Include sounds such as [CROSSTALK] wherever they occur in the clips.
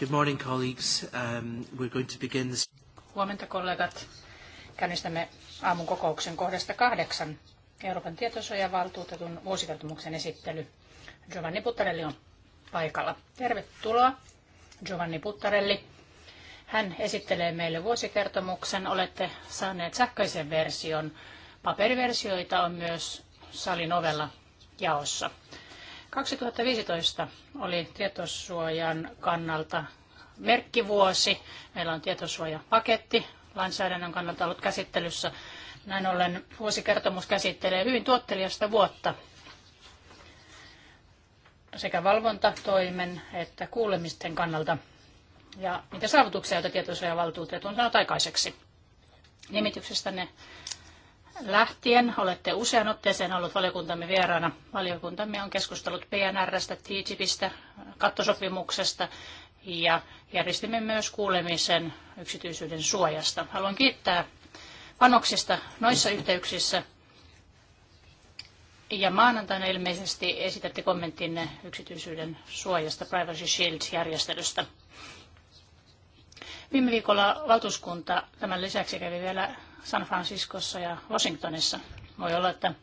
Good morning, colleagues. Um, we're going to begin this... Huomenta, kollegat. Käynnistämme aamun kokouksen kohdasta kahdeksan. Euroopan tietosuojavaltuutetun vuosikertomuksen esittely. Giovanni Puttarelli on paikalla. Tervetuloa, Giovanni Puttarelli. Hän esittelee meille vuosikertomuksen. Olette saaneet sähköisen version. Paperiversioita on myös salin ovella jaossa. 2015 oli tietosuojan kannalta merkkivuosi. Meillä on tietosuojapaketti lainsäädännön kannalta ollut käsittelyssä. Näin ollen vuosikertomus käsittelee hyvin tuottelijasta vuotta sekä valvontatoimen että kuulemisten kannalta ja niitä saavutuksia, joita tietosuojavaltuutettu on saanut aikaiseksi. Nimityksestänne lähtien olette usean otteeseen ollut valiokuntamme vieraana. Valiokuntamme on keskustellut PNRstä, TTIPistä, kattosopimuksesta ja järjestimme myös kuulemisen yksityisyyden suojasta. Haluan kiittää panoksista noissa yhteyksissä. Ja maanantaina ilmeisesti esitätte kommenttinne yksityisyyden suojasta Privacy Shield-järjestelystä. Viime viikolla valtuuskunta tämän lisäksi kävi vielä San Franciscossa ja Washingtonissa. Voi olla, että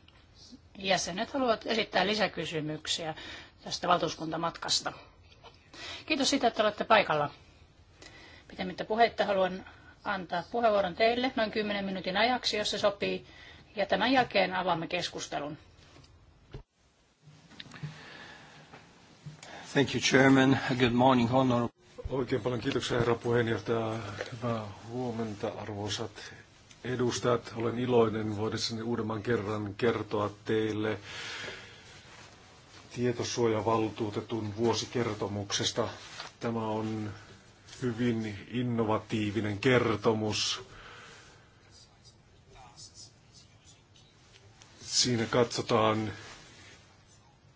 jäsenet haluavat esittää lisäkysymyksiä tästä valtuuskuntamatkasta. Kiitos siitä, että olette paikalla. Pitemmittä puheitta haluan antaa puheenvuoron teille noin 10 minuutin ajaksi, jos se sopii, ja tämän jälkeen avaamme keskustelun. Thank you, Chairman. Good morning, honor. Oikein paljon kiitoksia, herra puheenjohtaja. Hyvää huomenta, arvoisat edustajat, olen iloinen voidessani uudemman kerran kertoa teille tietosuojavaltuutetun vuosikertomuksesta. Tämä on hyvin innovatiivinen kertomus. Siinä katsotaan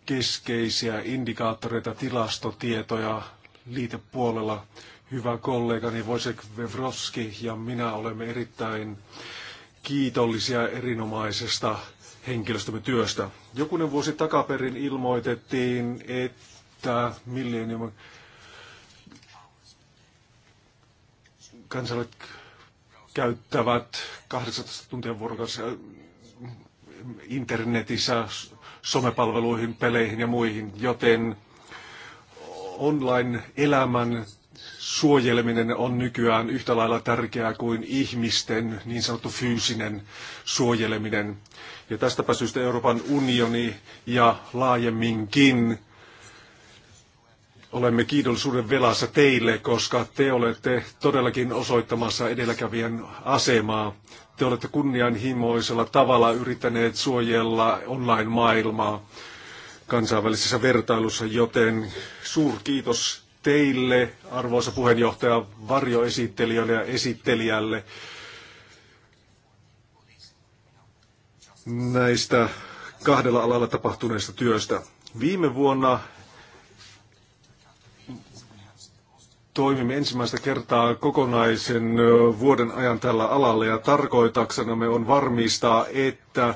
keskeisiä indikaattoreita, tilastotietoja liitepuolella hyvä kollegani Wojciech Vevroski ja minä olemme erittäin kiitollisia erinomaisesta henkilöstömme työstä. Jokunen vuosi takaperin ilmoitettiin, että Millennium kansalaiset käyttävät 18 tuntia vuorokaudessa äh, internetissä somepalveluihin, peleihin ja muihin, joten online-elämän suojeleminen on nykyään yhtä lailla tärkeää kuin ihmisten niin sanottu fyysinen suojeleminen. Ja tästäpä syystä Euroopan unioni ja laajemminkin olemme kiitollisuuden velassa teille, koska te olette todellakin osoittamassa edelläkävijän asemaa. Te olette kunnianhimoisella tavalla yrittäneet suojella online-maailmaa kansainvälisessä vertailussa, joten suurkiitos teille, arvoisa puheenjohtaja, varjoesittelijöille ja esittelijälle näistä kahdella alalla tapahtuneista työstä. Viime vuonna toimimme ensimmäistä kertaa kokonaisen vuoden ajan tällä alalla ja tarkoitaksenamme on varmistaa, että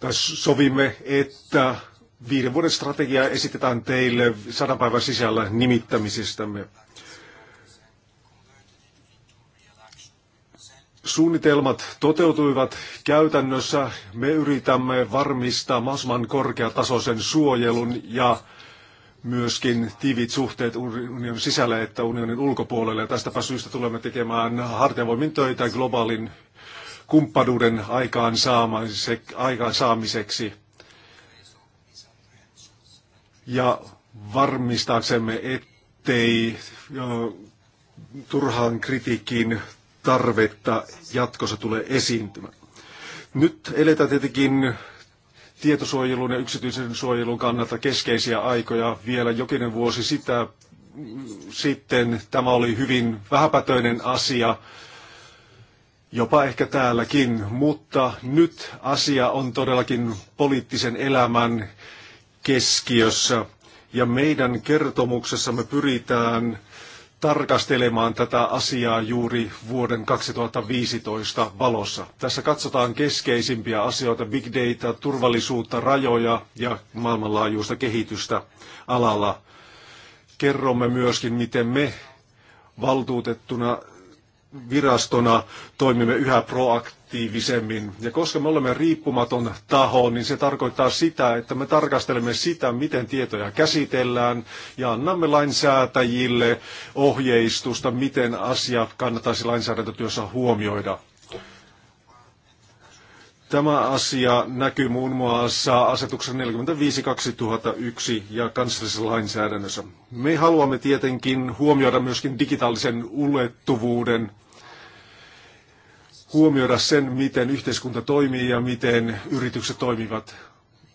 tai sovimme, että viiden vuoden strategia esitetään teille sadan päivän sisällä nimittämisestämme. Suunnitelmat toteutuivat käytännössä. Me yritämme varmistaa mahdollisimman korkeatasoisen suojelun ja myöskin tiivit suhteet unionin sisällä että unionin ulkopuolelle. tästä tästäpä syystä tulemme tekemään hartiavoimin töitä globaalin kumppanuuden aikaansaamiseksi ja varmistaaksemme, ettei turhaan kritiikin tarvetta jatkossa tule esiintymään. Nyt eletään tietenkin tietosuojelun ja yksityisen suojelun kannalta keskeisiä aikoja. Vielä jokinen vuosi sitä mm, sitten tämä oli hyvin vähäpätöinen asia, jopa ehkä täälläkin, mutta nyt asia on todellakin poliittisen elämän keskiössä ja meidän kertomuksessamme pyritään tarkastelemaan tätä asiaa juuri vuoden 2015 valossa. Tässä katsotaan keskeisimpiä asioita, big data, turvallisuutta, rajoja ja maailmanlaajuista kehitystä alalla. Kerromme myöskin, miten me valtuutettuna virastona toimimme yhä proaktiivisemmin. Ja koska me olemme riippumaton taho, niin se tarkoittaa sitä, että me tarkastelemme sitä, miten tietoja käsitellään ja annamme lainsäätäjille ohjeistusta, miten asiat kannattaisi lainsäädäntötyössä huomioida. Tämä asia näkyy muun muassa asetuksen 45-2001 ja kansallisessa lainsäädännössä. Me haluamme tietenkin huomioida myöskin digitaalisen ulottuvuuden, huomioida sen, miten yhteiskunta toimii ja miten yritykset toimivat.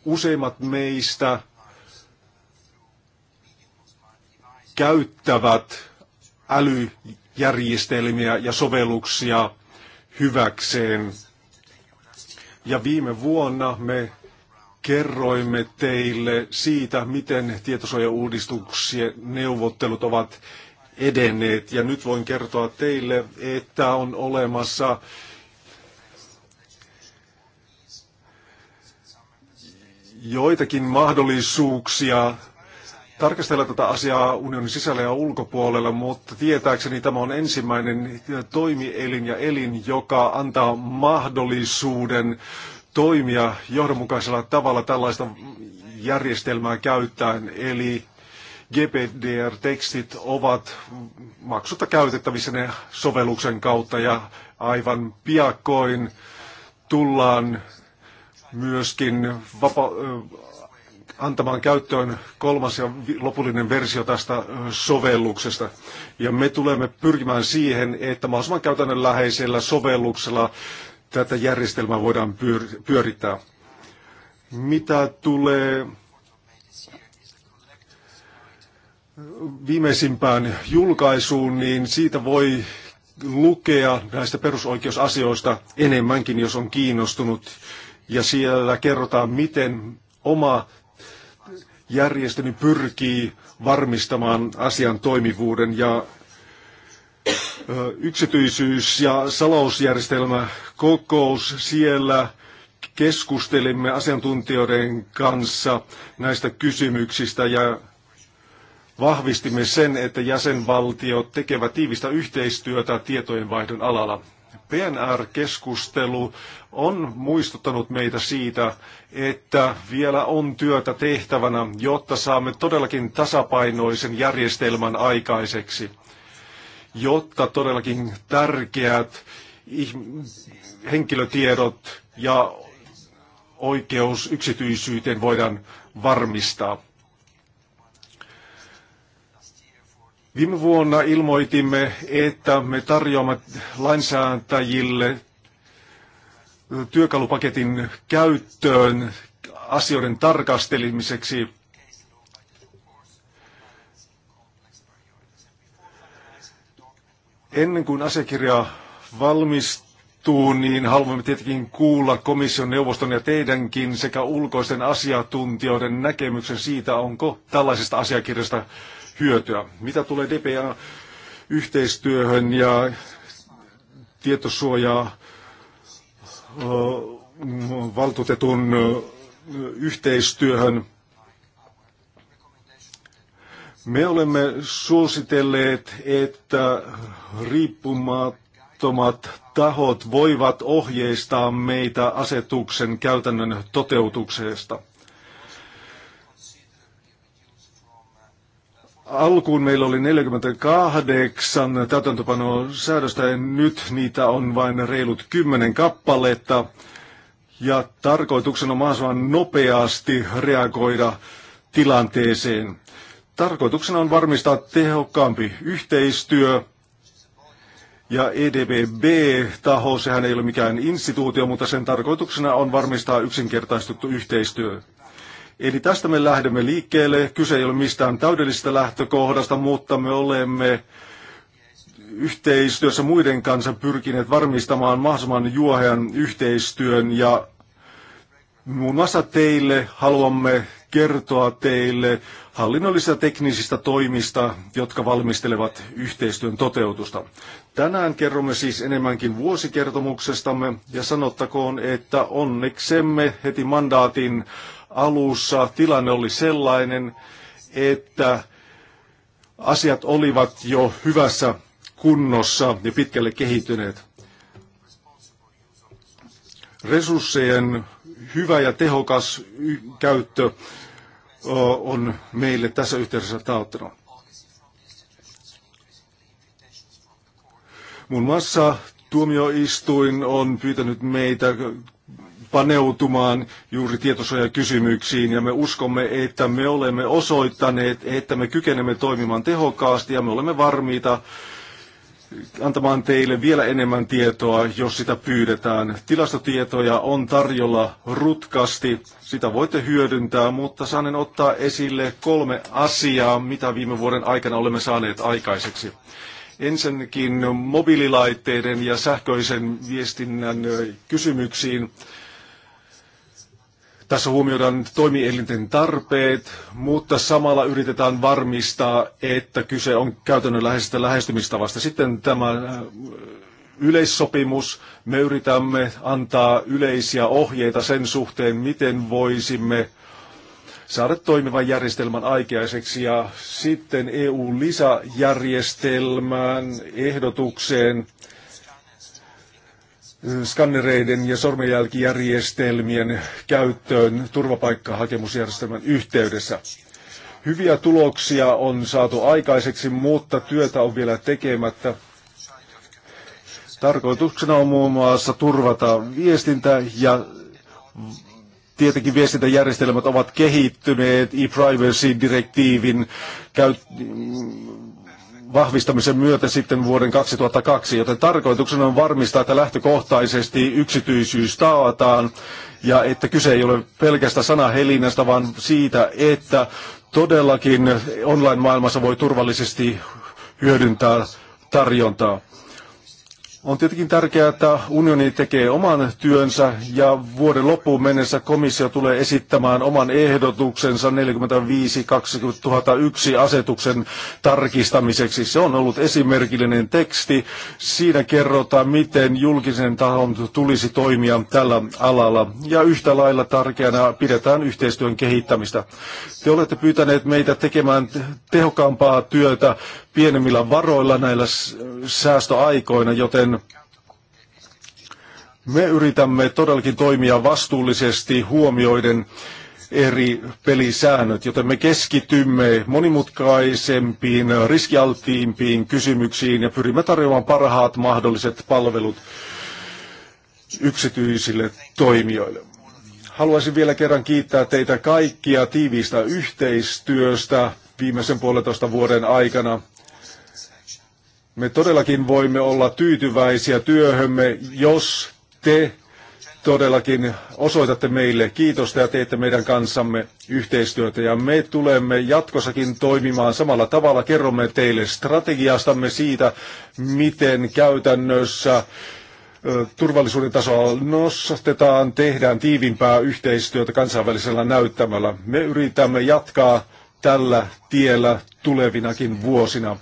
Useimmat meistä käyttävät älyjärjestelmiä ja sovelluksia hyväkseen – ja viime vuonna me kerroimme teille siitä, miten tietosuojauudistuksien neuvottelut ovat edenneet. Ja nyt voin kertoa teille, että on olemassa joitakin mahdollisuuksia tarkastella tätä asiaa unionin sisällä ja ulkopuolella, mutta tietääkseni tämä on ensimmäinen toimielin ja elin, joka antaa mahdollisuuden toimia johdonmukaisella tavalla tällaista järjestelmää käyttäen, eli GPDR-tekstit ovat maksutta käytettävissä ne sovelluksen kautta ja aivan piakkoin tullaan myöskin vapa- antamaan käyttöön kolmas ja lopullinen versio tästä sovelluksesta. Ja me tulemme pyrkimään siihen, että mahdollisimman käytännönläheisellä sovelluksella tätä järjestelmää voidaan pyörittää. Mitä tulee viimeisimpään julkaisuun, niin siitä voi lukea näistä perusoikeusasioista enemmänkin, jos on kiinnostunut. Ja siellä kerrotaan, miten oma järjestöni niin pyrkii varmistamaan asian toimivuuden ja yksityisyys- ja salausjärjestelmä kokous siellä keskustelimme asiantuntijoiden kanssa näistä kysymyksistä ja vahvistimme sen, että jäsenvaltiot tekevät tiivistä yhteistyötä tietojenvaihdon alalla. PNR-keskustelu on muistuttanut meitä siitä, että vielä on työtä tehtävänä, jotta saamme todellakin tasapainoisen järjestelmän aikaiseksi, jotta todellakin tärkeät henkilötiedot ja oikeus yksityisyyteen voidaan varmistaa. Viime vuonna ilmoitimme, että me tarjoamme lainsääntäjille työkalupaketin käyttöön asioiden tarkastelemiseksi. Ennen kuin asiakirja valmistuu, niin haluamme tietenkin kuulla komission neuvoston ja teidänkin sekä ulkoisten asiantuntijoiden näkemyksen siitä, onko tällaisesta asiakirjasta hyötyä. Mitä tulee DPA-yhteistyöhön ja tietosuojaa valtuutetun yhteistyöhön, me olemme suositelleet, että riippumattomat tahot voivat ohjeistaa meitä asetuksen käytännön toteutuksesta. Alkuun meillä oli 48 täytäntöpanosäädöstä ja nyt niitä on vain reilut 10 kappaletta. Ja tarkoituksena on mahdollisimman nopeasti reagoida tilanteeseen. Tarkoituksena on varmistaa tehokkaampi yhteistyö ja EDBB-taho, sehän ei ole mikään instituutio, mutta sen tarkoituksena on varmistaa yksinkertaistettu yhteistyö. Eli tästä me lähdemme liikkeelle. Kyse ei ole mistään täydellisestä lähtökohdasta, mutta me olemme yhteistyössä muiden kanssa pyrkineet varmistamaan mahdollisimman juohean yhteistyön ja muun muassa teille haluamme kertoa teille hallinnollisista teknisistä toimista, jotka valmistelevat yhteistyön toteutusta. Tänään kerromme siis enemmänkin vuosikertomuksestamme ja sanottakoon, että onneksemme heti mandaatin alussa tilanne oli sellainen, että asiat olivat jo hyvässä kunnossa ja pitkälle kehittyneet. Resurssien hyvä ja tehokas käyttö on meille tässä yhteydessä tauttanut. Muun muassa tuomioistuin on pyytänyt meitä paneutumaan juuri tietosuojakysymyksiin ja me uskomme, että me olemme osoittaneet, että me kykenemme toimimaan tehokkaasti ja me olemme varmiita antamaan teille vielä enemmän tietoa, jos sitä pyydetään. Tilastotietoja on tarjolla rutkasti, sitä voitte hyödyntää, mutta saanen ottaa esille kolme asiaa, mitä viime vuoden aikana olemme saaneet aikaiseksi. Ensinnäkin mobiililaitteiden ja sähköisen viestinnän kysymyksiin tässä huomioidaan toimielinten tarpeet, mutta samalla yritetään varmistaa, että kyse on läheisestä lähestymistavasta. Sitten tämä äh, yleissopimus. Me yritämme antaa yleisiä ohjeita sen suhteen, miten voisimme saada toimivan järjestelmän aikaiseksi ja sitten eu lisäjärjestelmään ehdotukseen Eh, skannereiden ja sormenjälkijärjestelmien käyttöön turvapaikkahakemusjärjestelmän yhteydessä. Hyviä tuloksia on saatu aikaiseksi, mutta työtä on vielä tekemättä. Tarkoituksena on muun muassa turvata viestintä ja tietenkin viestintäjärjestelmät ovat kehittyneet e-privacy-direktiivin käyt- vahvistamisen myötä sitten vuoden 2002, joten tarkoituksena on varmistaa, että lähtökohtaisesti yksityisyys taataan ja että kyse ei ole pelkästä sanahelinästä, vaan siitä, että todellakin online-maailmassa voi turvallisesti hyödyntää tarjontaa. On tietenkin tärkeää, että unioni tekee oman työnsä ja vuoden loppuun mennessä komissio tulee esittämään oman ehdotuksensa 45-2001 asetuksen tarkistamiseksi. Se on ollut esimerkillinen teksti. Siinä kerrotaan, miten julkisen tahon tulisi toimia tällä alalla. Ja yhtä lailla tärkeänä pidetään yhteistyön kehittämistä. Te olette pyytäneet meitä tekemään tehokkaampaa työtä pienemmillä varoilla näillä säästöaikoina, joten niin. me yritämme todellakin toimia vastuullisesti huomioiden eri pelisäännöt, joten me keskitymme monimutkaisempiin, riskialtiimpiin kysymyksiin ja pyrimme tarjoamaan parhaat mahdolliset palvelut yksityisille toimijoille. Haluaisin vielä kerran kiittää teitä kaikkia tiiviistä yhteistyöstä viimeisen puolentoista vuoden aikana. Me todellakin voimme olla tyytyväisiä työhömme, jos te todellakin osoitatte meille kiitosta ja teette meidän kanssamme yhteistyötä. Ja me tulemme jatkossakin toimimaan samalla tavalla. Kerromme teille strategiastamme siitä, miten käytännössä turvallisuuden tasoa nostetaan, tehdään tiivimpää yhteistyötä kansainvälisellä näyttämällä. Me yritämme jatkaa tällä tiellä tulevinakin vuosina.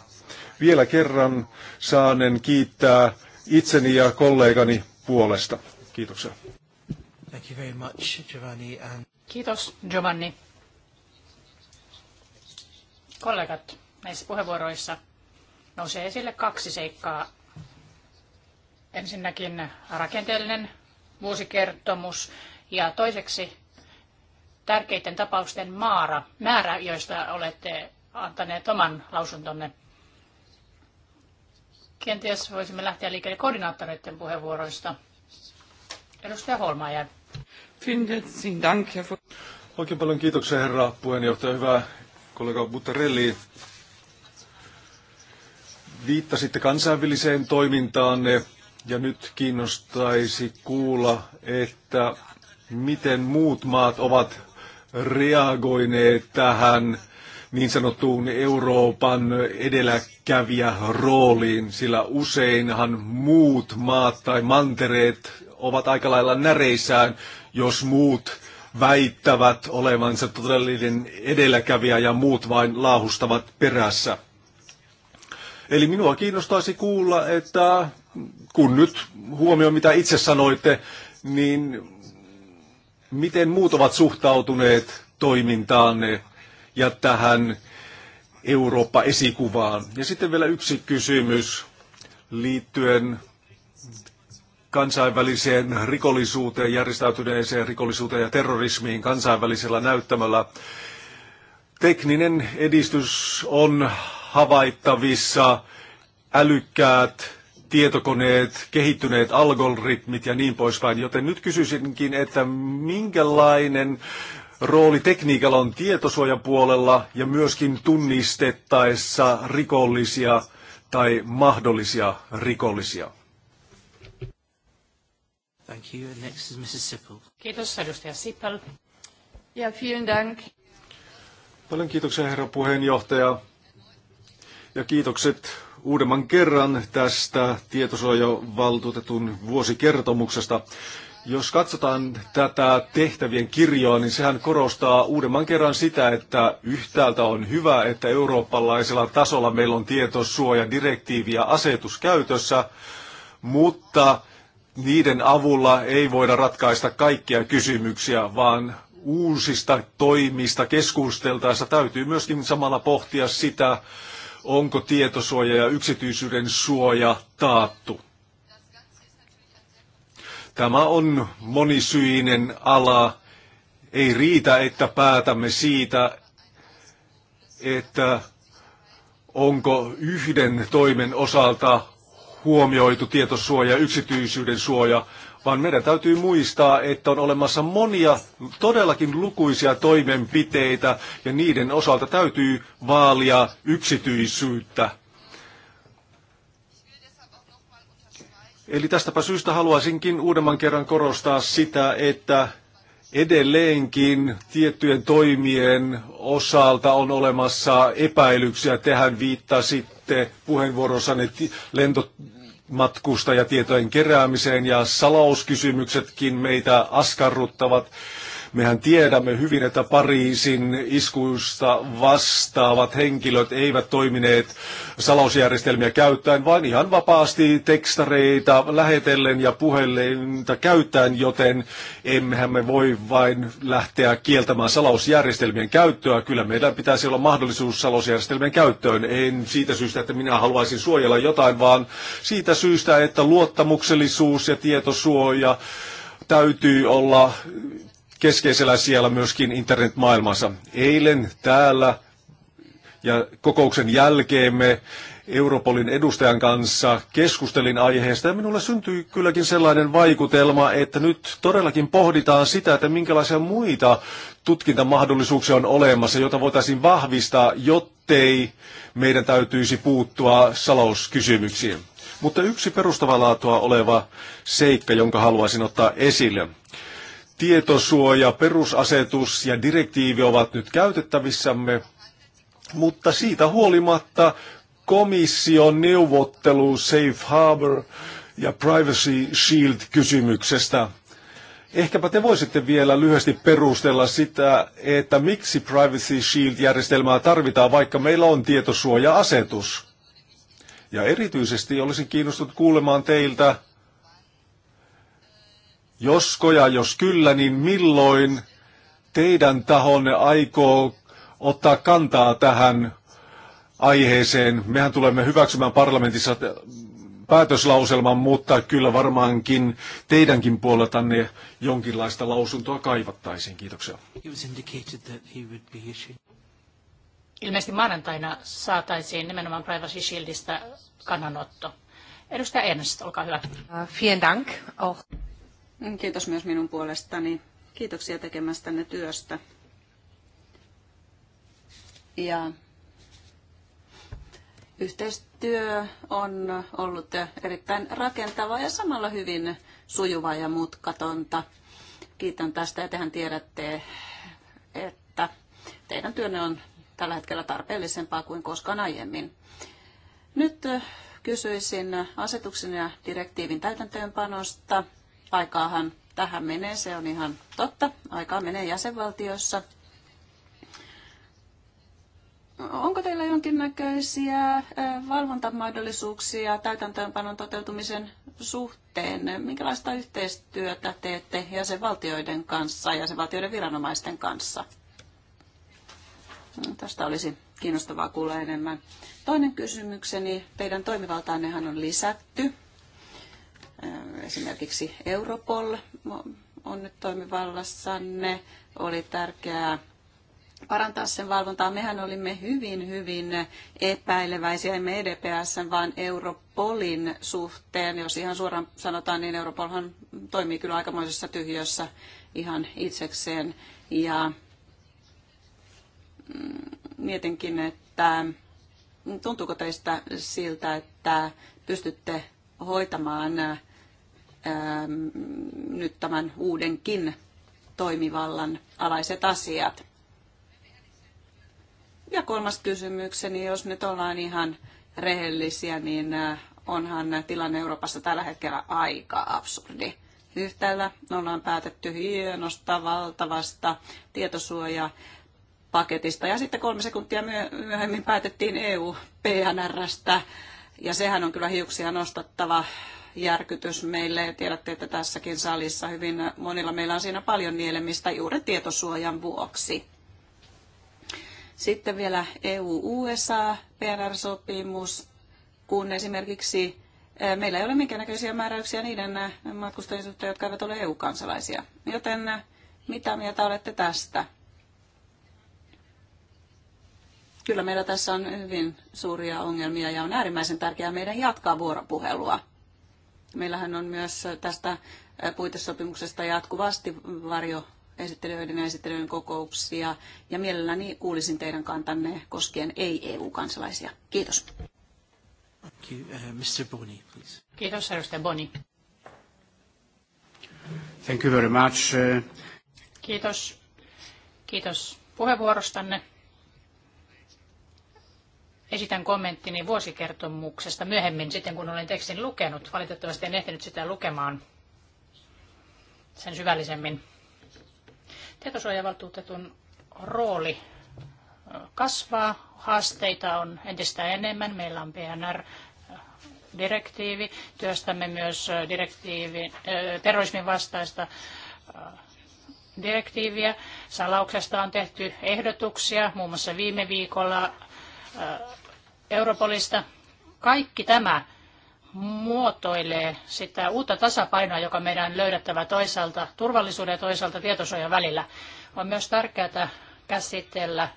Vielä kerran saanen kiittää itseni ja kollegani puolesta. Kiitoksia. Thank you very much, Giovanni. And... Kiitos, Giovanni. Kollegat, näissä puheenvuoroissa nousee esille kaksi seikkaa. Ensinnäkin rakenteellinen vuosikertomus ja toiseksi tärkeiden tapausten määrä, määrä joista olette antaneet oman lausuntonne Kenties voisimme lähteä liikkeelle koordinaattoreiden puheenvuoroista. Edustaja Holmaaja. Oikein paljon kiitoksia herra puheenjohtaja. Hyvä kollega Buttarelli. Viittasitte kansainväliseen toimintaan ja nyt kiinnostaisi kuulla, että miten muut maat ovat reagoineet tähän niin sanottuun Euroopan edelläkävijä rooliin, sillä useinhan muut maat tai mantereet ovat aika lailla näreissään, jos muut väittävät olevansa todellinen edelläkävijä ja muut vain laahustavat perässä. Eli minua kiinnostaisi kuulla, että kun nyt huomio mitä itse sanoitte, niin miten muut ovat suhtautuneet toimintaanne ja tähän Eurooppa-esikuvaan. Ja sitten vielä yksi kysymys liittyen kansainväliseen rikollisuuteen, järjestäytyneeseen rikollisuuteen ja terrorismiin kansainvälisellä näyttämällä. Tekninen edistys on havaittavissa, älykkäät tietokoneet, kehittyneet algoritmit ja niin poispäin. Joten nyt kysyisinkin, että minkälainen rooli tekniikalla on tietosuojan puolella ja myöskin tunnistettaessa rikollisia tai mahdollisia rikollisia. Thank you. Next is Mrs. Sippel. Kiitos, edustaja Sippel. Ja vielen dank. Paljon kiitoksia, herra puheenjohtaja. Ja kiitokset uudemman kerran tästä tietosuojavaltuutetun vuosikertomuksesta. Jos katsotaan tätä tehtävien kirjoa, niin sehän korostaa uudemman kerran sitä, että yhtäältä on hyvä, että eurooppalaisella tasolla meillä on direktiivi ja asetus käytössä, mutta niiden avulla ei voida ratkaista kaikkia kysymyksiä, vaan uusista toimista keskusteltaessa täytyy myöskin samalla pohtia sitä, onko tietosuoja ja yksityisyyden suoja taattu. Tämä on monisyinen ala. Ei riitä, että päätämme siitä, että onko yhden toimen osalta huomioitu tietosuoja, yksityisyyden suoja, vaan meidän täytyy muistaa, että on olemassa monia todellakin lukuisia toimenpiteitä ja niiden osalta täytyy vaalia yksityisyyttä. Eli tästäpä syystä haluaisinkin uudemman kerran korostaa sitä, että edelleenkin tiettyjen toimien osalta on olemassa epäilyksiä. Tehän viittasitte puheenvuorossanne tietojen keräämiseen ja salauskysymyksetkin meitä askarruttavat. Mehän tiedämme hyvin, että Pariisin iskuista vastaavat henkilöt eivät toimineet salausjärjestelmiä käyttäen, vaan ihan vapaasti tekstareita lähetellen ja puhelinta käyttäen, joten emmehän me voi vain lähteä kieltämään salausjärjestelmien käyttöä. Kyllä meidän pitäisi olla mahdollisuus salausjärjestelmien käyttöön. En siitä syystä, että minä haluaisin suojella jotain, vaan siitä syystä, että luottamuksellisuus ja tietosuoja täytyy olla keskeisellä siellä myöskin internetmaailmassa. Eilen täällä ja kokouksen jälkeen me Europolin edustajan kanssa keskustelin aiheesta ja minulle syntyi kylläkin sellainen vaikutelma, että nyt todellakin pohditaan sitä, että minkälaisia muita tutkintamahdollisuuksia on olemassa, jota voitaisiin vahvistaa, jottei meidän täytyisi puuttua salauskysymyksiin. Mutta yksi perustavaa laatua oleva seikka, jonka haluaisin ottaa esille tietosuoja, perusasetus ja direktiivi ovat nyt käytettävissämme, mutta siitä huolimatta komission neuvottelu Safe Harbor ja Privacy Shield kysymyksestä. Ehkäpä te voisitte vielä lyhyesti perustella sitä, että miksi Privacy Shield-järjestelmää tarvitaan, vaikka meillä on tietosuoja-asetus. Ja erityisesti olisin kiinnostunut kuulemaan teiltä, Josko ja jos kyllä, niin milloin teidän tahonne aikoo ottaa kantaa tähän aiheeseen? Mehän tulemme hyväksymään parlamentissa päätöslauselman, mutta kyllä varmaankin teidänkin puoleltanne jonkinlaista lausuntoa kaivattaisiin. Kiitoksia. Ilmeisesti maanantaina saataisiin nimenomaan Privacy Shieldistä kannanotto. Edustaja Ernst, olkaa hyvä. Uh, vielen Dank. Oh. Kiitos myös minun puolestani. Kiitoksia tekemästänne työstä. Ja yhteistyö on ollut erittäin rakentavaa ja samalla hyvin sujuvaa ja mutkatonta. Kiitän tästä ja tehän tiedätte, että teidän työnne on tällä hetkellä tarpeellisempaa kuin koskaan aiemmin. Nyt kysyisin asetuksen ja direktiivin täytäntöönpanosta. Aikaahan tähän menee, se on ihan totta. Aikaa menee jäsenvaltioissa. Onko teillä jonkinnäköisiä valvontamahdollisuuksia täytäntöönpanon toteutumisen suhteen? Minkälaista yhteistyötä teette jäsenvaltioiden kanssa, ja jäsenvaltioiden viranomaisten kanssa? Tästä olisi kiinnostavaa kuulla enemmän. Toinen kysymykseni, teidän toimivaltaannehan on lisätty Äh, esimerkiksi Europol on nyt toimivallassanne. Oli tärkeää parantaa sen valvontaa. Mehän olimme hyvin, hyvin epäileväisiä, emme EDPS, vaan Europolin suhteen. Jos ihan suoraan sanotaan, niin Europolhan toimii kyllä aikamoisessa tyhjössä ihan itsekseen. Ja mm, mietinkin, että mm, tuntuuko teistä siltä, että pystytte hoitamaan Ähm, nyt tämän uudenkin toimivallan alaiset asiat. Ja kolmas kysymykseni, jos nyt ollaan ihan rehellisiä, niin äh, onhan tilanne Euroopassa tällä hetkellä aika absurdi. Yhtäällä ollaan päätetty hienosta, valtavasta tietosuoja paketista. Ja sitten kolme sekuntia myöhemmin päätettiin EU-PNRstä. Ja sehän on kyllä hiuksia nostattava järkytys meille. Tiedätte, että tässäkin salissa hyvin monilla meillä on siinä paljon nielemistä juuri tietosuojan vuoksi. Sitten vielä EU-USA, PNR-sopimus, kun esimerkiksi eh, meillä ei ole minkäännäköisiä määräyksiä niiden eh, matkustajien suhteen, jotka eivät ole EU-kansalaisia. Joten eh, mitä mieltä olette tästä? Kyllä meillä tässä on hyvin suuria ongelmia ja on äärimmäisen tärkeää meidän jatkaa vuoropuhelua Meillähän on myös tästä puitesopimuksesta jatkuvasti varjo esittelijöiden ja esittelijöiden kokouksia ja mielelläni kuulisin teidän kantanne koskien ei-EU-kansalaisia. Kiitos. Uh, Mr. Boni, please. Kiitos, edustaja Boni. Thank you very much. Uh, Kiitos. Kiitos puheenvuorostanne esitän kommenttini vuosikertomuksesta myöhemmin sitten, kun olen tekstin lukenut. Valitettavasti en ehtinyt sitä lukemaan sen syvällisemmin. Tietosuojavaltuutetun rooli kasvaa, haasteita on entistä enemmän. Meillä on PNR, direktiivi. Työstämme myös direktiivin, terrorismin vastaista direktiiviä. Salauksesta on tehty ehdotuksia, muun muassa viime viikolla Europolista. Kaikki tämä muotoilee sitä uutta tasapainoa, joka meidän löydettävä toisaalta turvallisuuden ja toisaalta tietosuojan välillä. On myös tärkeää käsitellä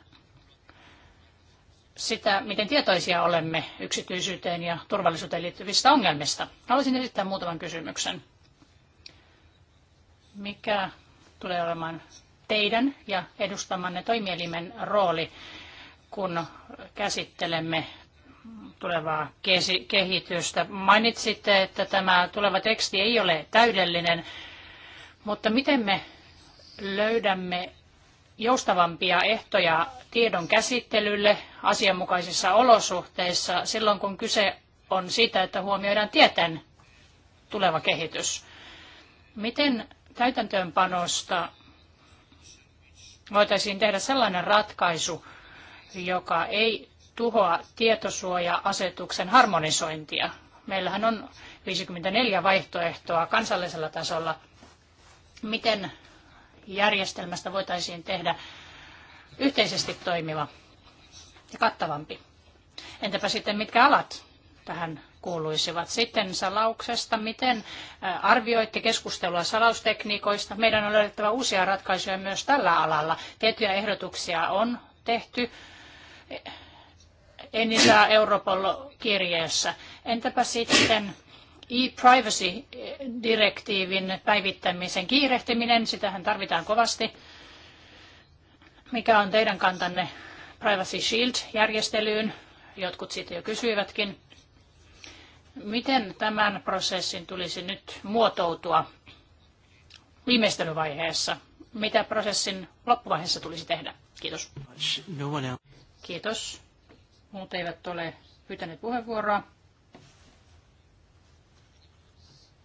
sitä, miten tietoisia olemme yksityisyyteen ja turvallisuuteen liittyvistä ongelmista. Haluaisin esittää muutaman kysymyksen. Mikä tulee olemaan teidän ja edustamanne toimielimen rooli kun käsittelemme tulevaa kehitystä. Mainitsitte, että tämä tuleva teksti ei ole täydellinen, mutta miten me löydämme joustavampia ehtoja tiedon käsittelylle asianmukaisissa olosuhteissa silloin, kun kyse on siitä, että huomioidaan tieteen tuleva kehitys. Miten täytäntöönpanosta voitaisiin tehdä sellainen ratkaisu, joka ei tuhoa tietosuoja-asetuksen harmonisointia. Meillähän on 54 vaihtoehtoa kansallisella tasolla. Miten järjestelmästä voitaisiin tehdä yhteisesti toimiva ja kattavampi? Entäpä sitten mitkä alat tähän kuuluisivat? Sitten salauksesta, miten arvioitte keskustelua salaustekniikoista? Meidän on löydettävä uusia ratkaisuja myös tällä alalla. Tiettyjä ehdotuksia on tehty Enisa Europol-kirjeessä. Entäpä sitten e-privacy-direktiivin päivittämisen kiirehtiminen, sitähän tarvitaan kovasti. Mikä on teidän kantanne Privacy Shield-järjestelyyn? Jotkut siitä jo kysyivätkin. Miten tämän prosessin tulisi nyt muotoutua viimeistelyvaiheessa? Mitä prosessin loppuvaiheessa tulisi tehdä? Kiitos. No Kiitos. Muut eivät ole pyytäneet puheenvuoroa.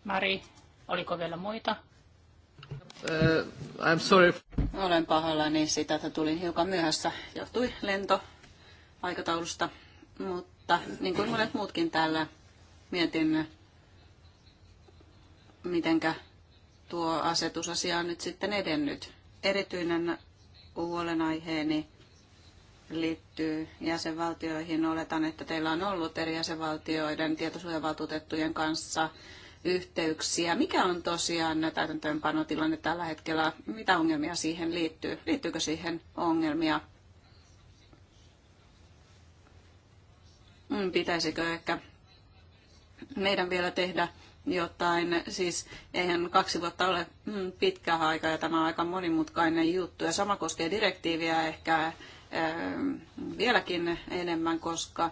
Mari, oliko vielä muita? Uh, I'm sorry. Olen pahoillani siitä, että tulin hiukan myöhässä. Johtui lentoaikataulusta, mutta niin kuin monet muutkin täällä mietin, mitenkä tuo asetusasia on nyt sitten edennyt. Erityinen huolenaiheeni liittyy jäsenvaltioihin. Oletan, että teillä on ollut eri jäsenvaltioiden tietosuojavaltuutettujen kanssa yhteyksiä. Mikä on tosiaan täytäntöönpanotilanne tällä hetkellä? Mitä ongelmia siihen liittyy? Liittyykö siihen ongelmia? Mm, pitäisikö ehkä meidän vielä tehdä jotain, siis eihän kaksi vuotta ole mm, pitkä aika ja tämä on aika monimutkainen juttu. Ja sama koskee direktiiviä ehkä vieläkin enemmän, koska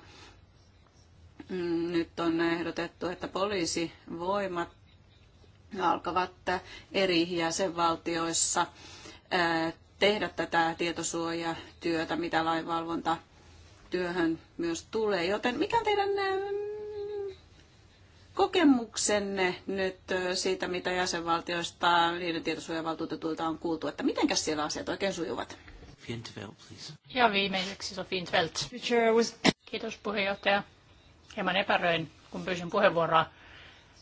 mm, nyt on ehdotettu, että poliisivoimat alkavat eri jäsenvaltioissa tehdä tätä tietosuojatyötä, mitä lainvalvonta työhön myös tulee. Joten mikä teidän kokemuksenne nyt siitä, mitä jäsenvaltioista niiden tietosuojavaltuutetuilta on kuultu, että mitenkäs siellä asiat oikein sujuvat? Sophie please. Ja viimeiseksi Sophie Intervelt. Kiitos puheenjohtaja. Hieman epäröin, kun pyysin puheenvuoroa.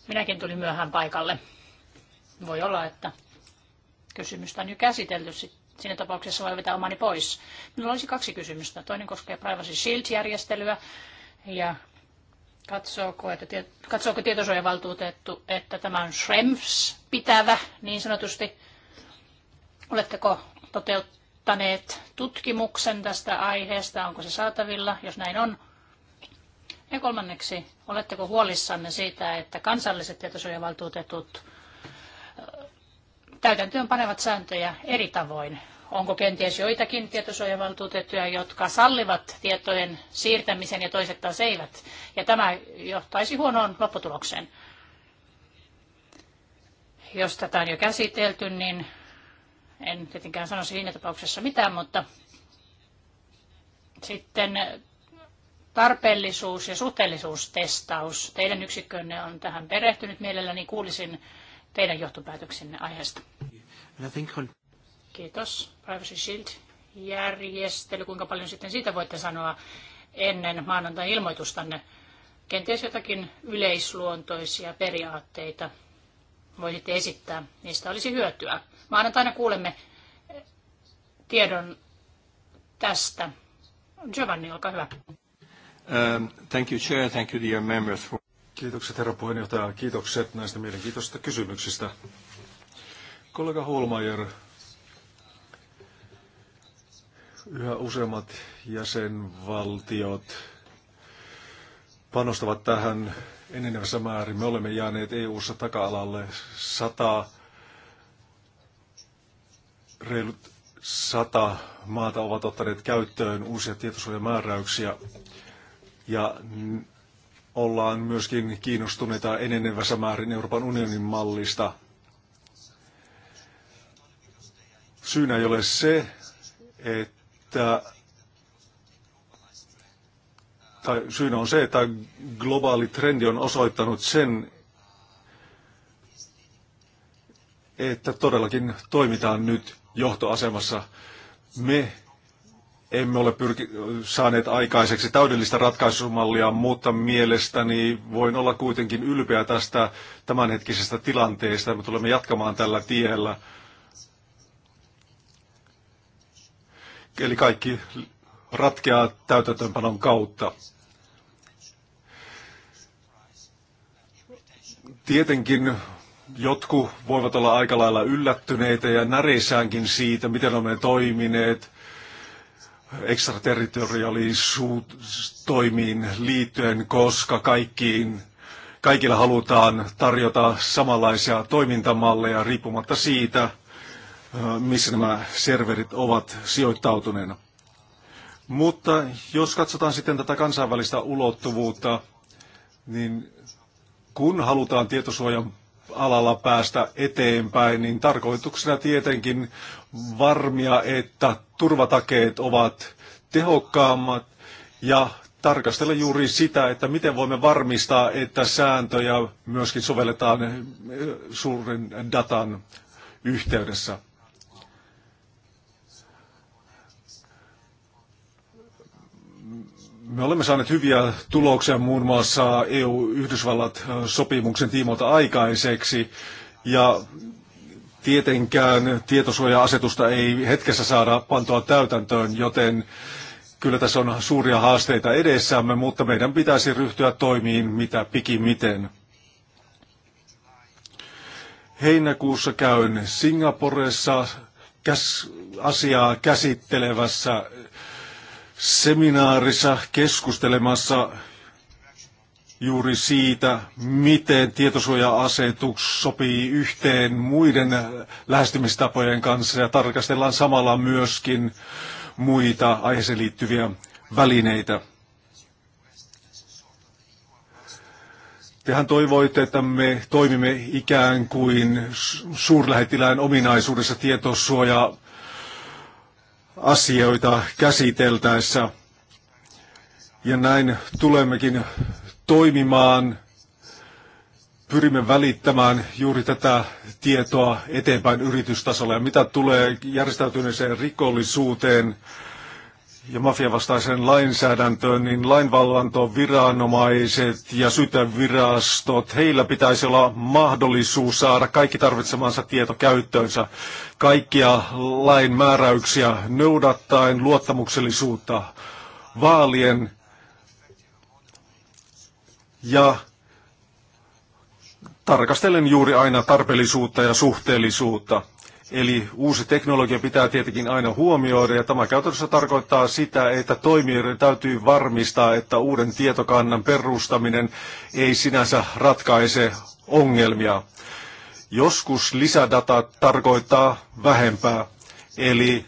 Minäkin tulin myöhään paikalle. Voi olla, että kysymystä on jo käsitelty. Siinä tapauksessa voi vetää omani pois. Minulla olisi kaksi kysymystä. Toinen koskee Privacy Shield-järjestelyä ja katsooko, että, katsooko tietosuojavaltuutettu, että tämä on Schrems pitävä niin sanotusti. Oletteko toteuttaneet? aloittaneet tutkimuksen tästä aiheesta? Onko se saatavilla, jos näin on? Ja kolmanneksi, oletteko huolissanne siitä, että kansalliset tietosuojavaltuutetut äh, täytäntöön panevat sääntöjä eri tavoin? Onko kenties joitakin tietosuojavaltuutettuja, jotka sallivat tietojen siirtämisen ja toiset taas eivät? Ja tämä johtaisi huonoon lopputulokseen. Jos tätä on jo käsitelty, niin en tietenkään sano siinä tapauksessa mitään, mutta sitten tarpeellisuus- ja suhteellisuustestaus. Teidän yksikkönne on tähän perehtynyt mielelläni. Kuulisin teidän johtopäätöksenne aiheesta. Kiitos. Privacy Shield-järjestely. Kuinka paljon sitten siitä voitte sanoa ennen maanantai-ilmoitustanne? Kenties jotakin yleisluontoisia periaatteita voisitte esittää. Niistä olisi hyötyä. Maanantaina kuulemme tiedon tästä. Giovanni, olkaa hyvä. Um, thank you, Chair. Thank you, dear members. For... Kiitokset, herra puheenjohtaja. Kiitokset näistä mielenkiintoisista kysymyksistä. Kollega Holmajer, yhä useammat jäsenvaltiot panostavat tähän enenevässä määrin. Me olemme jääneet EU-ssa taka-alalle 100 reilut sata maata ovat ottaneet käyttöön uusia tietosuojamääräyksiä ja ollaan myöskin kiinnostuneita enenevässä määrin Euroopan unionin mallista. Syynä ei ole se, että tai syynä on se, että globaali trendi on osoittanut sen, että todellakin toimitaan nyt johtoasemassa. Me emme ole pyrki- saaneet aikaiseksi täydellistä ratkaisumallia, mutta mielestäni voin olla kuitenkin ylpeä tästä tämänhetkisestä tilanteesta. Me tulemme jatkamaan tällä tiellä. Eli kaikki ratkeaa täytäntöönpanon kautta. Tietenkin jotkut voivat olla aika lailla yllättyneitä ja näreissäänkin siitä, miten olemme toimineet ekstraterritoriaalisuustoimiin liittyen, koska kaikkiin, kaikilla halutaan tarjota samanlaisia toimintamalleja riippumatta siitä, missä nämä serverit ovat sijoittautuneena. Mutta jos katsotaan sitten tätä kansainvälistä ulottuvuutta, niin kun halutaan tietosuojan alalla päästä eteenpäin, niin tarkoituksena tietenkin varmia, että turvatakeet ovat tehokkaammat ja tarkastella juuri sitä, että miten voimme varmistaa, että sääntöjä myöskin sovelletaan eh, suuren datan yhteydessä. Me olemme saaneet hyviä tuloksia muun muassa EU-Yhdysvallat-sopimuksen äh, tiimoilta aikaiseksi ja tietenkään tietosuoja-asetusta ei hetkessä saada pantoa täytäntöön, joten kyllä tässä on suuria haasteita edessämme, mutta meidän pitäisi ryhtyä toimiin mitä pikimiten. Heinäkuussa käyn Singaporessa käs, asiaa käsittelevässä seminaarissa keskustelemassa juuri siitä, miten tietosuoja-asetus sopii yhteen muiden lähestymistapojen kanssa ja tarkastellaan samalla myöskin muita aiheeseen liittyviä välineitä. Tehän toivoitte, että me toimimme ikään kuin suurlähettilään ominaisuudessa tietosuoja asioita käsiteltäessä. Ja näin tulemmekin toimimaan, pyrimme välittämään juuri tätä tietoa eteenpäin yritystasolla. Ja mitä tulee järjestäytyneeseen rikollisuuteen, ja mafiavastaiseen lainsäädäntöön, niin lainvalvontoviranomaiset ja sytävirastot, heillä pitäisi olla mahdollisuus saada kaikki tarvitsemansa tieto käyttöönsä, kaikkia lain määräyksiä noudattaen luottamuksellisuutta vaalien ja tarkastelen juuri aina tarpeellisuutta ja suhteellisuutta. Eli uusi teknologia pitää tietenkin aina huomioida ja tämä käytännössä tarkoittaa sitä, että toimijoiden täytyy varmistaa, että uuden tietokannan perustaminen ei sinänsä ratkaise ongelmia. Joskus lisädata tarkoittaa vähempää, eli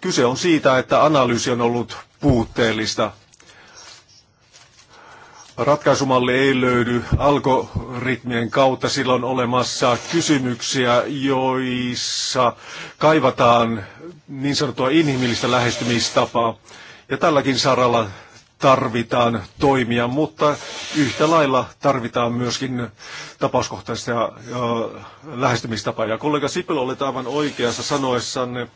kyse on siitä, että analyysi on ollut puutteellista ratkaisumalli ei löydy algoritmien kautta. Silloin olemassa kysymyksiä, joissa kaivataan niin sanottua inhimillistä lähestymistapaa. Ja tälläkin saralla tarvitaan toimia, mutta yhtä lailla tarvitaan myöskin tapauskohtaista lähestymistapaa. Ja kollega Sipilä olet aivan oikeassa sanoessanne,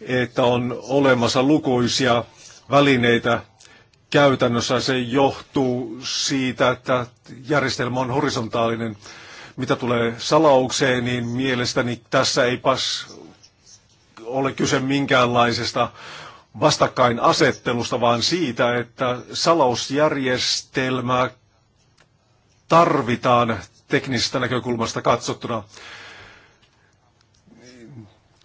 että on olemassa lukuisia välineitä, käytännössä se johtuu siitä, että järjestelmä on horisontaalinen. Mitä tulee salaukseen, niin mielestäni tässä ei pas ole kyse minkäänlaisesta vastakkainasettelusta, vaan siitä, että salausjärjestelmää tarvitaan teknisestä näkökulmasta katsottuna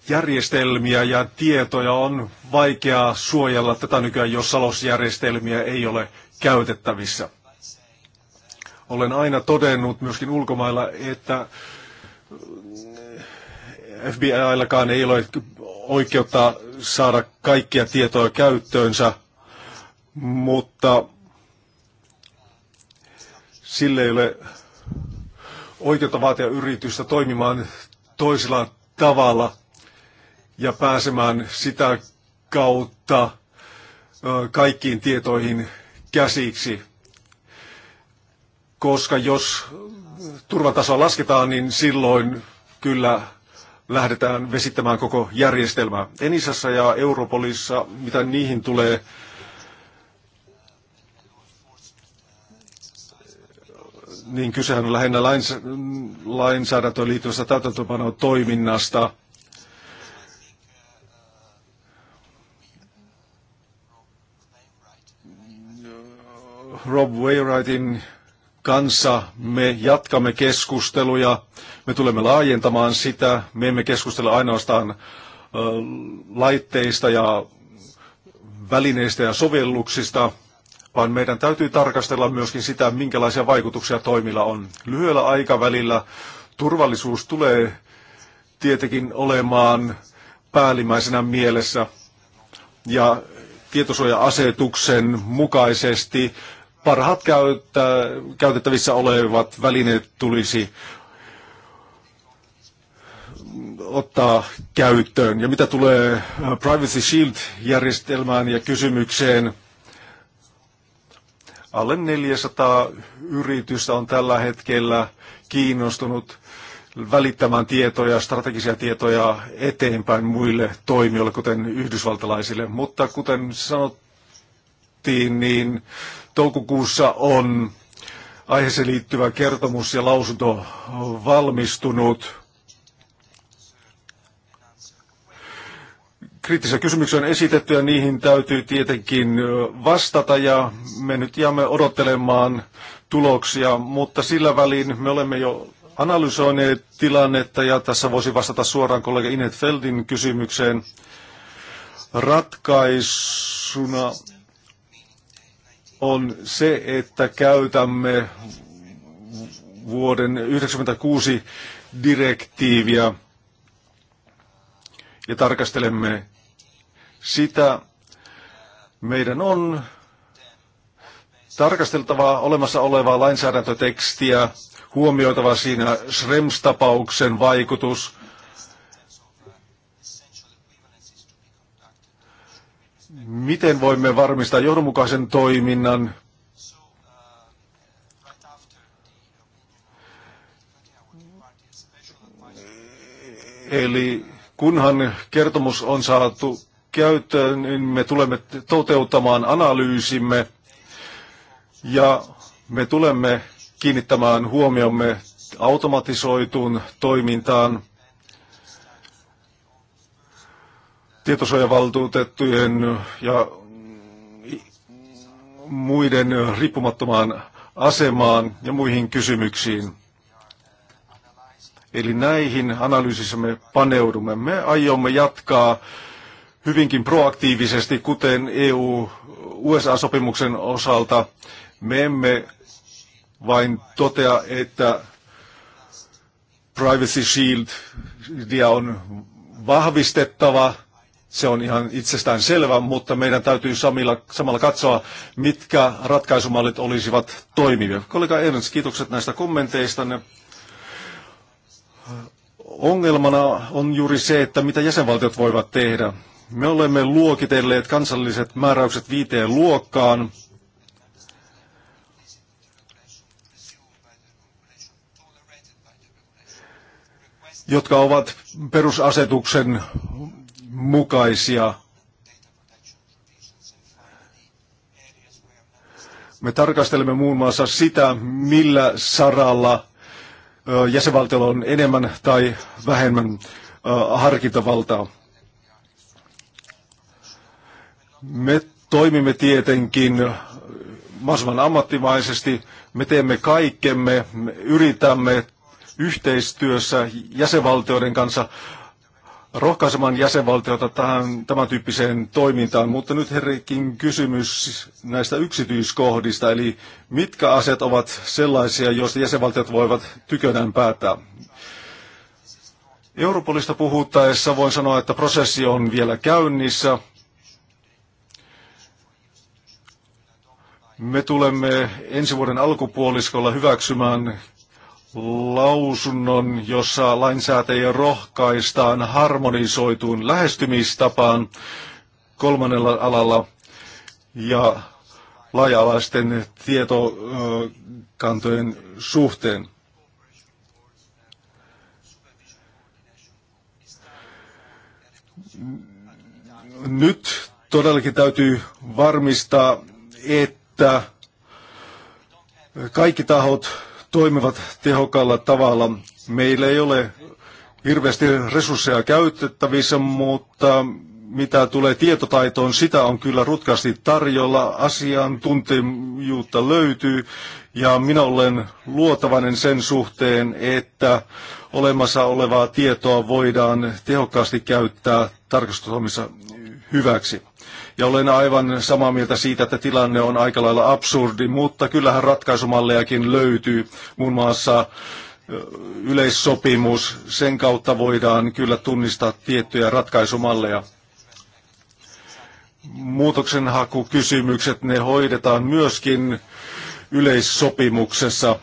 järjestelmiä ja tietoja on vaikea suojella tätä nykyään, jos salosjärjestelmiä ei ole käytettävissä. Olen aina todennut myöskin ulkomailla, että FBIllakaan ei ole oikeutta saada kaikkia tietoja käyttöönsä, mutta sille ei ole oikeutta vaatia yritystä toimimaan toisella tavalla ja pääsemään sitä kautta kaikkiin tietoihin käsiksi. Koska jos turvatasoa lasketaan, niin silloin kyllä lähdetään vesittämään koko järjestelmää. Enisassa ja Europolissa, mitä niihin tulee, niin kysehän on lähinnä lainsäädäntöön liittyvästä toiminnasta – Rob Wainwrightin kanssa me jatkamme keskusteluja. Me tulemme laajentamaan sitä. Me emme keskustele ainoastaan laitteista ja välineistä ja sovelluksista, vaan meidän täytyy tarkastella myöskin sitä, minkälaisia vaikutuksia toimilla on. Lyhyellä aikavälillä turvallisuus tulee tietenkin olemaan päällimmäisenä mielessä. Ja tietosuoja-asetuksen mukaisesti parhaat käyttä, käytettävissä olevat välineet tulisi ottaa käyttöön. Ja mitä tulee äh, Privacy Shield-järjestelmään ja kysymykseen, alle 400 yritystä on tällä hetkellä kiinnostunut välittämään tietoja, strategisia tietoja eteenpäin muille toimijoille, kuten yhdysvaltalaisille. Mutta kuten sanot, puhuttiin, niin toukokuussa on aiheeseen liittyvä kertomus ja lausunto valmistunut. Kriittisiä kysymyksiä on esitetty ja niihin täytyy tietenkin vastata ja me nyt jäämme odottelemaan tuloksia, mutta sillä välin me olemme jo analysoineet tilannetta ja tässä voisi vastata suoraan kollega Inet Feldin kysymykseen ratkaisuna on se, että käytämme vuoden 1996 direktiiviä ja tarkastelemme sitä. Meidän on tarkasteltava olemassa olevaa lainsäädäntötekstiä, huomioitava siinä Schrems-tapauksen vaikutus, miten voimme varmistaa johdonmukaisen toiminnan Eli kunhan kertomus on saatu käyttöön, niin me tulemme toteuttamaan analyysimme ja me tulemme kiinnittämään huomiomme automatisoituun toimintaan – tietosuojavaltuutettujen ja muiden riippumattomaan asemaan ja muihin kysymyksiin. Eli näihin analyysissä me paneudumme. Me aiomme jatkaa hyvinkin proaktiivisesti, kuten EU-USA-sopimuksen osalta. Me emme vain totea, että Privacy Shieldia on vahvistettava – se on ihan itsestään selvä, mutta meidän täytyy samilla, samalla katsoa, mitkä ratkaisumallit olisivat toimivia. Kollega Ernst, kiitokset näistä kommenteista. Ongelmana on juuri se, että mitä jäsenvaltiot voivat tehdä. Me olemme luokitelleet kansalliset määräykset viiteen luokkaan. jotka ovat perusasetuksen mukaisia. Me tarkastelemme muun muassa sitä, millä saralla jäsenvaltiolla on enemmän tai vähemmän harkintavaltaa. Me toimimme tietenkin mahdollisimman ammattimaisesti. Me teemme kaikkemme, me yritämme yhteistyössä jäsenvaltioiden kanssa rohkaisemaan jäsenvaltiota tähän, tämän tyyppiseen toimintaan, mutta nyt herrikin kysymys näistä yksityiskohdista, eli mitkä asiat ovat sellaisia, joista jäsenvaltiot voivat tykönään päättää. Europolista puhuttaessa voin sanoa, että prosessi on vielä käynnissä. Me tulemme ensi vuoden alkupuoliskolla hyväksymään lausunnon, jossa lainsäätäjä rohkaistaan harmonisoituun lähestymistapaan kolmannella alalla ja laaja-alaisten tietokantojen suhteen. Nyt todellakin täytyy varmistaa, että kaikki tahot toimivat tehokkaalla tavalla. Meillä ei ole hirveästi resursseja käytettävissä, mutta mitä tulee tietotaitoon, sitä on kyllä rutkasti tarjolla, asiantuntijuutta löytyy ja minä olen luotavainen sen suhteen, että olemassa olevaa tietoa voidaan tehokkaasti käyttää tarkastusomissa hyväksi. Ja olen aivan samaa mieltä siitä, että tilanne on aika lailla absurdi, mutta kyllähän ratkaisumallejakin löytyy. Muun muassa yleissopimus, sen kautta voidaan kyllä tunnistaa tiettyjä ratkaisumalleja. Muutoksenhakukysymykset, ne hoidetaan myöskin yleissopimuksessa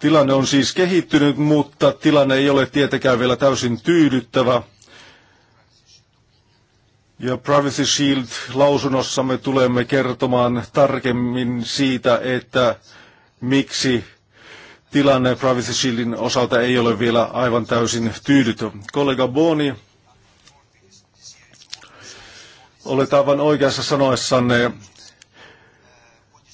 Tilanne on siis kehittynyt, mutta tilanne ei ole tietenkään vielä täysin tyydyttävä. Ja Privacy Shield-lausunnossa me tulemme kertomaan tarkemmin siitä, että miksi tilanne Privacy Shieldin osalta ei ole vielä aivan täysin tyydytön. Kollega Boni, olet aivan oikeassa sanoessanne,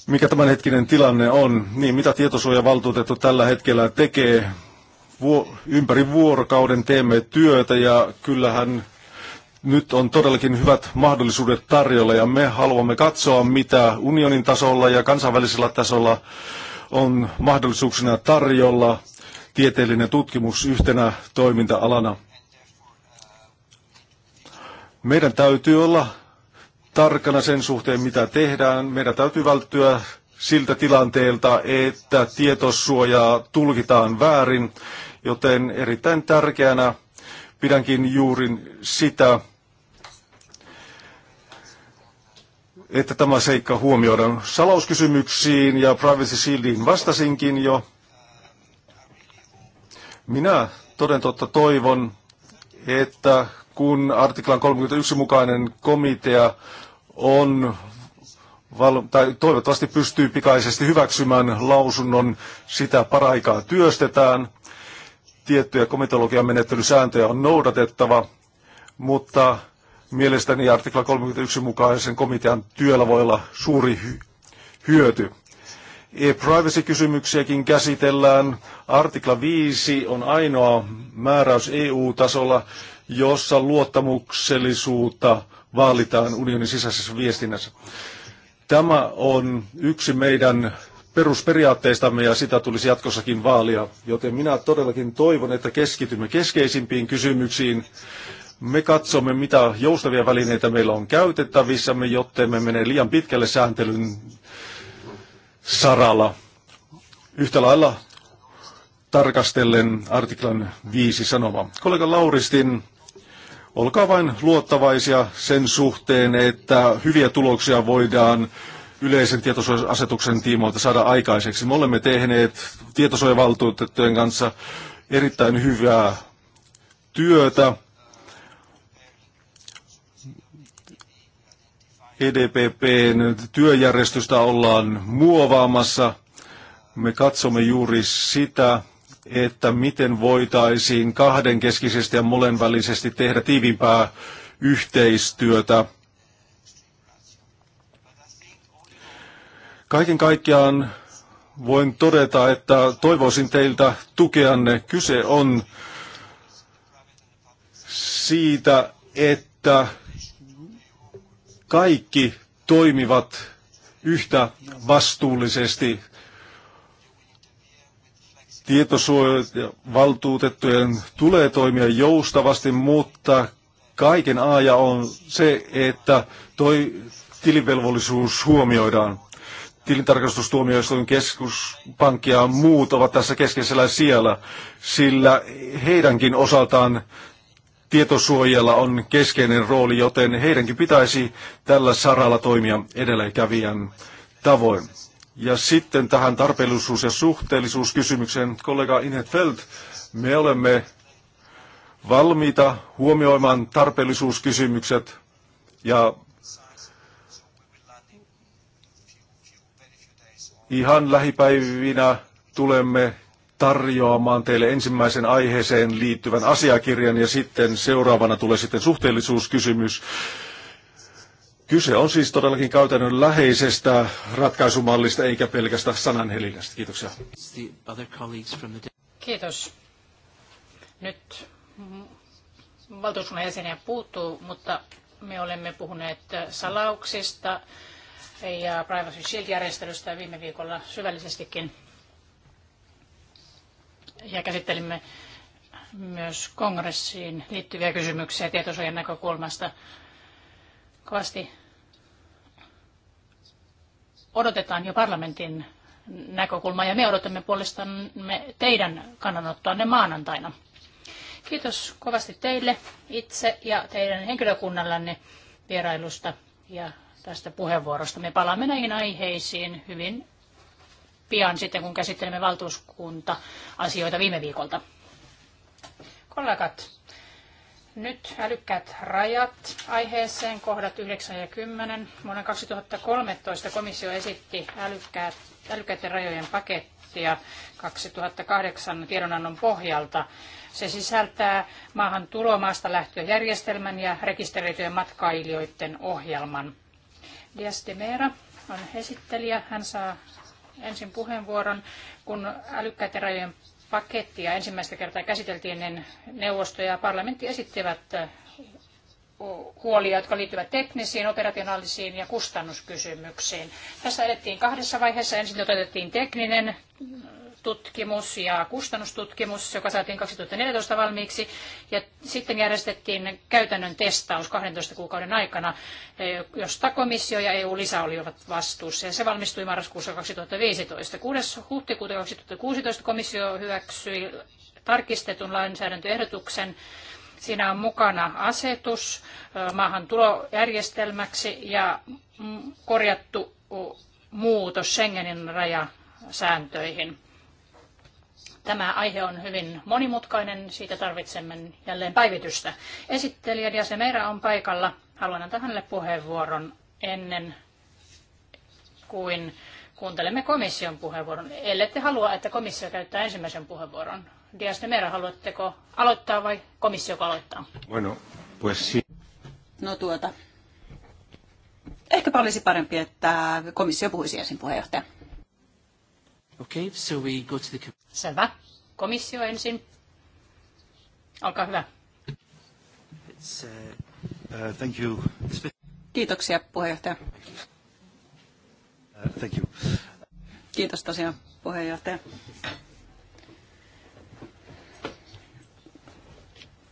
mikä tämänhetkinen tilanne on, niin mitä tietosuojavaltuutettu tällä hetkellä tekee. ympäri vuorokauden teemme työtä ja kyllähän nyt on todellakin hyvät mahdollisuudet tarjolla ja me haluamme katsoa, mitä unionin tasolla ja kansainvälisellä tasolla on mahdollisuuksina tarjolla tieteellinen tutkimus yhtenä toiminta-alana. Meidän täytyy olla tarkana sen suhteen, mitä tehdään. Meidän täytyy välttyä siltä tilanteelta, että tietosuojaa tulkitaan väärin, joten erittäin tärkeänä pidänkin juuri sitä, että tämä seikka huomioidaan. Salauskysymyksiin ja Privacy Shieldiin vastasinkin jo. Minä toden totta toivon, että kun artiklan 31 mukainen komitea on tai toivottavasti pystyy pikaisesti hyväksymään lausunnon, sitä paraikaa työstetään. Tiettyjä komitologian menettelysääntöjä on noudatettava, mutta mielestäni artikla 31 mukaisen komitean työllä voi olla suuri hy- hyöty. E-privacy-kysymyksiäkin käsitellään. Artikla 5 on ainoa määräys EU-tasolla, jossa luottamuksellisuutta vaalitaan unionin sisäisessä viestinnässä. Tämä on yksi meidän perusperiaatteistamme ja sitä tulisi jatkossakin vaalia, joten minä todellakin toivon, että keskitymme keskeisimpiin kysymyksiin. Me katsomme, mitä joustavia välineitä meillä on käytettävissämme, jotta me mene liian pitkälle sääntelyn saralla. Yhtä lailla tarkastellen artiklan viisi sanoma. Kollega Lauristin Olkaa vain luottavaisia sen suhteen, että hyviä tuloksia voidaan yleisen tietosuoja-asetuksen tiimoilta saada aikaiseksi. Me olemme tehneet tietosuojavaltuutettujen kanssa erittäin hyvää työtä. EDPPn työjärjestystä ollaan muovaamassa. Me katsomme juuri sitä, että miten voitaisiin kahdenkeskisesti ja molenvälisesti tehdä tiivimpää yhteistyötä. Kaiken kaikkiaan voin todeta, että toivoisin teiltä tukeanne. Kyse on siitä, että kaikki toimivat yhtä vastuullisesti Tietosuojavaltuutettujen tulee toimia joustavasti, mutta kaiken aaja on se, että toi tilivelvollisuus huomioidaan. Tilintarkastustuomioistuin keskuspankki ja muut ovat tässä keskeisellä siellä, sillä heidänkin osaltaan tietosuojalla on keskeinen rooli, joten heidänkin pitäisi tällä saralla toimia edelleenkävijän tavoin. Ja sitten tähän tarpeellisuus- ja suhteellisuuskysymykseen, kollega Inet Feld, me olemme valmiita huomioimaan tarpeellisuuskysymykset ja ihan lähipäivinä tulemme tarjoamaan teille ensimmäisen aiheeseen liittyvän asiakirjan ja sitten seuraavana tulee sitten suhteellisuuskysymys Kyse on siis todellakin käytännön läheisestä ratkaisumallista eikä pelkästä sananhelinästä. Kiitoksia. Kiitos. Nyt valtuuskunnan jäseniä puuttuu, mutta me olemme puhuneet salauksista ja Privacy Shield-järjestelystä viime viikolla syvällisestikin. Ja käsittelimme myös kongressiin liittyviä kysymyksiä tietosuojan näkökulmasta. Kovasti odotetaan jo parlamentin näkökulmaa ja me odotamme puolestamme teidän kannanottoanne maanantaina. Kiitos kovasti teille itse ja teidän henkilökunnallanne vierailusta ja tästä puheenvuorosta. Me palaamme näihin aiheisiin hyvin pian sitten, kun käsittelemme valtuuskunta-asioita viime viikolta. Kollegat, nyt älykkäät rajat aiheeseen kohdat 9 ja 10. Vuonna 2013 komissio esitti älykkäät, älykkäiden rajojen pakettia 2008 tiedonannon pohjalta. Se sisältää maahan tulomaasta lähtöjärjestelmän ja rekisteröityjen matkailijoiden ohjelman. Dias de Mera on esittelijä. Hän saa ensin puheenvuoron, kun älykkäiden rajojen pakettia ensimmäistä kertaa käsiteltiin, ennen neuvosto ja parlamentti esittivät huolia, jotka liittyvät teknisiin, operationaalisiin ja kustannuskysymyksiin. Tässä edettiin kahdessa vaiheessa. Ensin otettiin tekninen tutkimus ja kustannustutkimus, joka saatiin 2014 valmiiksi. Ja sitten järjestettiin käytännön testaus 12 kuukauden aikana, eh, josta komissio ja EU-lisä olivat vastuussa. Ja se valmistui marraskuussa 2015. 6. huhtikuuta 2016 komissio hyväksyi tarkistetun lainsäädäntöehdotuksen. Siinä on mukana asetus eh, maahantulojärjestelmäksi ja korjattu muutos Schengenin rajasääntöihin. Tämä aihe on hyvin monimutkainen, siitä tarvitsemme jälleen päivitystä. Esittelijä Diasemeira on paikalla. Haluan antaa hänelle puheenvuoron ennen kuin kuuntelemme komission puheenvuoron. Ellette halua, että komissio käyttää ensimmäisen puheenvuoron. mera haluatteko aloittaa vai komissio aloittaa? Bueno, pues sí. No tuota. Ehkäpä olisi parempi, että komissio puhuisi ensin puheenjohtaja. Okay, so we go to the... Selvä. Komissio ensin. Olkaa hyvä. It's, uh, uh, thank you. Kiitoksia puheenjohtaja. Uh, thank you. Kiitos tosiaan puheenjohtaja.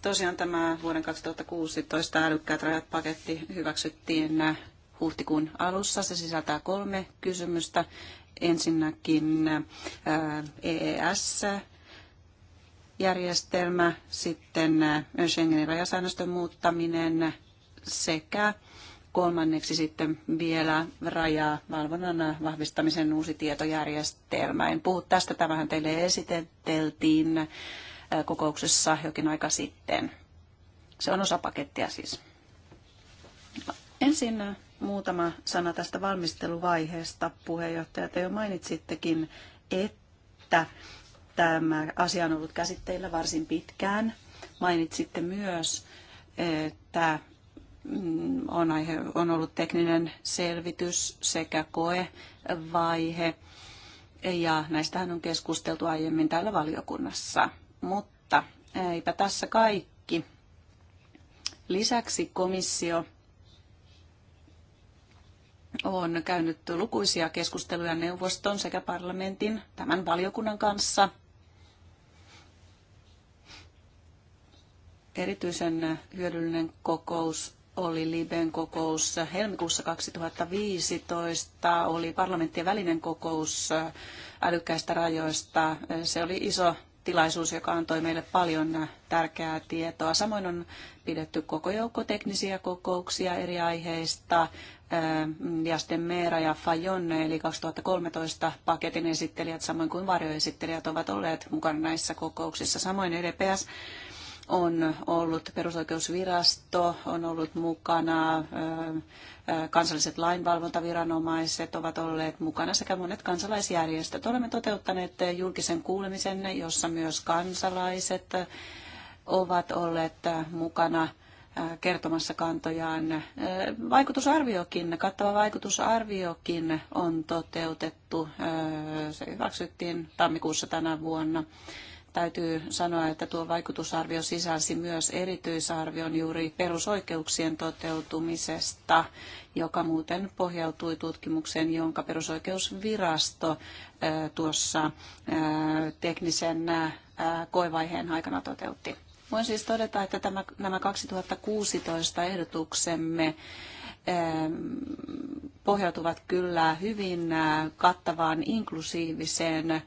Tosiaan tämä vuoden 2016 älykkäät rajat paketti hyväksyttiin äh, huhtikuun alussa. Se sisältää kolme kysymystä ensinnäkin äh, EES, järjestelmä, sitten äh, Schengenin rajasäännöstön muuttaminen sekä kolmanneksi sitten vielä rajavalvonnan vahvistamisen uusi tietojärjestelmä. En puhu tästä, tämähän teille esiteltiin äh, kokouksessa jokin aika sitten. Se on osa pakettia siis. Ensin muutama sana tästä valmisteluvaiheesta. Puheenjohtaja, te jo mainitsittekin, että tämä asia on ollut käsitteillä varsin pitkään. Mainitsitte myös, että mm, on, aihe, on ollut tekninen selvitys sekä koevaihe, ja näistähän on keskusteltu aiemmin täällä valiokunnassa. Mutta eipä tässä kaikki. Lisäksi komissio olen käynyt lukuisia keskusteluja neuvoston sekä parlamentin tämän valiokunnan kanssa. Erityisen hyödyllinen kokous oli Liben kokous helmikuussa 2015, oli parlamenttien välinen kokous älykkäistä rajoista. Se oli iso tilaisuus, joka antoi meille paljon tärkeää tietoa. Samoin on pidetty koko joukko teknisiä kokouksia eri aiheista Äh, Jasten Meera ja Fajonne, eli 2013 paketin esittelijät, samoin kuin varjoesittelijät, ovat olleet mukana näissä kokouksissa. Samoin EDPS on ollut perusoikeusvirasto, on ollut mukana, äh, äh, kansalliset lainvalvontaviranomaiset ovat olleet mukana sekä monet kansalaisjärjestöt. Olemme toteuttaneet julkisen kuulemisen, jossa myös kansalaiset ovat olleet mukana – kertomassa kantojaan. Vaikutusarviokin, kattava vaikutusarviokin on toteutettu. Se hyväksyttiin tammikuussa tänä vuonna. Täytyy sanoa, että tuo vaikutusarvio sisälsi myös erityisarvion juuri perusoikeuksien toteutumisesta, joka muuten pohjautui tutkimukseen, jonka perusoikeusvirasto tuossa teknisen koevaiheen aikana toteutti. Voin siis todeta, että tämä, nämä 2016 ehdotuksemme ähm, pohjautuvat kyllä hyvin äh, kattavaan inklusiiviseen äh,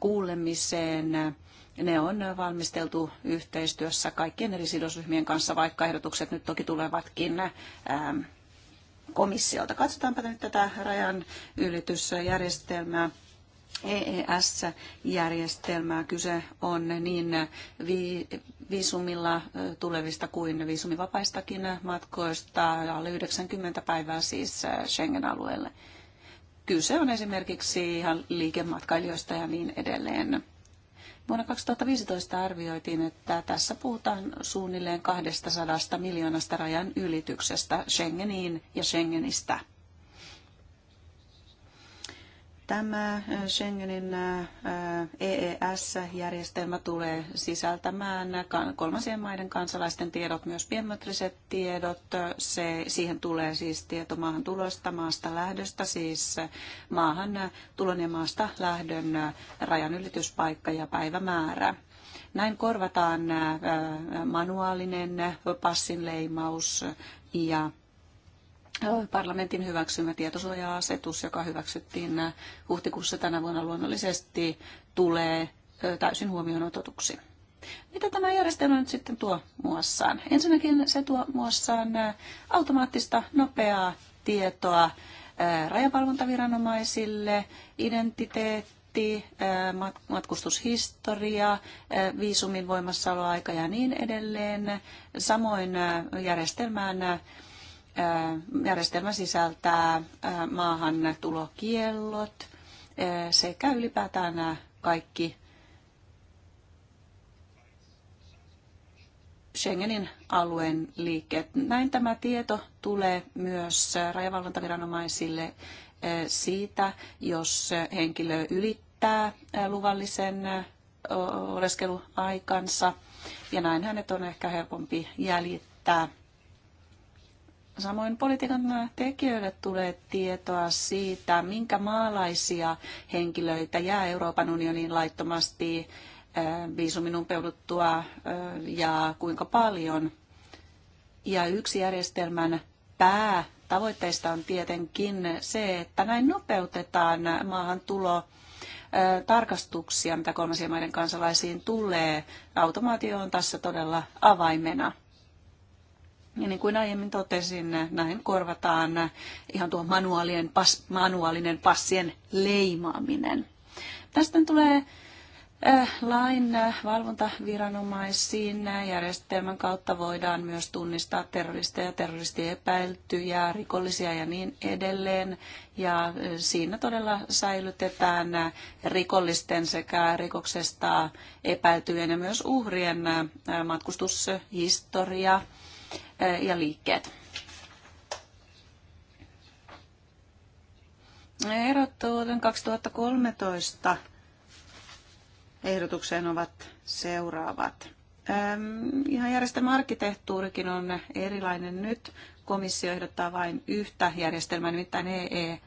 kuulemiseen. Ne on valmisteltu yhteistyössä kaikkien eri sidosryhmien kanssa, vaikka ehdotukset nyt toki tulevatkin ähm, komissiolta. Katsotaanpa nyt tätä rajan ylitysjärjestelmää EES-järjestelmää. Kyse on niin viisumilla tulevista kuin viisumivapaistakin matkoista, alle 90 päivää siis Schengen-alueelle. Kyse on esimerkiksi ihan liikematkailijoista ja niin edelleen. Vuonna 2015 arvioitiin, että tässä puhutaan suunnilleen 200 miljoonasta rajan ylityksestä Schengeniin ja Schengenistä. Tämä äh, Schengenin äh, EES-järjestelmä tulee sisältämään kolmansien maiden kansalaisten tiedot, myös biometriset tiedot. Äh, se, siihen tulee siis tieto maahan tulosta, maasta lähdöstä, siis maahan tulon ja maasta lähdön rajanylityspaikka ja päivämäärä. Näin korvataan manuaalinen passin leimaus ja parlamentin hyväksymä tietosuoja-asetus, joka hyväksyttiin äh, huhtikuussa tänä vuonna luonnollisesti, tulee äh, täysin huomioon otetuksi. Mitä tämä järjestelmä nyt sitten tuo muassaan? Ensinnäkin se tuo muassaan äh, automaattista, nopeaa tietoa rajavalvontaviranomaisille, identiteetti, matkustushistoria, viisumin voimassaoloaika ja niin edelleen. Samoin järjestelmään järjestelmä sisältää maahan tulokiellot sekä ylipäätään kaikki Schengenin alueen liikkeet. Näin tämä tieto tulee myös rajavalvontaviranomaisille siitä, jos henkilö ylittää luvallisen oleskeluaikansa. Ja näin hänet on ehkä helpompi jäljittää Samoin politiikan tekijöille tulee tietoa siitä, minkä maalaisia henkilöitä jää Euroopan unionin laittomasti eh, viisumin umpeuduttua eh, ja kuinka paljon. Ja yksi järjestelmän päätavoitteista on tietenkin se, että näin nopeutetaan maahan tulo eh, tarkastuksia, mitä kolmansien maiden kansalaisiin tulee. Automaatio on tässä todella avaimena. Ja niin kuin aiemmin totesin, näin korvataan ihan tuo manuaalinen, pas, manuaalinen passien leimaaminen. Tästä tulee eh, lain eh, valvontaviranomaisiin järjestelmän kautta voidaan myös tunnistaa terroristeja, terroristiepäiltyjä, rikollisia ja niin edelleen. Ja eh, siinä todella säilytetään rikollisten sekä rikoksesta epäiltyjen ja myös uhrien matkustushistoria ja liikkeet. Erot 2013 ehdotukseen ovat seuraavat. Ihan järjestelmäarkkitehtuurikin on erilainen nyt. Komissio ehdottaa vain yhtä järjestelmää, nimittäin EE e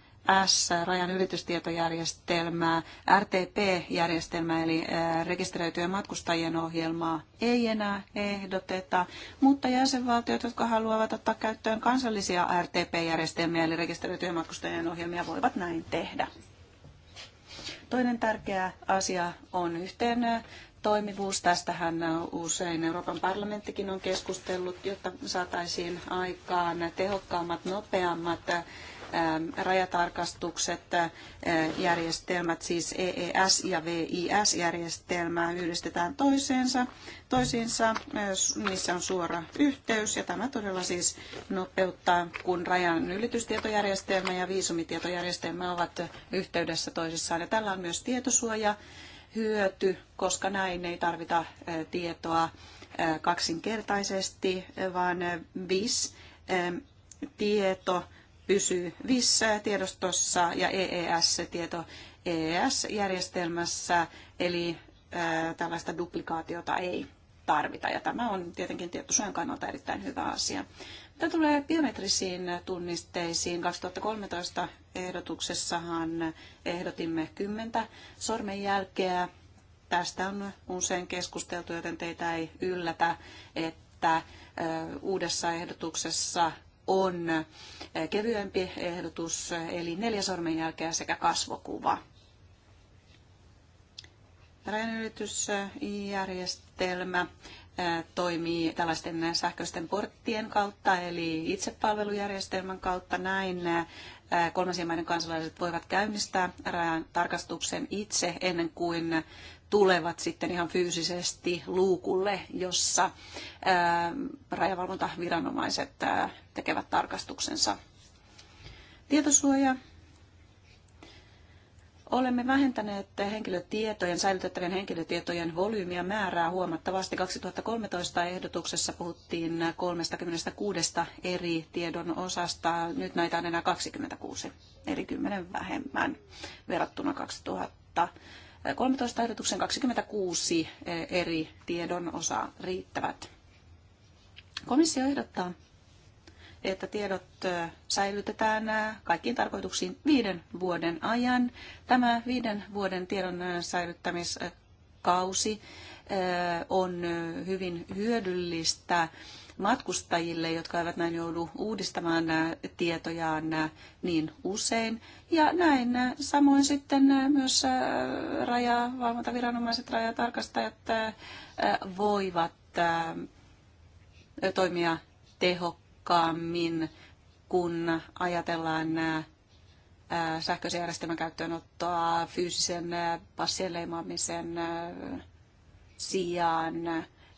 RTS, rajan ylitystietojärjestelmää, RTP-järjestelmää eli rekisteröityjen matkustajien ohjelmaa ei enää ehdoteta, mutta jäsenvaltiot, jotka haluavat ottaa käyttöön kansallisia RTP-järjestelmiä eli rekisteröityjen matkustajien ohjelmia, voivat näin tehdä. Toinen tärkeä asia on yhteen toimivuus. Tästähän usein Euroopan parlamenttikin on keskustellut, jotta saataisiin aikaan tehokkaammat, nopeammat Ähm, rajatarkastukset, äh, järjestelmät, siis EES ja VIS-järjestelmää yhdistetään toisiinsa, toisiinsa, äh, niissä on suora yhteys ja tämä todella siis nopeuttaa, kun rajan ylitystietojärjestelmä ja viisumitietojärjestelmä ovat yhteydessä toisissaan. Ja tällä on myös tietosuoja hyöty, koska näin ei tarvita äh, tietoa kaksinkertaisesti, vaan VIS tieto pysyy vissä tiedostossa ja EES-tieto EES-järjestelmässä, eli tällaista duplikaatiota ei tarvita. Ja tämä on tietenkin tietosuojan kannalta erittäin hyvä asia. Mitä tulee biometrisiin tunnisteisiin, 2013 ehdotuksessahan ehdotimme kymmentä sormenjälkeä. Tästä on usein keskusteltu, joten teitä ei yllätä, että uudessa ehdotuksessa on kevyempi ehdotus, eli neljä sormenjälkeä sekä kasvokuva. Rajanylitysjärjestelmä toimii tällaisten sähköisten porttien kautta, eli itsepalvelujärjestelmän kautta. Näin kolmansien maiden kansalaiset voivat käynnistää rajan tarkastuksen itse ennen kuin tulevat sitten ihan fyysisesti luukulle, jossa rajavalvontaviranomaiset tekevät tarkastuksensa. Tietosuoja. Olemme vähentäneet henkilötietojen, säilytettävien henkilötietojen volyymiä määrää huomattavasti. 2013 ehdotuksessa puhuttiin 36 eri tiedon osasta. Nyt näitä on enää 26, eli 10 vähemmän verrattuna 2000 13 ehdotuksen 26 e, eri tiedon osaa riittävät. Komissio ehdottaa, että tiedot e, säilytetään e, kaikkiin tarkoituksiin viiden vuoden ajan. Tämä viiden vuoden tiedon säilyttämiskausi on hyvin hyödyllistä matkustajille, jotka eivät näin joudu uudistamaan äh, tietojaan äh, niin usein. Ja näin äh, samoin sitten myös rajavalvontaviranomaiset, rajatarkastajat voivat toimia tehokkaammin, kun ajatellaan nämä sähköisen järjestelmän käyttöönottoa fyysisen passien leimaamisen sijaan,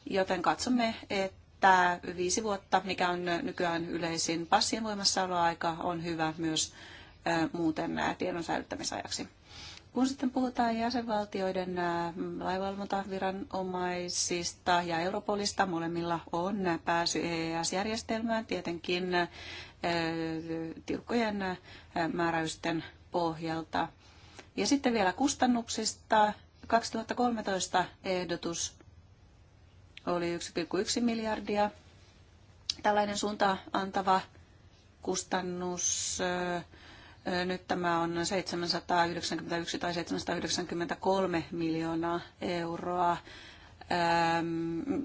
joten katsomme, että että viisi vuotta, mikä on nykyään yleisin passien voimassaoloaika, on hyvä myös muuten tiedon säilyttämisajaksi. Kun sitten puhutaan jäsenvaltioiden laivalmontaviranomaisista ja Europolista, molemmilla on pääsy EES-järjestelmään tietenkin tiukkojen määräysten pohjalta. Ja sitten vielä kustannuksista. 2013 ehdotus oli 1,1 miljardia. Tällainen suunta antava kustannus. Nyt tämä on 791 tai 793 miljoonaa euroa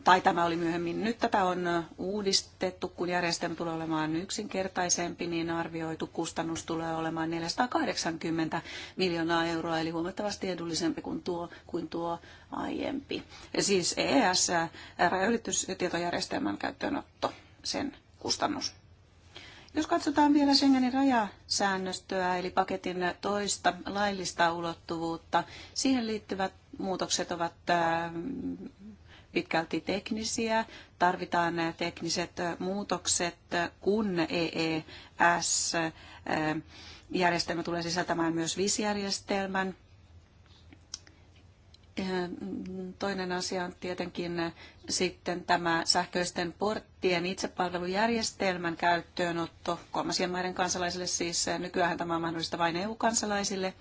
tai tämä oli myöhemmin, nyt tätä on uudistettu, kun järjestelmä tulee olemaan yksinkertaisempi, niin arvioitu kustannus tulee olemaan 480 miljoonaa euroa, eli huomattavasti edullisempi kuin tuo, kuin tuo aiempi. Siis EES, rajaylitystietojärjestelmän käyttöönotto, sen kustannus. Jos katsotaan vielä Schengenin rajasäännöstöä, eli paketin toista laillista ulottuvuutta, siihen liittyvät muutokset ovat pitkälti teknisiä. Tarvitaan nämä tekniset muutokset, kun EES-järjestelmä eh, tulee sisältämään myös visjärjestelmän. Eh, toinen asia on tietenkin eh, sitten tämä sähköisten porttien itsepalvelujärjestelmän käyttöönotto kolmasien maiden kansalaisille siis. Nykyään tämä on mahdollista vain EU-kansalaisille.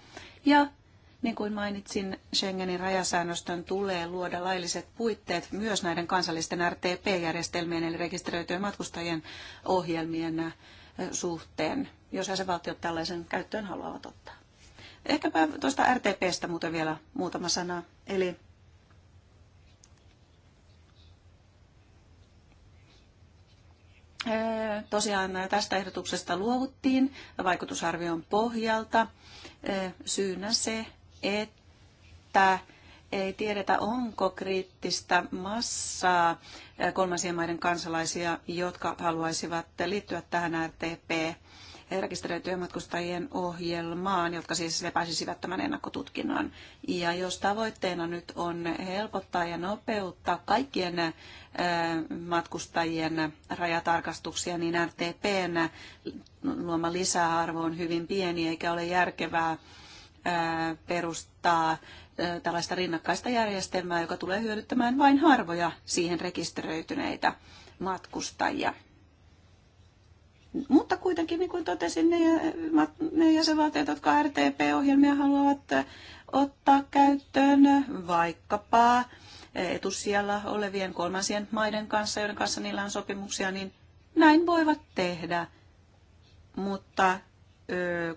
Ja niin kuin mainitsin, Schengenin rajasäännöstön tulee luoda lailliset puitteet myös näiden kansallisten RTP-järjestelmien eli rekisteröityjen matkustajien ohjelmien äh, suhteen, jos jäsenvaltiot tällaisen käyttöön haluavat ottaa. Ehkäpä tuosta RTPstä muuten vielä muutama sana. Eli äh, Tosiaan tästä ehdotuksesta luovuttiin vaikutusarvion pohjalta. Äh, syynä se, että ei tiedetä, onko kriittistä massaa kolmansien maiden kansalaisia, jotka haluaisivat liittyä tähän RTP rekisteröityjen matkustajien ohjelmaan, jotka siis lepäisivät tämän ennakkotutkinnon. Ja jos tavoitteena nyt on helpottaa ja nopeuttaa kaikkien eh, matkustajien rajatarkastuksia, niin RTPn luoma lisäarvo on hyvin pieni eikä ole järkevää perustaa tällaista rinnakkaista järjestelmää, joka tulee hyödyttämään vain harvoja siihen rekisteröityneitä matkustajia. Mutta kuitenkin, niin kuin totesin, ne, jäsenvaltiot, jotka RTP-ohjelmia haluavat ottaa käyttöön, vaikkapa etusijalla olevien kolmansien maiden kanssa, joiden kanssa niillä on sopimuksia, niin näin voivat tehdä. Mutta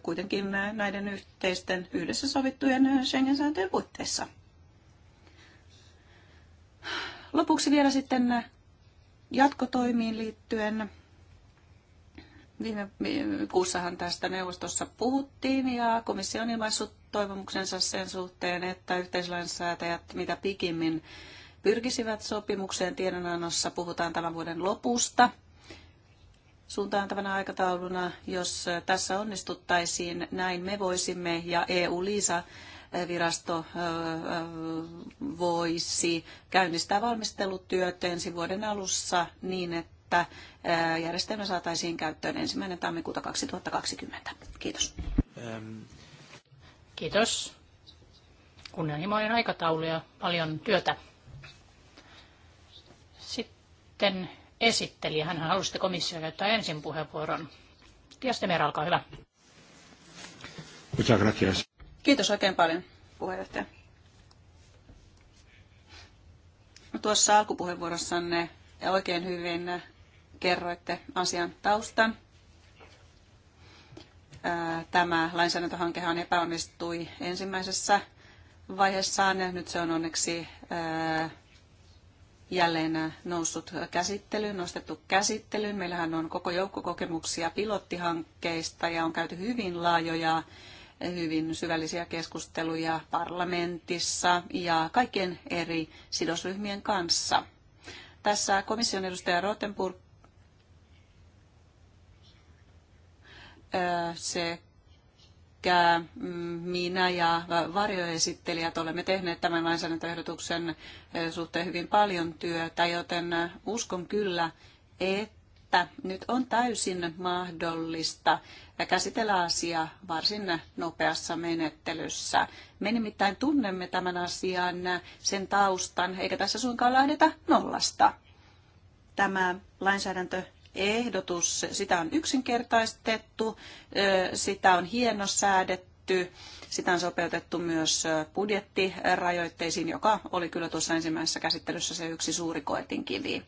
kuitenkin näiden yhteisten yhdessä sovittujen Schengen-sääntöjen puitteissa. Lopuksi vielä sitten jatkotoimiin liittyen. Viime kuussahan tästä neuvostossa puhuttiin ja komissio on ilmaissut toivomuksensa sen suhteen, että yhteislainsäätäjät mitä pikimmin pyrkisivät sopimukseen tiedonannossa. Puhutaan tämän vuoden lopusta suuntaantavana aikatauluna, jos tässä onnistuttaisiin, näin me voisimme ja EU-Liisa virasto voisi käynnistää valmistelutyöt ensi vuoden alussa niin, että järjestelmä saataisiin käyttöön ensimmäinen tammikuuta 2020. Kiitos. Ähm. Kiitos. Kunnianhimoinen aikataulu ja paljon työtä. Sitten esitteli. Hän halusi komissio käyttää ensin puheenvuoron. Tiastemer, alkaa hyvä. Kiitos oikein paljon, puheenjohtaja. No, tuossa alkupuheenvuorossanne ja oikein hyvin kerroitte asian taustan. Tämä lainsäädäntöhanke epäonnistui ensimmäisessä vaiheessaan ja nyt se on onneksi jälleen noussut käsittelyyn, nostettu käsittelyyn. Meillähän on koko joukko kokemuksia pilottihankkeista ja on käyty hyvin laajoja, hyvin syvällisiä keskusteluja parlamentissa ja kaikkien eri sidosryhmien kanssa. Tässä komission edustaja Rotenburg se Mm, minä ja varjoesittelijät olemme tehneet tämän lainsäädäntöehdotuksen eh, suhteen hyvin paljon työtä, joten eh, uskon kyllä, että nyt on täysin mahdollista eh, käsitellä asiaa varsin nopeassa menettelyssä. Me nimittäin tunnemme tämän asian, sen taustan, eikä tässä suinkaan lähdetä nollasta. Tämä lainsäädäntö ehdotus, sitä on yksinkertaistettu, sitä on säädetty, sitä on sopeutettu myös budjettirajoitteisiin, joka oli kyllä tuossa ensimmäisessä käsittelyssä se yksi suuri koetinkivi.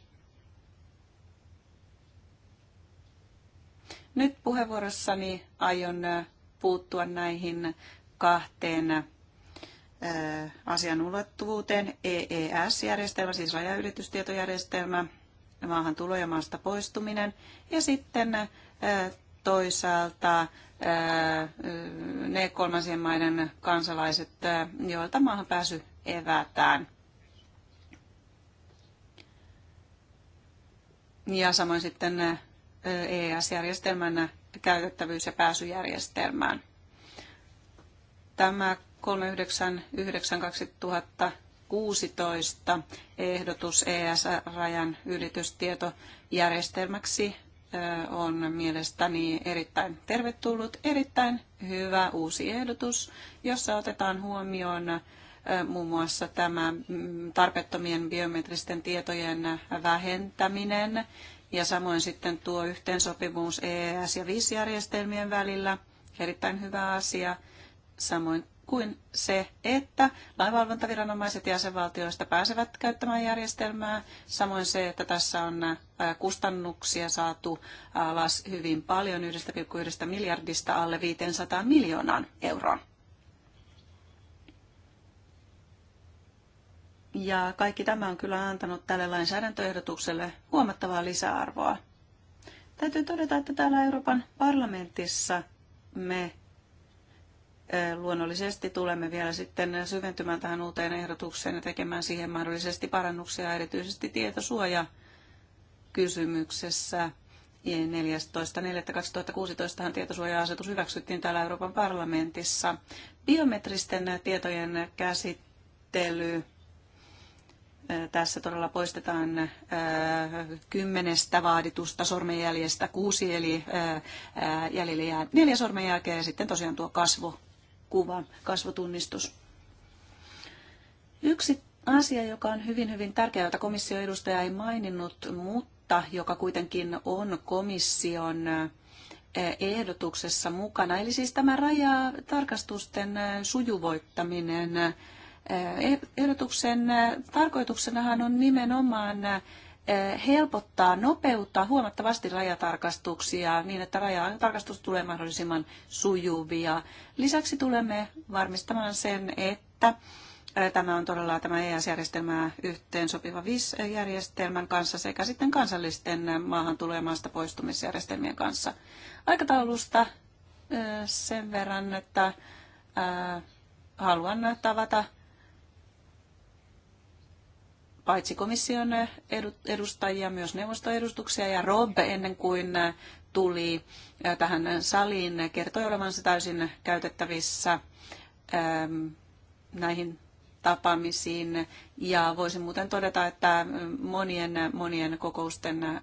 Nyt puheenvuorossani aion puuttua näihin kahteen asian ulottuvuuteen, EES-järjestelmä, siis rajaylitystietojärjestelmä, maahan tulo ja maasta poistuminen. Ja sitten toisaalta ne kolmansien maiden kansalaiset, joilta maahan pääsy evätään. Ja samoin sitten EES-järjestelmän käytettävyys ja pääsyjärjestelmään. Tämä 399 2016 ehdotus esr rajan ylitystietojärjestelmäksi on mielestäni erittäin tervetullut, erittäin hyvä uusi ehdotus, jossa otetaan huomioon muun muassa tämä mm, tarpeettomien biometristen tietojen vähentäminen ja samoin sitten tuo yhteensopivuus EES- ja VIS-järjestelmien välillä, erittäin hyvä asia. Samoin kuin se, että lainvalvontaviranomaiset jäsenvaltioista pääsevät käyttämään järjestelmää. Samoin se, että tässä on äh, kustannuksia saatu äh, alas hyvin paljon 1,1 miljardista alle 500 miljoonaan euroon. Ja kaikki tämä on kyllä antanut tälle lainsäädäntöehdotukselle huomattavaa lisäarvoa. Täytyy todeta, että täällä Euroopan parlamentissa me Luonnollisesti tulemme vielä sitten syventymään tähän uuteen ehdotukseen ja tekemään siihen mahdollisesti parannuksia erityisesti tietosuoja kysymyksessä. 14.4.2016 tietosuoja-asetus hyväksyttiin täällä Euroopan parlamentissa. Biometristen tietojen käsittely tässä todella poistetaan kymmenestä vaaditusta sormenjäljestä kuusi, eli jäljelle jää neljä sormenjälkeä ja sitten tosiaan tuo kasvo kuva, kasvotunnistus. Yksi asia, joka on hyvin, hyvin tärkeä, jota komission edustaja ei maininnut, mutta joka kuitenkin on komission eh, ehdotuksessa mukana. Eli siis tämä rajatarkastusten eh, sujuvoittaminen. Eh, ehdotuksen tarkoituksenahan on nimenomaan Eh, helpottaa, nopeuttaa huomattavasti rajatarkastuksia niin, että rajatarkastus tulee mahdollisimman sujuvia. Lisäksi tulemme varmistamaan sen, että eh, Tämä on todella tämä EAS-järjestelmää yhteen sopiva VIS-järjestelmän kanssa sekä sitten kansallisten eh, maahantulo- ja maasta poistumisjärjestelmien kanssa. Aikataulusta sen verran, että haluan tavata paitsi komission edustajia, myös neuvostoedustuksia ja Rob ennen kuin tuli tähän saliin, kertoi olevansa täysin käytettävissä näihin tapaamisiin. Ja voisin muuten todeta, että monien, monien kokousten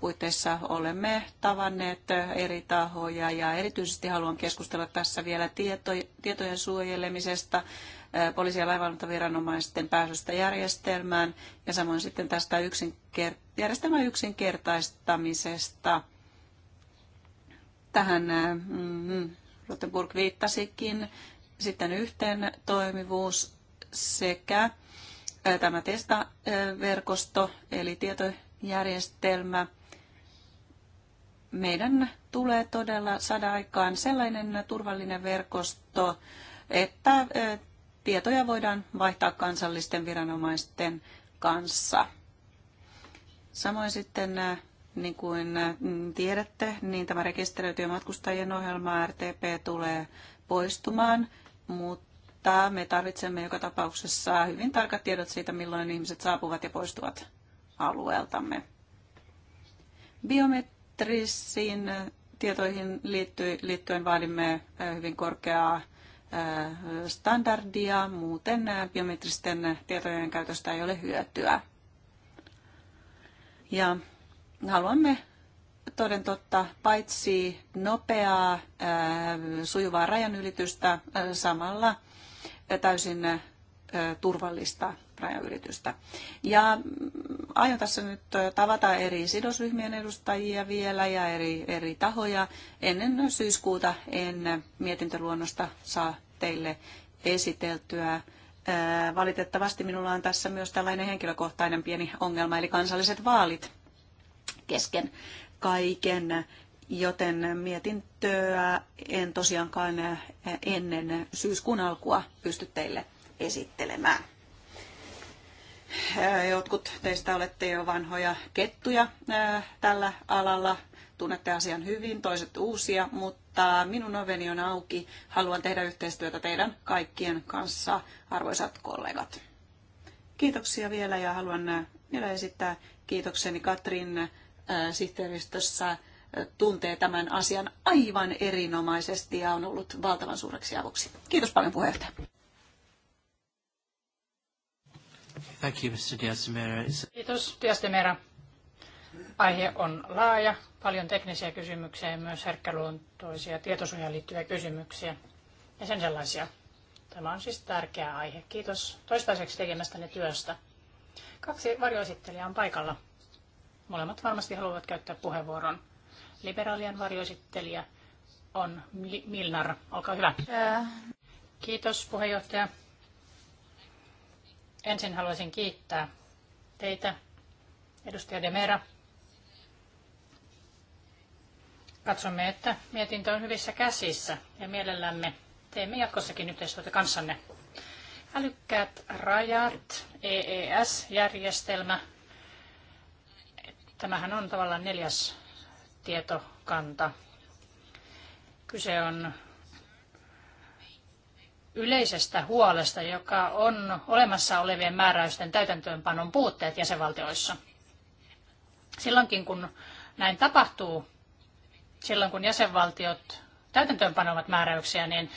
puitteissa olemme tavanneet eri tahoja ja erityisesti haluan keskustella tässä vielä tieto, tietojen suojelemisesta, poliisi- ja lainvalvontaviranomaisten pääsystä järjestelmään ja samoin sitten tästä yksinker- järjestelmän yksinkertaistamisesta. Tähän mm, mm-hmm, Rottenburg viittasikin sitten yhteen toimivuus sekä tämä testaverkosto eli tietojärjestelmä – meidän tulee todella saada aikaan sellainen turvallinen verkosto, että tietoja voidaan vaihtaa kansallisten viranomaisten kanssa. Samoin sitten, niin kuin tiedätte, niin tämä rekisteröity matkustajien ohjelma RTP tulee poistumaan, mutta me tarvitsemme joka tapauksessa hyvin tarkat tiedot siitä, milloin ihmiset saapuvat ja poistuvat alueeltamme. Biometrisiin tietoihin liittyen vaadimme hyvin korkeaa standardia, muuten biometristen tietojen käytöstä ei ole hyötyä. Ja haluamme toden totta paitsi nopeaa sujuvaa rajanylitystä samalla täysin turvallista Praja-yritystä. Ja mm, aion tässä nyt tavata eri sidosryhmien edustajia vielä ja eri, eri tahoja. Ennen syyskuuta en mietintöluonnosta saa teille esiteltyä. Valitettavasti minulla on tässä myös tällainen henkilökohtainen pieni ongelma, eli kansalliset vaalit kesken kaiken, joten mietintöä en tosiaankaan ennen syyskuun alkua pysty teille esittelemään. Jotkut teistä olette jo vanhoja kettuja tällä alalla, tunnette asian hyvin, toiset uusia, mutta minun oveni on auki. Haluan tehdä yhteistyötä teidän kaikkien kanssa, arvoisat kollegat. Kiitoksia vielä ja haluan vielä esittää kiitokseni Katrin sihteeristössä tuntee tämän asian aivan erinomaisesti ja on ollut valtavan suureksi avuksi. Kiitos paljon puheenjohtaja. Thank you, Mr. Diaz-Mera. Kiitos, Diaz-Mera. Aihe on laaja, paljon teknisiä kysymyksiä ja myös herkkäluontoisia tietosuojaan liittyviä kysymyksiä ja sen sellaisia. Tämä on siis tärkeä aihe. Kiitos toistaiseksi tekemästäni työstä. Kaksi varjoesittelijää on paikalla. Molemmat varmasti haluavat käyttää puheenvuoron. Liberaalien varjoesittelijä on Milnar. Olkaa hyvä. Äh. Kiitos puheenjohtaja. Ensin haluaisin kiittää teitä, edustaja Demera. Katsomme, että mietintö on hyvissä käsissä ja mielellämme teemme jatkossakin yhteistyötä kanssanne. Älykkäät rajat, EES-järjestelmä. Tämähän on tavallaan neljäs tietokanta. Kyse on yleisestä huolesta, joka on olemassa olevien määräysten täytäntöönpanon puutteet jäsenvaltioissa. Silloinkin kun näin tapahtuu, silloin kun jäsenvaltiot täytäntöönpanovat määräyksiä, niin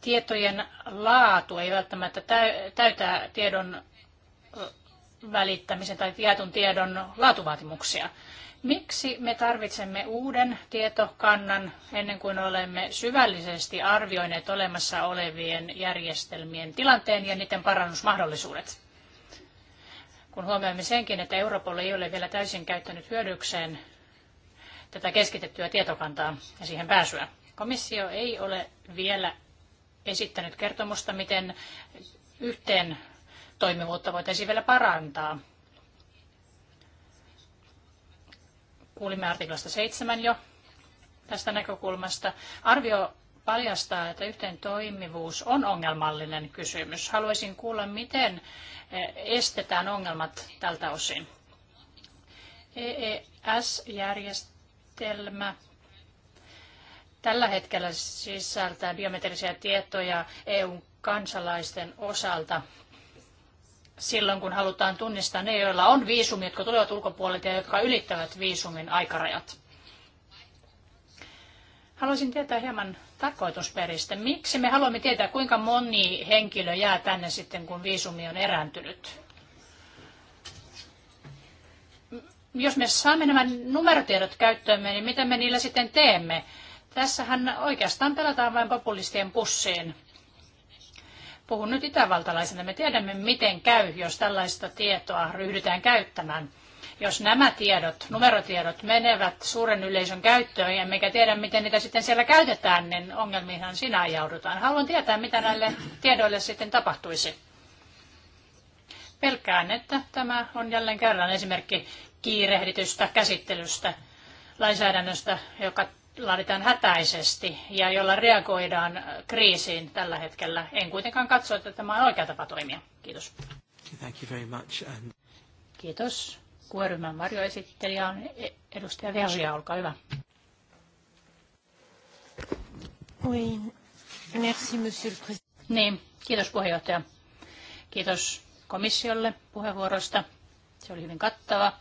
tietojen laatu ei välttämättä täytä tiedon välittämisen tai tietyn tiedon laatuvaatimuksia. Miksi me tarvitsemme uuden tietokannan ennen kuin olemme syvällisesti arvioineet olemassa olevien järjestelmien tilanteen ja niiden parannusmahdollisuudet? Kun huomioimme senkin, että Europol ei ole vielä täysin käyttänyt hyödykseen tätä keskitettyä tietokantaa ja siihen pääsyä. Komissio ei ole vielä esittänyt kertomusta, miten yhteen toimivuutta voitaisiin vielä parantaa Kuulimme artiklasta 7 jo tästä näkökulmasta. Arvio paljastaa, että yhteen toimivuus on ongelmallinen kysymys. Haluaisin kuulla, miten eh, estetään ongelmat tältä osin. EES-järjestelmä tällä hetkellä sisältää biometrisiä tietoja EUn kansalaisten osalta silloin, kun halutaan tunnistaa ne, joilla on viisumi, jotka tulevat ulkopuolelta ja jotka ylittävät viisumin aikarajat. Haluaisin tietää hieman tarkoitusperistä. Miksi me haluamme tietää, kuinka moni henkilö jää tänne sitten, kun viisumi on erääntynyt? Jos me saamme nämä numerotiedot käyttöömme, niin mitä me niillä sitten teemme? Tässähän oikeastaan pelataan vain populistien pussiin Puhun nyt itävaltalaisena. Me tiedämme, miten käy, jos tällaista tietoa ryhdytään käyttämään. Jos nämä tiedot, numerotiedot, menevät suuren yleisön käyttöön ja mikä tiedä, miten niitä sitten siellä käytetään, niin ongelmiinhan sinä ajaudutaan. Haluan tietää, mitä näille tiedoille sitten tapahtuisi. Pelkään, että tämä on jälleen kerran esimerkki kiirehditystä käsittelystä lainsäädännöstä, joka laaditaan hätäisesti ja jolla reagoidaan kriisiin tällä hetkellä. En kuitenkaan katso, että tämä on oikea tapa toimia. Kiitos. Thank you very much. And... Kiitos. Kuoryhmän varjoesittelijä on e- edustaja Verja, olkaa hyvä. Oui. Merci, monsieur le Niin, kiitos puheenjohtaja. Kiitos komissiolle puheenvuorosta. Se oli hyvin kattava.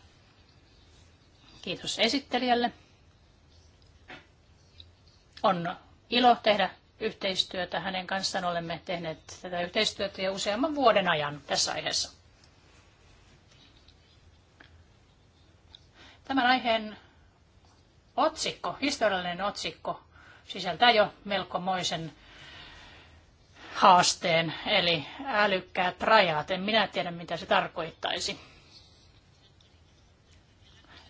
Kiitos esittelijälle. On ilo tehdä yhteistyötä. Hänen kanssaan olemme tehneet tätä yhteistyötä jo useamman vuoden ajan tässä aiheessa. Tämän aiheen otsikko, historiallinen otsikko, sisältää jo melkomoisen haasteen, eli älykkäät rajat. En minä tiedä, mitä se tarkoittaisi.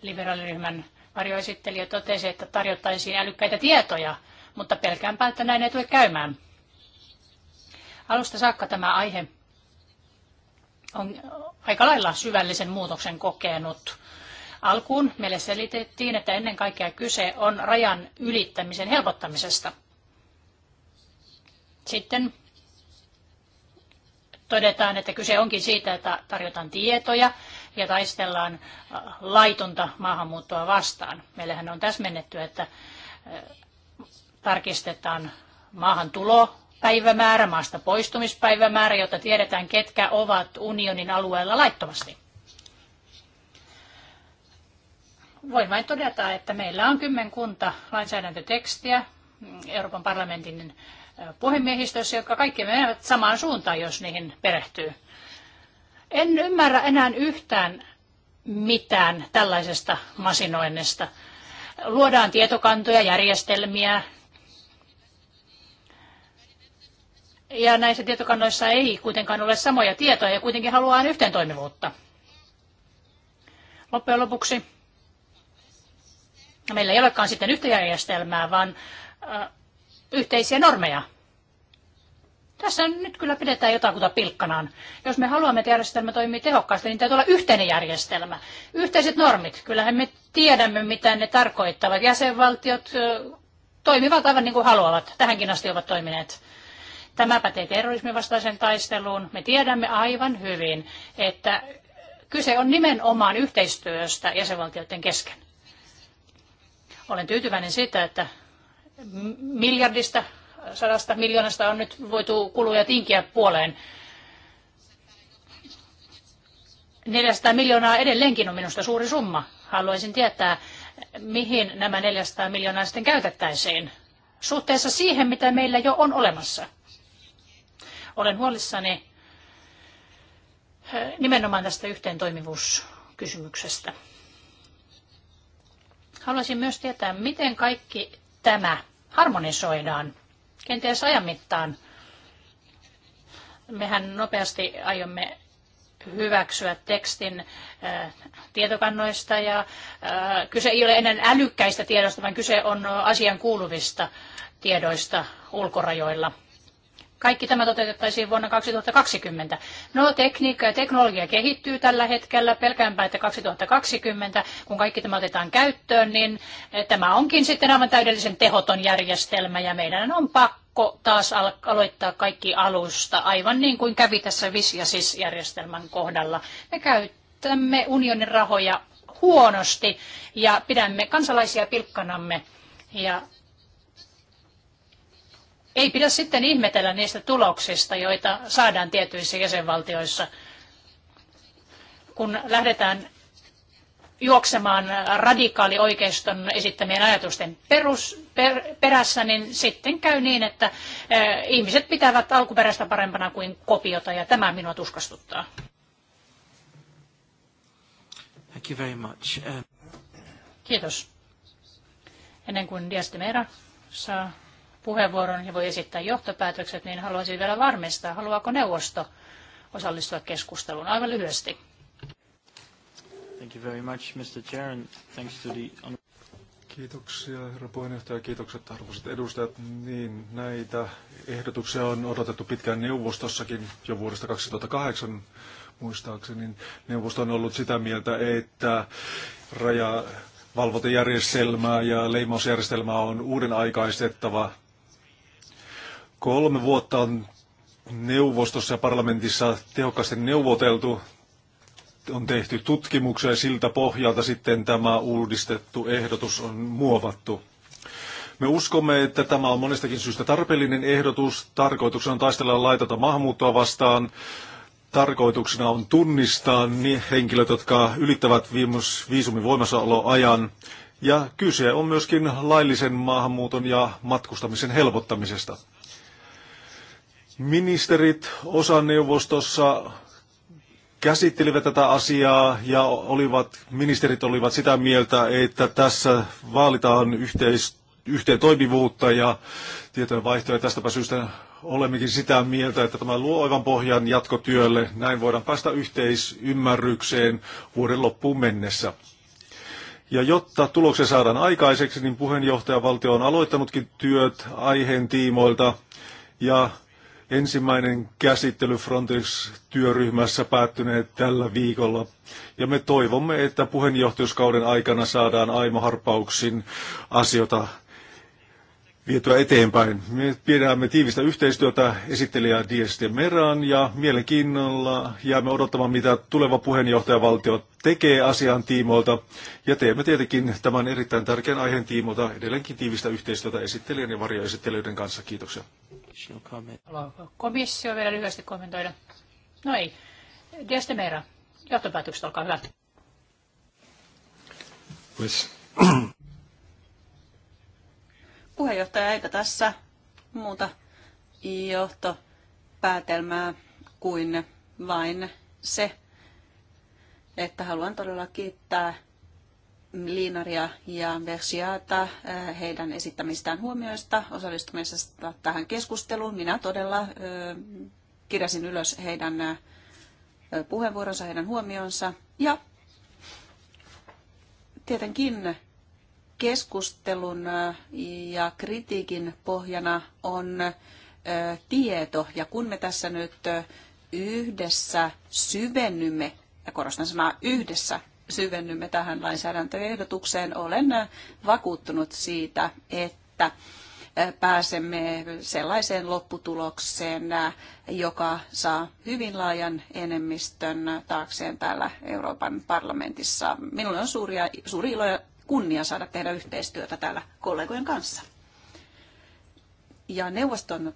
Liberaaliryhmän Varjoesittelijä totesi, että tarjottaisiin älykkäitä tietoja, mutta pelkäänpä, että näin ei tule käymään. Alusta saakka tämä aihe on aika lailla syvällisen muutoksen kokenut. Alkuun meille selitettiin, että ennen kaikkea kyse on rajan ylittämisen helpottamisesta. Sitten todetaan, että kyse onkin siitä, että tarjotaan tietoja, ja taistellaan äh, laitonta maahanmuuttoa vastaan. Meillähän on täsmennetty, että äh, tarkistetaan maahantulo, päivämäärä, maasta poistumispäivämäärä, jotta tiedetään, ketkä ovat unionin alueella laittomasti. Voin vain todeta, että meillä on kymmenkunta lainsäädäntötekstiä Euroopan parlamentin äh, puhemiehistössä, jotka kaikki menevät samaan suuntaan, jos niihin perehtyy. En ymmärrä enää yhtään mitään tällaisesta masinoinnista. Luodaan tietokantoja, järjestelmiä, ja näissä tietokannoissa ei kuitenkaan ole samoja tietoja ja kuitenkin haluaa yhteen toimivuutta. Loppujen lopuksi meillä ei olekaan sitten yhtä järjestelmää, vaan yhteisiä normeja. Tässä nyt kyllä pidetään jotakuta pilkkanaan. Jos me haluamme, että järjestelmä toimii tehokkaasti, niin täytyy olla yhteinen järjestelmä. Yhteiset normit. Kyllähän me tiedämme, mitä ne tarkoittavat. Jäsenvaltiot toimivat aivan niin kuin haluavat. Tähänkin asti ovat toimineet. Tämä pätee terrorismin vastaiseen taisteluun. Me tiedämme aivan hyvin, että kyse on nimenomaan yhteistyöstä jäsenvaltioiden kesken. Olen tyytyväinen siitä, että miljardista sadasta miljoonasta on nyt voitu kuluja tinkiä puoleen. 400 miljoonaa edelleenkin on minusta suuri summa. Haluaisin tietää, mihin nämä 400 miljoonaa sitten käytettäisiin suhteessa siihen, mitä meillä jo on olemassa. Olen huolissani eh, nimenomaan tästä yhteentoimivuuskysymyksestä. Haluaisin myös tietää, miten kaikki tämä harmonisoidaan kenties ajan mittaan. Mehän nopeasti aiomme hyväksyä tekstin äh, tietokannoista ja äh, kyse ei ole enää älykkäistä tiedoista, vaan kyse on asian kuuluvista tiedoista ulkorajoilla. Kaikki tämä toteutettaisiin vuonna 2020. No tekniikka ja teknologia kehittyy tällä hetkellä. Pelkäänpä, että 2020, kun kaikki tämä otetaan käyttöön, niin eh, tämä onkin sitten aivan täydellisen tehoton järjestelmä ja meidän on pakko taas aloittaa kaikki alusta, aivan niin kuin kävi tässä VIS- ja SIS-järjestelmän kohdalla. Me käyttämme unionin rahoja huonosti ja pidämme kansalaisia pilkkanamme ja ei pidä sitten ihmetellä niistä tuloksista, joita saadaan tietyissä jäsenvaltioissa, kun lähdetään juoksemaan radikaalioikeiston esittämien ajatusten perus, per, perässä, niin sitten käy niin, että ihmiset pitävät alkuperäistä parempana kuin kopiota, ja tämä minua tuskastuttaa. Thank you very much. Um... Kiitos. Ennen kuin Diastemera saa puheenvuoron ja voi esittää johtopäätökset, niin haluaisin vielä varmistaa, haluaako neuvosto osallistua keskusteluun aivan lyhyesti. Thank you very much, Mr. Chair, and thanks to the... Kiitoksia, herra puheenjohtaja. Kiitokset, arvoisat edustajat. Niin, näitä ehdotuksia on odotettu pitkään neuvostossakin jo vuodesta 2008 muistaakseni. Neuvosto on ollut sitä mieltä, että raja valvontajärjestelmää ja leimausjärjestelmää on uuden aikaistettava Kolme vuotta on neuvostossa ja parlamentissa tehokkaasti neuvoteltu, on tehty tutkimuksia ja siltä pohjalta sitten tämä uudistettu ehdotus on muovattu. Me uskomme, että tämä on monestakin syystä tarpeellinen ehdotus. Tarkoituksena on taistella laitonta maahanmuuttoa vastaan. Tarkoituksena on tunnistaa ne henkilöt, jotka ylittävät viisumin voimassaoloajan. Ja kyse on myöskin laillisen maahanmuuton ja matkustamisen helpottamisesta. Ministerit osaneuvostossa käsittelivät tätä asiaa ja olivat, ministerit olivat sitä mieltä, että tässä vaalitaan yhteis, yhteen toimivuutta ja tietojen vaihtoja. Tästäpä syystä olemmekin sitä mieltä, että tämä luo oivan pohjan jatkotyölle. Näin voidaan päästä yhteisymmärrykseen vuoden loppuun mennessä. Ja jotta tuloksen saadaan aikaiseksi, niin puheenjohtajavaltio on aloittanutkin työt aiheen tiimoilta. Ja ensimmäinen käsittely Frontex-työryhmässä päättyneet tällä viikolla. Ja me toivomme, että puheenjohtajuuskauden aikana saadaan aimoharppauksin asioita vietyä eteenpäin. Me pidämme tiivistä yhteistyötä esittelijä Dieste Meran ja mielenkiinnolla jäämme odottamaan, mitä tuleva puheenjohtajavaltio tekee asian tiimoilta. Ja teemme tietenkin tämän erittäin tärkeän aiheen tiimoilta edelleenkin tiivistä yhteistyötä esittelijän ja varjoesittelijöiden kanssa. Kiitoksia. Haluaako komissio vielä lyhyesti kommentoida? No ei. Dieste Meira, johtopäätökset, olkaa hyvä. Pues. [CLEARS THROAT] Puheenjohtaja, eipä tässä muuta johtopäätelmää kuin vain se, että haluan todella kiittää Liinaria ja Versiata äh, heidän esittämistään huomioista osallistumisesta tähän keskusteluun. Minä todella äh, kirjasin ylös heidän äh, puheenvuoronsa, heidän huomionsa ja tietenkin keskustelun ja kritiikin pohjana on tieto. Ja kun me tässä nyt yhdessä syvennymme, ja korostan sanaa yhdessä, syvennymme tähän lainsäädäntöehdotukseen, olen äh, vakuuttunut siitä, että äh, pääsemme sellaiseen lopputulokseen, äh, joka saa hyvin laajan enemmistön taakseen täällä Euroopan parlamentissa. Minulle on suuria, suuri ilo ja kunnia saada tehdä yhteistyötä täällä kollegojen kanssa. Ja neuvoston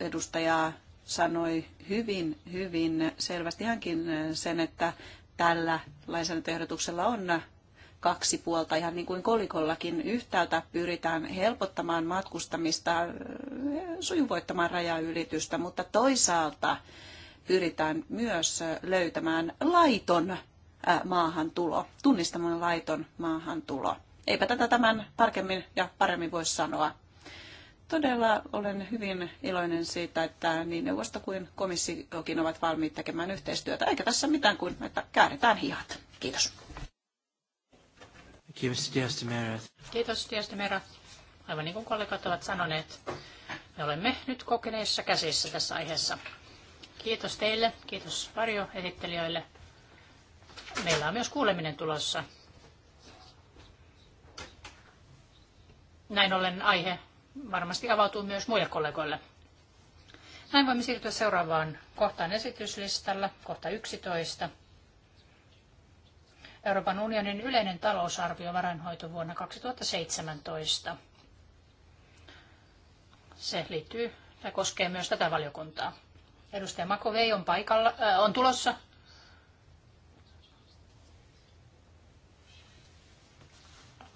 edustaja sanoi hyvin, hyvin selvästi hänkin sen, että tällä lainsäädäntöehdotuksella on kaksi puolta, ihan niin kuin kolikollakin. Yhtäältä pyritään helpottamaan matkustamista, sujuvoittamaan rajaylitystä, mutta toisaalta pyritään myös löytämään laiton maahantulo, tunnistamaan laiton maahantulo. Eipä tätä tämän tarkemmin ja paremmin voi sanoa. Todella olen hyvin iloinen siitä, että niin neuvosto kuin komissiokin ovat valmiit tekemään yhteistyötä. Eikä tässä mitään kuin, että käännetään hihat. Kiitos. Kiitos, Diastemera. Aivan niin kuin kollegat ovat sanoneet, me olemme nyt kokeneissa käsissä tässä aiheessa. Kiitos teille, kiitos varjoesittelijöille. Meillä on myös kuuleminen tulossa. Näin ollen aihe varmasti avautuu myös muille kollegoille. Näin voimme siirtyä seuraavaan kohtaan esityslistalla, kohta 11. Euroopan unionin yleinen talousarvio varainhoito vuonna 2017. Se liittyy tai koskee myös tätä valiokuntaa. Edustaja Makovei on, paikalla, äh, on tulossa.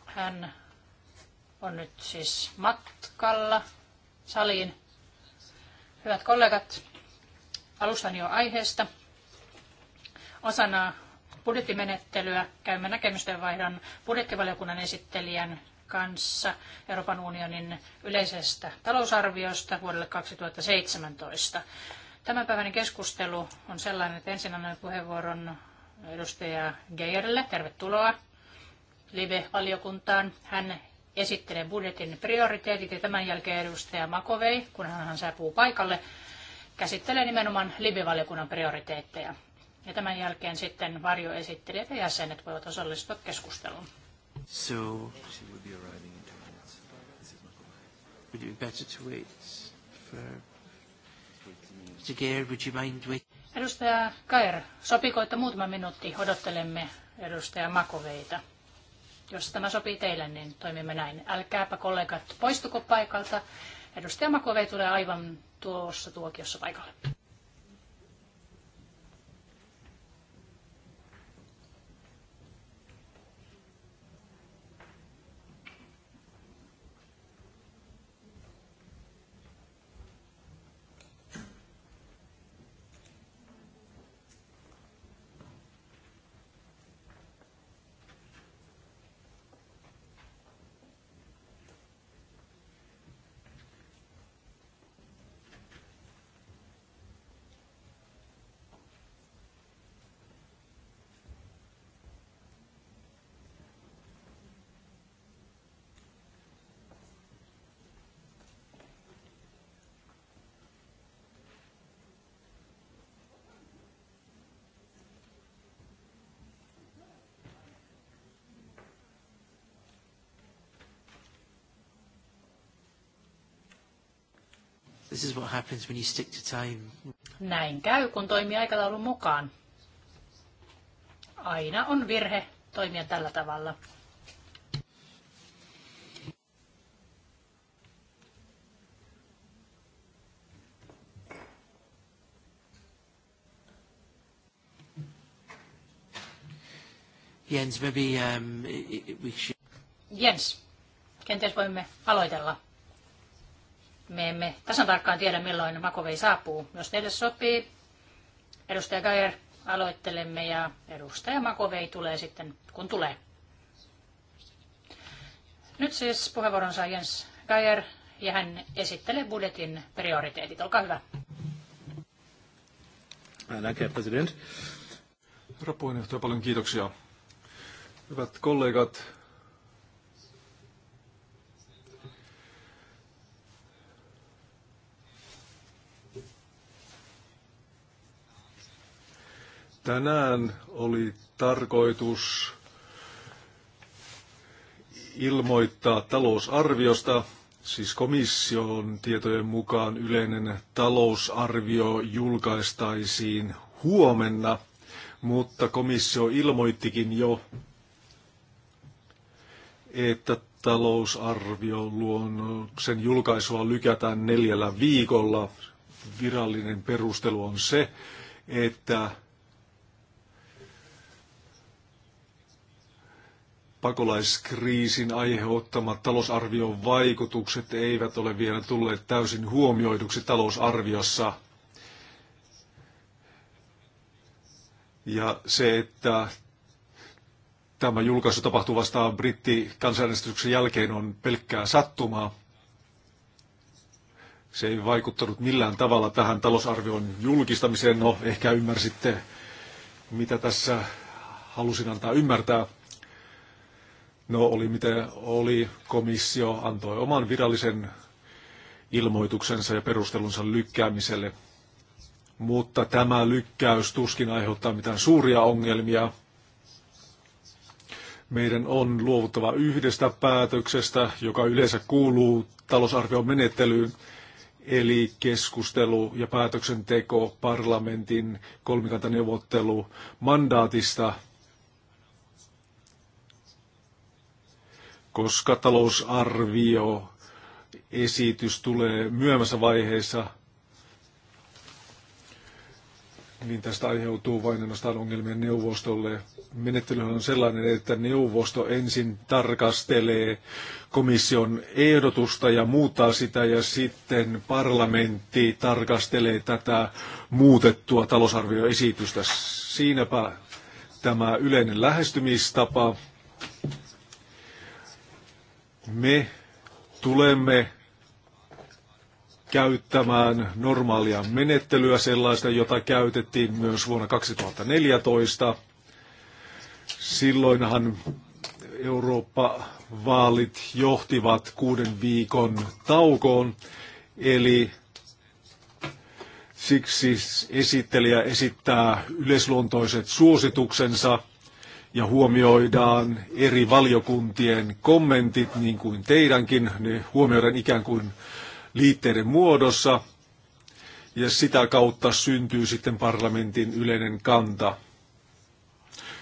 Hän on nyt siis matkalla saliin. Hyvät kollegat, alustan jo aiheesta. Osana budjettimenettelyä käymme näkemysten vaihdon budjettivaliokunnan esittelijän kanssa Euroopan unionin yleisestä talousarviosta vuodelle 2017. päivän keskustelu on sellainen, että ensin annan puheenvuoron edustaja Geijerille. Tervetuloa Live-valiokuntaan. Hän esittelee budjetin prioriteetit ja tämän jälkeen edustaja Makovei, kun hän saapuu paikalle, käsittelee nimenomaan Libivaliokunnan prioriteetteja. Ja tämän jälkeen sitten varjoesittelijät ja jäsenet voivat osallistua keskusteluun. So, she will be arriving in two minutes. This is Makovei. Would it be better to wait for... Mr. would you mind Edustaja Kair, sopiko, että muutama minuutti odottelemme edustaja Makoveita? Jos tämä sopii teille, niin toimimme näin. Älkääpä kollegat poistuko paikalta. Edustaja Makove tulee aivan tuossa tuokiossa paikalle. This is what happens when you stick to time. Näin käy, kun toimii aikataulun mukaan. Aina on virhe toimia tällä tavalla. Jens, maybe um, we should... Jens, kenties voimme aloitella. Me emme tasan tarkkaan tiedä, milloin Makovei saapuu. Jos teille sopii, edustaja Gajer, aloittelemme ja edustaja Makovei tulee sitten, kun tulee. Nyt siis puheenvuoron saa Jens Gajer ja hän esittelee budjetin prioriteetit. Olkaa hyvä. Danke, Herr Herra puheenjohtaja, paljon kiitoksia. Hyvät kollegat, Tänään oli tarkoitus ilmoittaa talousarviosta, siis komission tietojen mukaan yleinen talousarvio julkaistaisiin huomenna, mutta komissio ilmoittikin jo, että talousarvio sen julkaisua lykätään neljällä viikolla. Virallinen perustelu on se, että pakolaiskriisin aiheuttamat talousarvion vaikutukset eivät ole vielä tulleet täysin huomioiduksi talousarviossa. Ja se, että tämä julkaisu tapahtuu vasta brittikansanäänestyksen jälkeen on pelkkää sattumaa. Se ei vaikuttanut millään tavalla tähän talousarvion julkistamiseen. No, ehkä ymmärsitte, mitä tässä halusin antaa ymmärtää. No oli miten oli, komissio antoi oman virallisen ilmoituksensa ja perustelunsa lykkäämiselle. Mutta tämä lykkäys tuskin aiheuttaa mitään suuria ongelmia. Meidän on luovuttava yhdestä päätöksestä, joka yleensä kuuluu talousarvion menettelyyn, eli keskustelu ja päätöksenteko parlamentin kolmikantaneuvottelu mandaatista – koska talousarvio esitys tulee myöhemmässä vaiheessa, niin tästä aiheutuu vain ainoastaan ongelmia neuvostolle. Menettely on sellainen, että neuvosto ensin tarkastelee komission ehdotusta ja muuttaa sitä, ja sitten parlamentti tarkastelee tätä muutettua talousarvioesitystä. Siinäpä tämä yleinen lähestymistapa me tulemme käyttämään normaalia menettelyä, sellaista, jota käytettiin myös vuonna 2014. Silloinhan Eurooppa-vaalit johtivat kuuden viikon taukoon, eli siksi esittelijä esittää yleisluontoiset suosituksensa – ja huomioidaan eri valiokuntien kommentit, niin kuin teidänkin, ne huomioidaan ikään kuin liitteiden muodossa, ja sitä kautta syntyy sitten parlamentin yleinen kanta.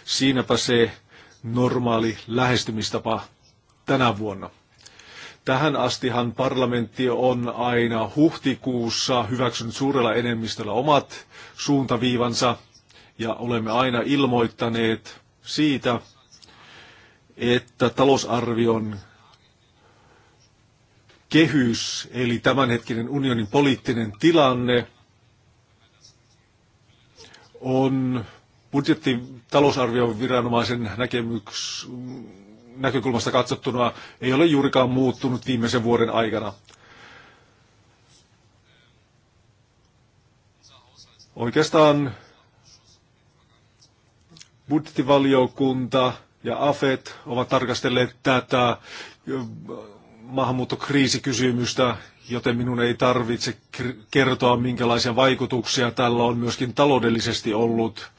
Siinäpä se normaali lähestymistapa tänä vuonna. Tähän astihan parlamentti on aina huhtikuussa hyväksynyt suurella enemmistöllä omat suuntaviivansa ja olemme aina ilmoittaneet siitä, että talousarvion kehys, eli tämänhetkinen unionin poliittinen tilanne, on budjetti talousarvion viranomaisen näkemyks, näkökulmasta katsottuna ei ole juurikaan muuttunut viimeisen vuoden aikana. Oikeastaan Budjettivaliokunta ja AFET ovat tarkastelleet tätä maahanmuuttokriisikysymystä, joten minun ei tarvitse kertoa, minkälaisia vaikutuksia tällä on myöskin taloudellisesti ollut.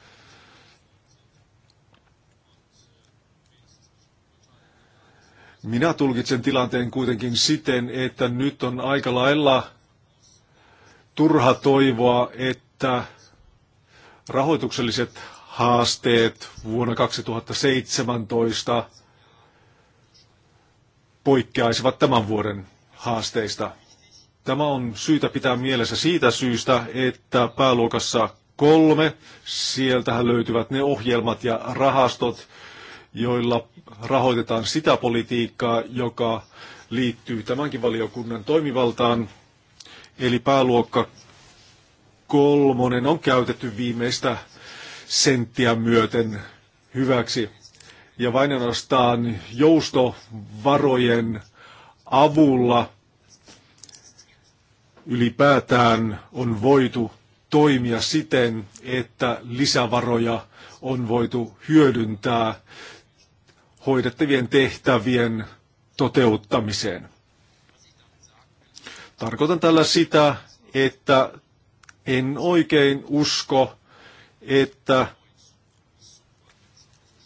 Minä tulkitsen tilanteen kuitenkin siten, että nyt on aika lailla turha toivoa, että rahoitukselliset haasteet vuonna 2017 poikkeaisivat tämän vuoden haasteista. Tämä on syytä pitää mielessä siitä syystä, että pääluokassa kolme, sieltähän löytyvät ne ohjelmat ja rahastot, joilla rahoitetaan sitä politiikkaa, joka liittyy tämänkin valiokunnan toimivaltaan. Eli pääluokka kolmonen on käytetty viimeistä senttiä myöten hyväksi. Ja vain ainoastaan joustovarojen avulla ylipäätään on voitu toimia siten, että lisävaroja on voitu hyödyntää hoidettavien tehtävien toteuttamiseen. Tarkoitan tällä sitä, että en oikein usko, että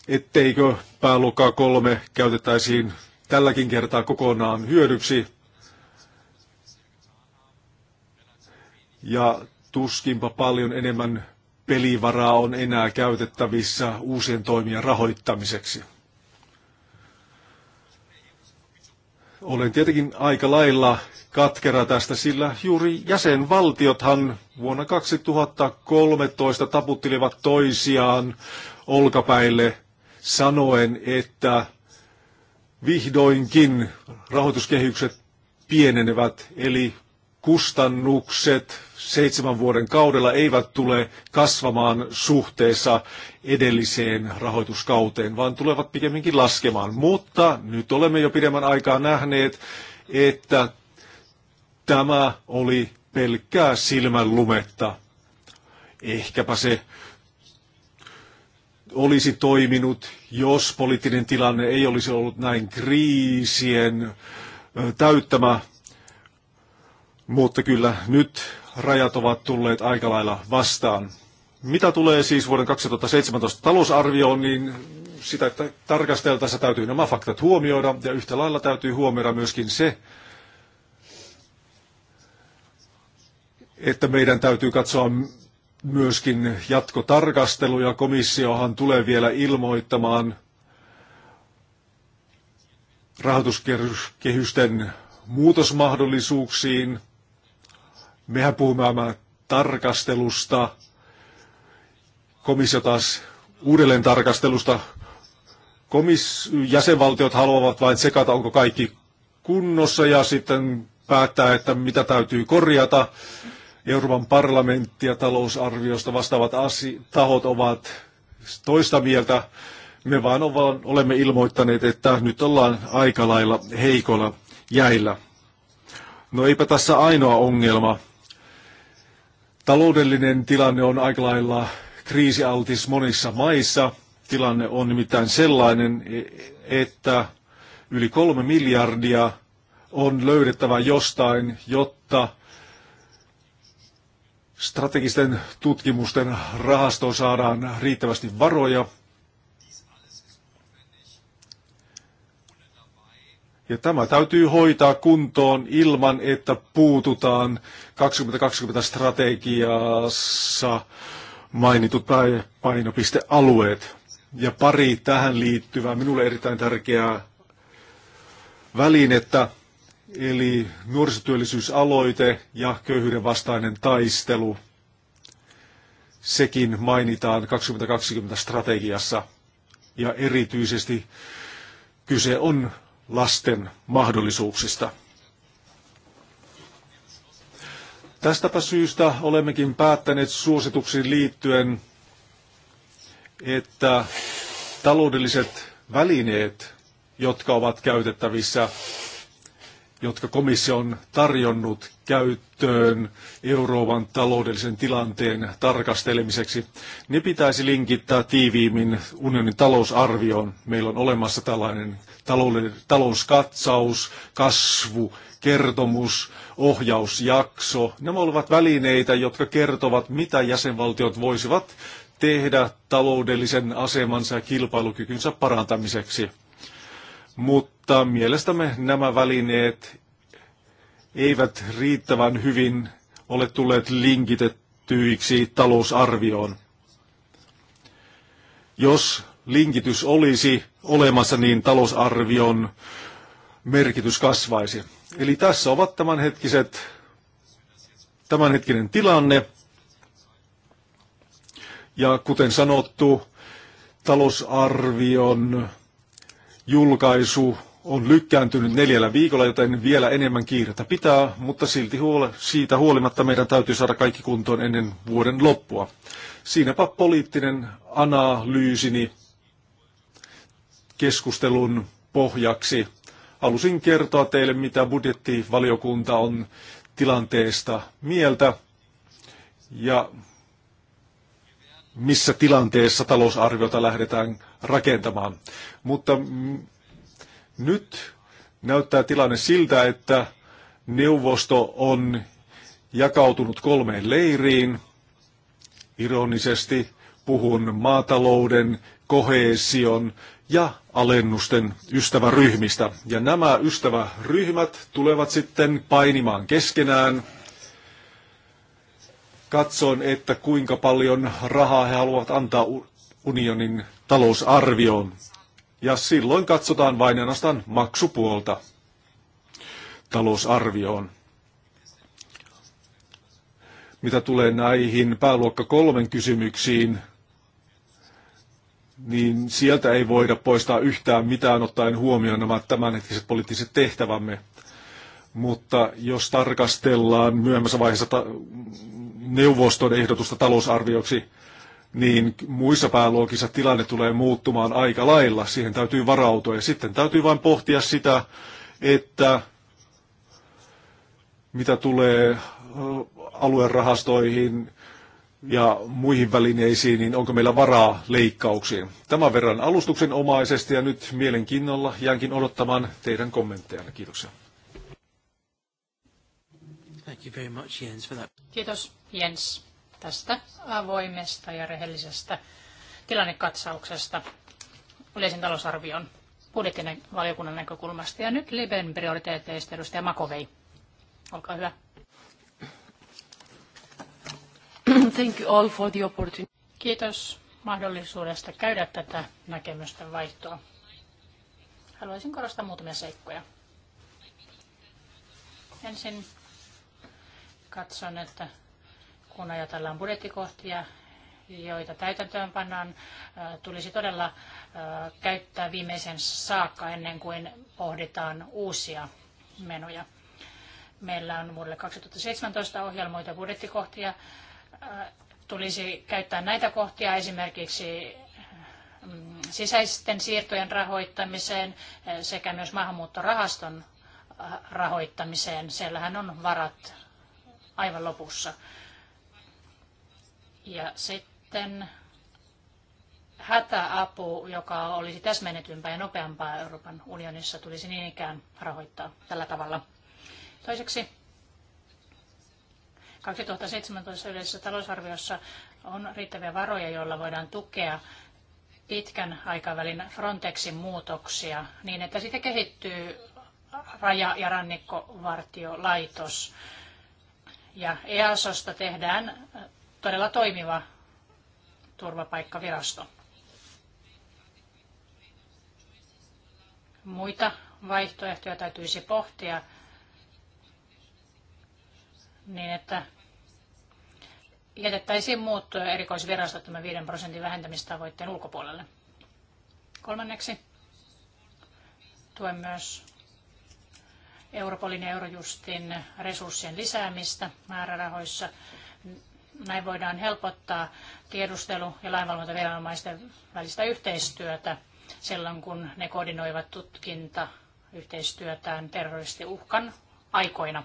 etteikö pääluokkaa kolme käytettäisiin tälläkin kertaa kokonaan hyödyksi. Ja tuskinpa paljon enemmän pelivaraa on enää käytettävissä uusien toimien rahoittamiseksi. Olen tietenkin aika lailla katkera tästä, sillä juuri jäsenvaltiothan vuonna 2013 taputtelivat toisiaan olkapäille sanoen, että vihdoinkin rahoituskehykset pienenevät, eli kustannukset seitsemän vuoden kaudella eivät tule kasvamaan suhteessa edelliseen rahoituskauteen, vaan tulevat pikemminkin laskemaan. Mutta nyt olemme jo pidemmän aikaa nähneet, että tämä oli pelkkää silmänlumetta. Ehkäpä se olisi toiminut, jos poliittinen tilanne ei olisi ollut näin kriisien täyttämä, mutta kyllä nyt rajat ovat tulleet aika lailla vastaan. Mitä tulee siis vuoden 2017 talousarvioon, niin sitä tarkasteltaessa täytyy nämä faktat huomioida ja yhtä lailla täytyy huomioida myöskin se, että meidän täytyy katsoa myöskin jatkotarkastelu ja komissiohan tulee vielä ilmoittamaan rahoituskehysten muutosmahdollisuuksiin – Mehän puhumme aivan tarkastelusta, komissio taas uudelleen tarkastelusta. Komis, jäsenvaltiot haluavat vain sekata, onko kaikki kunnossa ja sitten päättää, että mitä täytyy korjata. Euroopan parlamentti ja talousarviosta vastaavat asi- tahot ovat toista mieltä. Me vaan olemme ilmoittaneet, että nyt ollaan aika lailla heikolla jäillä. No eipä tässä ainoa ongelma. Taloudellinen tilanne on aika lailla kriisialtis monissa maissa. Tilanne on nimittäin sellainen, e, että yli kolme miljardia on löydettävä jostain, jotta strategisten tutkimusten rahasto saadaan riittävästi varoja – Ja tämä täytyy hoitaa kuntoon ilman, että puututaan 2020-strategiassa mainitut painopistealueet. Ja pari tähän liittyvää, minulle erittäin tärkeää välinettä, eli nuorisotyöllisyysaloite ja köyhyyden vastainen taistelu. Sekin mainitaan 2020 strategiassa ja erityisesti kyse on lasten mahdollisuuksista. Tästäpä syystä olemmekin päättäneet suosituksiin liittyen, että taloudelliset välineet, jotka ovat käytettävissä, jotka komissio on tarjonnut käyttöön Euroopan taloudellisen tilanteen tarkastelemiseksi, ne pitäisi linkittää tiiviimmin unionin talousarvioon. Meillä on olemassa tällainen talouskatsaus, kasvu, kertomus, ohjausjakso. Nämä olivat välineitä, jotka kertovat, mitä jäsenvaltiot voisivat tehdä taloudellisen asemansa ja kilpailukykynsä parantamiseksi. Mutta mielestämme nämä välineet eivät riittävän hyvin ole tulleet linkitettyiksi talousarvioon. Jos linkitys olisi olemassa, niin talousarvion merkitys kasvaisi. Eli tässä ovat tämänhetkiset, tämänhetkinen tilanne. Ja kuten sanottu, talousarvion julkaisu on lykkääntynyt neljällä viikolla, joten vielä enemmän kiirettä pitää, mutta silti huole, siitä huolimatta meidän täytyy saada kaikki kuntoon ennen vuoden loppua. Siinäpä poliittinen analyysini keskustelun pohjaksi. Halusin kertoa teille, mitä budjettivaliokunta on tilanteesta mieltä ja missä tilanteessa talousarviota lähdetään rakentamaan. Mutta nyt näyttää tilanne siltä, että neuvosto on jakautunut kolmeen leiriin. Ironisesti puhun maatalouden, kohesion ja alennusten ystäväryhmistä. Ja nämä ystäväryhmät tulevat sitten painimaan keskenään. Katson, että kuinka paljon rahaa he haluavat antaa unionin talousarvioon. Ja silloin katsotaan vain ainoastaan maksupuolta talousarvioon. Mitä tulee näihin pääluokka kolmen kysymyksiin, niin sieltä ei voida poistaa yhtään mitään ottaen huomioon nämä tämänhetkiset poliittiset tehtävämme. Mutta jos tarkastellaan myöhemmässä vaiheessa ta- neuvoston ehdotusta talousarvioksi, niin muissa pääluokissa tilanne tulee muuttumaan aika lailla. Siihen täytyy varautua. Ja sitten täytyy vain pohtia sitä, että mitä tulee aluerahastoihin, ja muihin välineisiin, niin onko meillä varaa leikkauksiin? Tämän verran alustuksen omaisesti ja nyt mielenkiinnolla jäänkin odottamaan teidän kommentteja. Kiitoksia. Thank you very much, Jens, for that. Kiitos Jens tästä avoimesta ja rehellisestä tilannekatsauksesta yleisen talousarvion valiokunnan näkökulmasta. Ja nyt Liben prioriteeteista edustaja Makovei. Olkaa hyvä. thank you all for the opportunity. Kiitos mahdollisuudesta käydä tätä näkemysten vaihtoa. Haluaisin korostaa muutamia seikkoja. Ensin katson, että kun ajatellaan budjettikohtia, joita täytäntöön pannaan, tulisi todella käyttää viimeisen saakka ennen kuin pohditaan uusia menoja. Meillä on vuodelle 2017 ohjelmoita budjettikohtia, tulisi käyttää näitä kohtia esimerkiksi mm, sisäisten siirtojen rahoittamiseen eh, sekä myös maahanmuuttorahaston eh, rahoittamiseen. Siellähän on varat aivan lopussa. Ja sitten hätäapu, joka olisi täsmennetympää ja nopeampaa Euroopan unionissa, tulisi niin ikään rahoittaa tällä tavalla. Toiseksi 2017 yleisessä talousarviossa on riittäviä varoja, joilla voidaan tukea pitkän aikavälin Frontexin muutoksia niin, että siitä kehittyy raja- ja rannikkovartiolaitos. Ja EASOsta tehdään todella toimiva turvapaikkavirasto. Muita vaihtoehtoja täytyisi pohtia niin että jätettäisiin muut erikoisvirastot tämän 5 prosentin vähentämistavoitteen ulkopuolelle. Kolmanneksi tuen myös Europolin ja Eurojustin resurssien lisäämistä määrärahoissa. Näin voidaan helpottaa tiedustelu- ja lainvalvontaviranomaisten välistä yhteistyötä silloin, kun ne koordinoivat tutkinta yhteistyötään terroristiuhkan aikoina.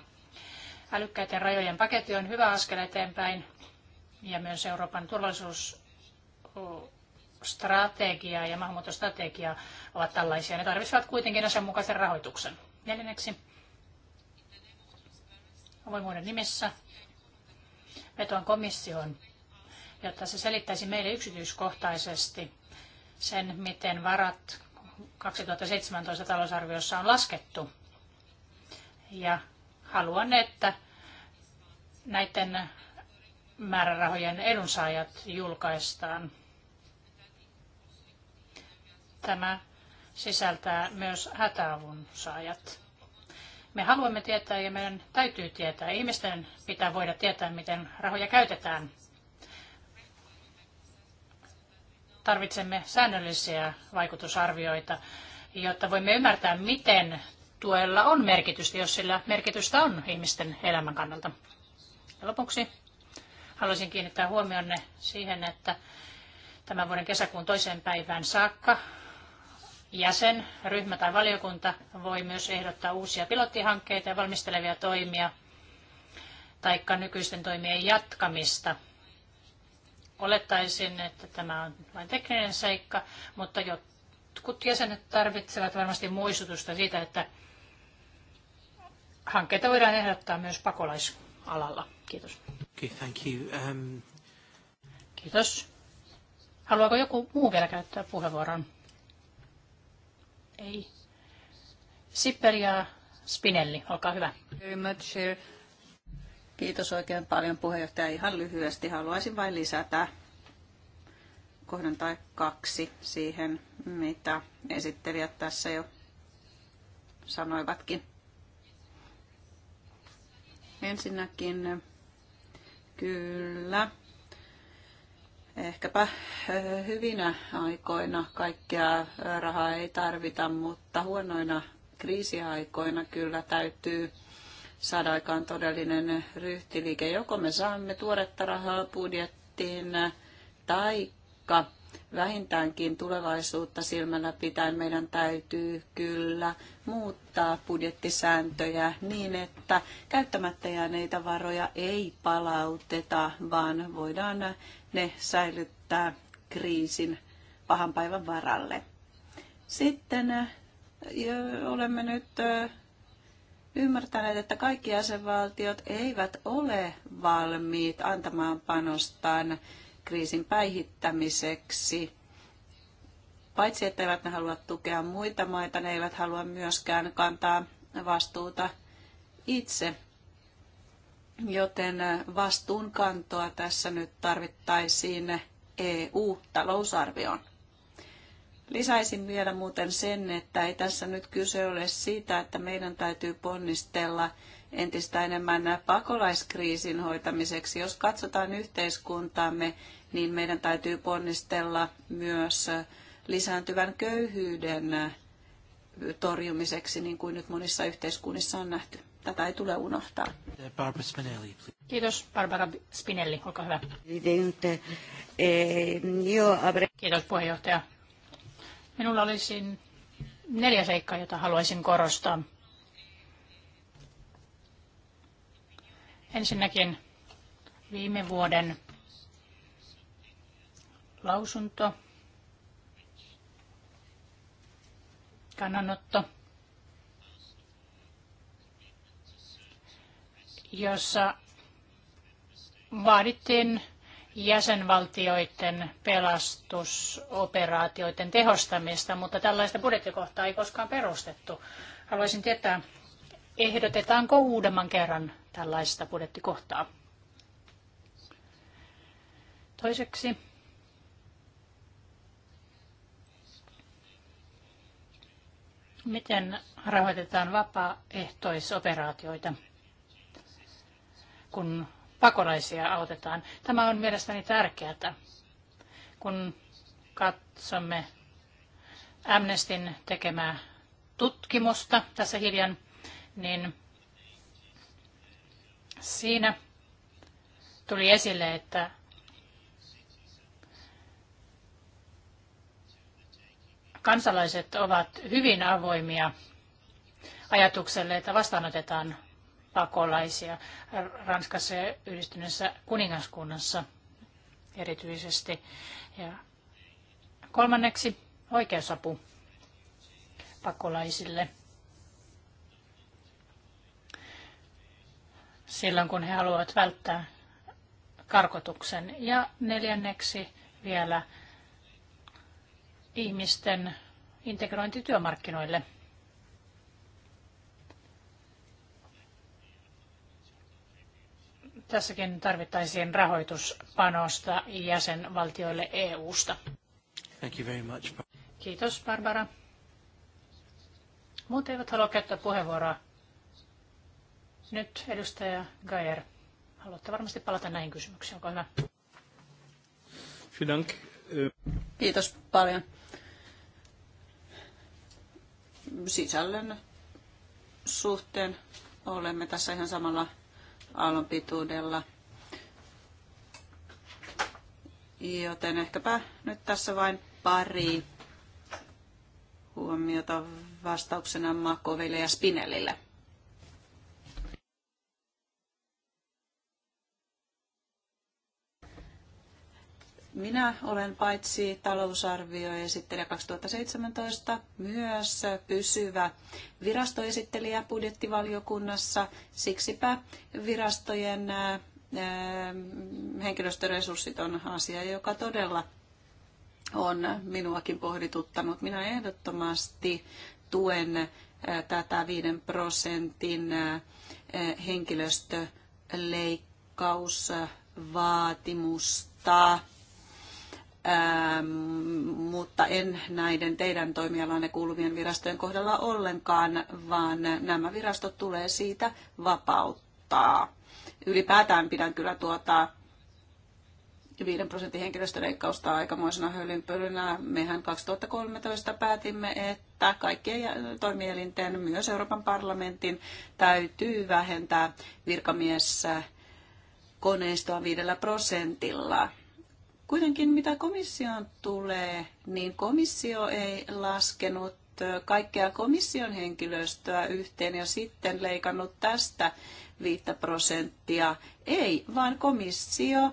Älykkäiden rajojen paketti on hyvä askel eteenpäin ja myös Euroopan turvallisuusstrategia ja maahanmuuttostrategia ovat tällaisia. Ne tarvitsevat kuitenkin asianmukaisen rahoituksen. Neljänneksi avoimuuden nimessä vetoan komissioon, jotta se selittäisi meille yksityiskohtaisesti sen, miten varat 2017 talousarviossa on laskettu ja Haluan, että näiden määrärahojen edunsaajat julkaistaan. Tämä sisältää myös hätäavun saajat. Me haluamme tietää ja meidän täytyy tietää. Ihmisten pitää voida tietää, miten rahoja käytetään. Tarvitsemme säännöllisiä vaikutusarvioita, jotta voimme ymmärtää, miten tuella on merkitystä, jos sillä merkitystä on ihmisten elämän kannalta. Ja lopuksi haluaisin kiinnittää huomionne siihen, että tämän vuoden kesäkuun toiseen päivään saakka jäsen, ryhmä tai valiokunta voi myös ehdottaa uusia pilottihankkeita ja valmistelevia toimia taikka nykyisten toimien jatkamista. Olettaisin, että tämä on vain tekninen seikka, mutta jotkut jäsenet tarvitsevat varmasti muistutusta siitä, että hankkeita voidaan ehdottaa myös pakolaisalalla. Kiitos. Okay, thank you. Um... Kiitos. Haluaako joku muu vielä käyttää puheenvuoron? Ei. Sipper ja Spinelli, olkaa hyvä. Kiitos oikein paljon puheenjohtaja. Ihan lyhyesti haluaisin vain lisätä kohdan tai kaksi siihen, mitä esittelijät tässä jo sanoivatkin. Ensinnäkin kyllä. Ehkäpä eh, hyvinä aikoina kaikkea eh, rahaa ei tarvita, mutta huonoina kriisiaikoina kyllä täytyy saada aikaan todellinen ryhtiliike. Joko me saamme tuoretta rahaa budjettiin, eh, taikka vähintäänkin tulevaisuutta silmällä pitäen meidän täytyy kyllä muuttaa budjettisääntöjä niin, että käyttämättä jääneitä varoja ei palauteta, vaan voidaan ne säilyttää kriisin pahan päivän varalle. Sitten olemme nyt ymmärtäneet, että kaikki jäsenvaltiot eivät ole valmiit antamaan panostaan kriisin päihittämiseksi. Paitsi että eivät ne halua tukea muita maita, ne eivät halua myöskään kantaa vastuuta itse. Joten äh, vastuunkantoa tässä nyt tarvittaisiin EU-talousarvioon. Lisäisin vielä muuten sen, että ei tässä nyt kyse ole siitä, että meidän täytyy ponnistella entistä enemmän pakolaiskriisin hoitamiseksi. Jos katsotaan yhteiskuntaamme, niin meidän täytyy ponnistella myös lisääntyvän köyhyyden torjumiseksi, niin kuin nyt monissa yhteiskunnissa on nähty. Tätä ei tule unohtaa. Barbara Spinelli, Kiitos, Barbara Spinelli. Olkaa hyvä. Eh, Kiitos, puheenjohtaja. Minulla olisi neljä seikkaa, jota haluaisin korostaa. Ensinnäkin viime vuoden lausunto, kannanotto, jossa vaadittiin jäsenvaltioiden pelastusoperaatioiden tehostamista, mutta tällaista budjettikohtaa ei koskaan perustettu. Haluaisin tietää, ehdotetaanko uudemman kerran tällaista budjettikohtaa? Toiseksi Miten rahoitetaan vapaaehtoisoperaatioita, kun pakolaisia autetaan? Tämä on mielestäni tärkeää, kun katsomme Amnestin tekemää tutkimusta tässä hiljan, niin siinä tuli esille, että kansalaiset ovat hyvin avoimia ajatukselle, että vastaanotetaan pakolaisia Ranskassa ja yhdistyneessä kuningaskunnassa erityisesti. Ja kolmanneksi oikeusapu pakolaisille. silloin, kun he haluavat välttää karkotuksen. Ja neljänneksi vielä ihmisten integrointi työmarkkinoille. Tässäkin tarvittaisiin rahoituspanosta jäsenvaltioille EU-sta. Thank you very much. Kiitos, Barbara. Muut eivät halua käyttää puheenvuoroa. Nyt edustaja Geyer. Haluatte varmasti palata näihin kysymyksiin. Olkaa hyvä. Kiitos paljon sisällön suhteen olemme tässä ihan samalla aallonpituudella. Joten ehkäpä nyt tässä vain pari huomiota vastauksena Makoville ja Spinellille. Minä olen paitsi talousarvioesittelijä 2017 myös pysyvä virastoesittelijä budjettivaliokunnassa. Siksipä virastojen henkilöstöresurssit on asia, joka todella on minuakin pohdituttanut. Minä ehdottomasti tuen tätä 5 prosentin henkilöstöleikkausvaatimusta Ähm, mutta en näiden teidän toimialanne kuuluvien virastojen kohdalla ollenkaan, vaan nämä virastot tulee siitä vapauttaa. Ylipäätään pidän kyllä tuota 5 prosentin henkilöstöleikkausta aikamoisena hölynpölynä. Mehän 2013 päätimme, että kaikkien toimielinten, myös Euroopan parlamentin, täytyy vähentää virkamies äh, koneistoa viidellä prosentilla. Kuitenkin mitä komissioon tulee, niin komissio ei laskenut kaikkea komission henkilöstöä yhteen ja sitten leikannut tästä 5 prosenttia. Ei, vaan komissio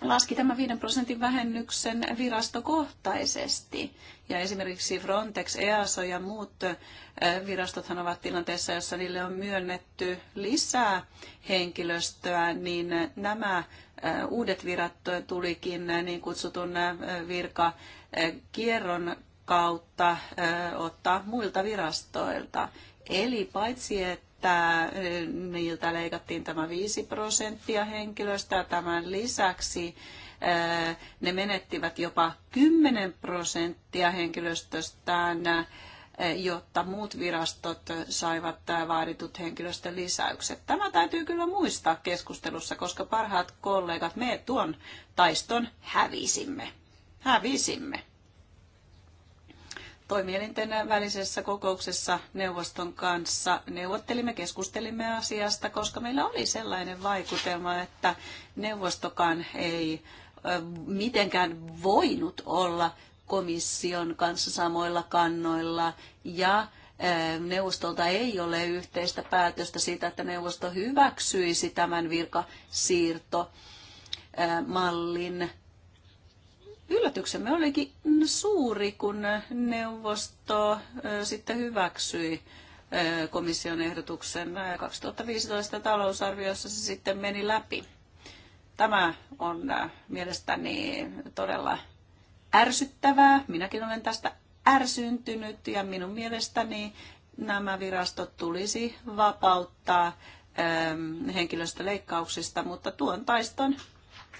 laski tämän 5 prosentin vähennyksen virastokohtaisesti. Ja esimerkiksi Frontex, EASO ja muut virastothan ovat tilanteessa, jossa niille on myönnetty lisää henkilöstöä, niin nämä uudet virat tulikin niin kutsutun äh, virkakierron kautta äh, ottaa muilta virastoilta. Eli paitsi, että äh, niiltä leikattiin tämä 5 prosenttia henkilöstä, tämän lisäksi ne menettivät jopa 10 prosenttia henkilöstöstään Eh, jotta muut virastot saivat eh, vaaditut henkilöstön lisäykset. Tämä täytyy kyllä muistaa keskustelussa, koska parhaat kollegat, me tuon taiston hävisimme. Hävisimme. Toimielinten välisessä kokouksessa neuvoston kanssa neuvottelimme, keskustelimme asiasta, koska meillä oli sellainen vaikutelma, että neuvostokaan ei eh, mitenkään voinut olla komission kanssa samoilla kannoilla ja neuvostolta ei ole yhteistä päätöstä siitä, että neuvosto hyväksyisi tämän virkasiirtomallin. Yllätyksemme olikin suuri, kun neuvosto sitten hyväksyi komission ehdotuksen 2015 talousarviossa se sitten meni läpi. Tämä on mielestäni todella ärsyttävää. Minäkin olen tästä ärsyntynyt ja minun mielestäni nämä virastot tulisi vapauttaa ähm, henkilöstöleikkauksista, mutta tuon taiston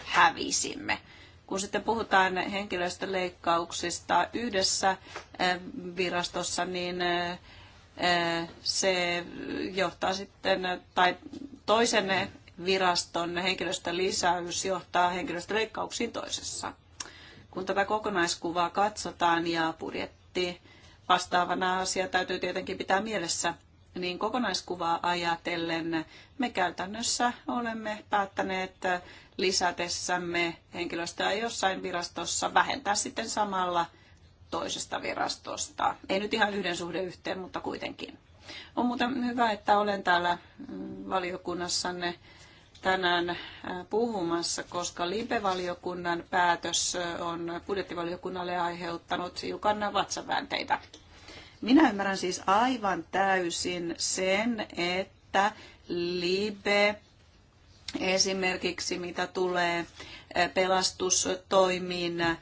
hävisimme. Kun sitten puhutaan henkilöstöleikkauksista yhdessä ähm, virastossa, niin äh, se johtaa sitten, tai toisen viraston henkilöstölisäys johtaa henkilöstöleikkauksiin toisessa. Kun tätä kokonaiskuvaa katsotaan ja budjetti vastaavana asia täytyy tietenkin pitää mielessä, niin kokonaiskuvaa ajatellen me käytännössä olemme päättäneet lisätessämme henkilöstöä jossain virastossa vähentää sitten samalla toisesta virastosta. Ei nyt ihan yhden suhde yhteen, mutta kuitenkin. On muuten hyvä, että olen täällä mm, valiokunnassanne tänään äh, puhumassa, koska Libe-valiokunnan päätös äh, on budjettivaliokunnalle aiheuttanut hiukan vatsaväänteitä. Minä ymmärrän siis aivan täysin sen, että Libe esimerkiksi mitä tulee äh, pelastustoimiin, ähm,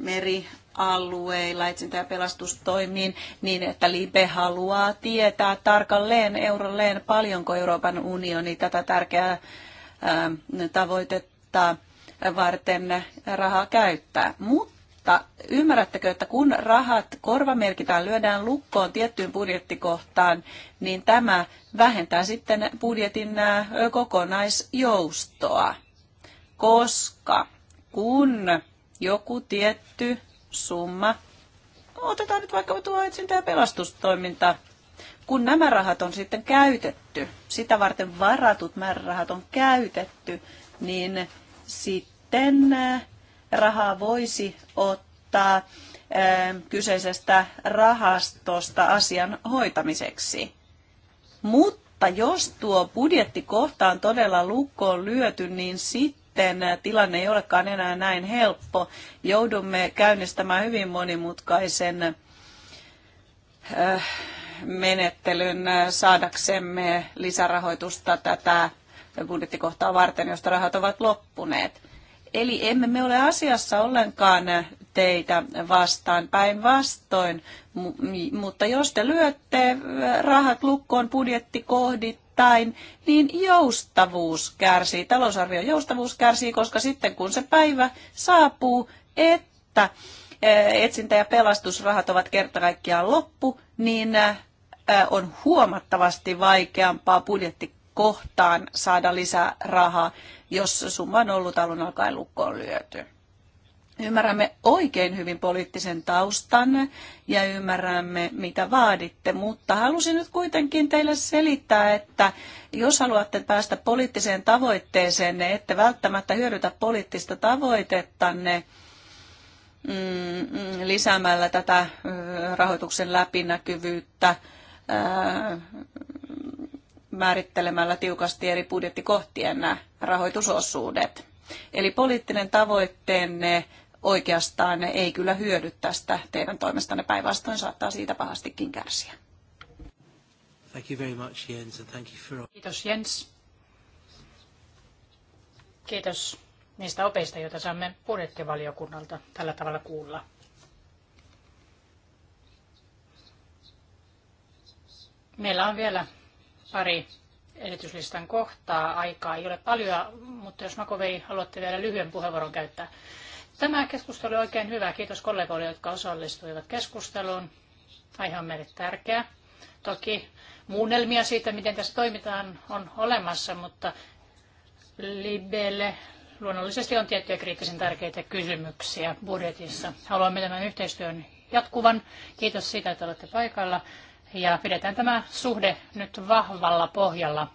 merialueilla etsintä- ja pelastustoimiin niin, että Libe haluaa tietää tarkalleen eurolleen, paljonko Euroopan unioni tätä tärkeää ähm, tavoitetta varten rahaa käyttää. Mutta ymmärrättekö, että kun rahat korvamerkitään, lyödään lukkoon tiettyyn budjettikohtaan, niin tämä vähentää sitten budjetin äh, kokonaisjoustoa. Koska kun joku tietty summa. Otetaan nyt vaikka tuo etsintä- ja pelastustoiminta. Kun nämä rahat on sitten käytetty, sitä varten varatut määrärahat on käytetty, niin sitten äh, rahaa voisi ottaa äh, kyseisestä rahastosta asian hoitamiseksi. Mutta jos tuo budjettikohta on todella lukkoon lyöty, niin sitten sitten tilanne ei olekaan enää näin helppo. Joudumme käynnistämään hyvin monimutkaisen menettelyn saadaksemme lisärahoitusta tätä budjettikohtaa varten, josta rahat ovat loppuneet. Eli emme me ole asiassa ollenkaan teitä vastaan, päinvastoin, mutta jos te lyötte rahat lukkoon budjettikohdit vuosittain, niin joustavuus kärsii, talousarvio joustavuus kärsii, koska sitten kun se päivä saapuu, että eh, etsintä- ja pelastusrahat ovat kerta kaikkiaan loppu, niin eh, on huomattavasti vaikeampaa budjettikohtaan saada lisää rahaa, jos summa on ollut alun alkaen lukkoon lyöty. Ymmärrämme oikein hyvin poliittisen taustan ja ymmärrämme, mitä vaaditte, mutta halusin nyt kuitenkin teille selittää, että jos haluatte päästä poliittiseen tavoitteeseen, ne niin ette välttämättä hyödytä poliittista tavoitettanne mm, mm lisäämällä tätä rahoituksen läpinäkyvyyttä määrittelemällä tiukasti eri budjettikohtien nämä rahoitusosuudet. Eli poliittinen tavoitteenne oikeastaan ei kyllä hyödy tästä teidän toimestanne. Päinvastoin saattaa siitä pahastikin kärsiä. Thank you very much, Jens, and thank you for... Kiitos Jens. Kiitos niistä opeista, joita saamme budjettivaliokunnalta tällä tavalla kuulla. Meillä on vielä pari erityislistan kohtaa. Aikaa ei ole paljon, mutta jos Makovei haluatte vielä lyhyen puheenvuoron käyttää. Tämä keskustelu oli oikein hyvä. Kiitos kollegoille, jotka osallistuivat keskusteluun. Aihe on meille tärkeä. Toki muunnelmia siitä, miten tässä toimitaan, on olemassa, mutta Libelle luonnollisesti on tiettyjä kriittisen tärkeitä kysymyksiä budjetissa. Haluamme tämän yhteistyön jatkuvan. Kiitos siitä, että olette paikalla. Ja pidetään tämä suhde nyt vahvalla pohjalla.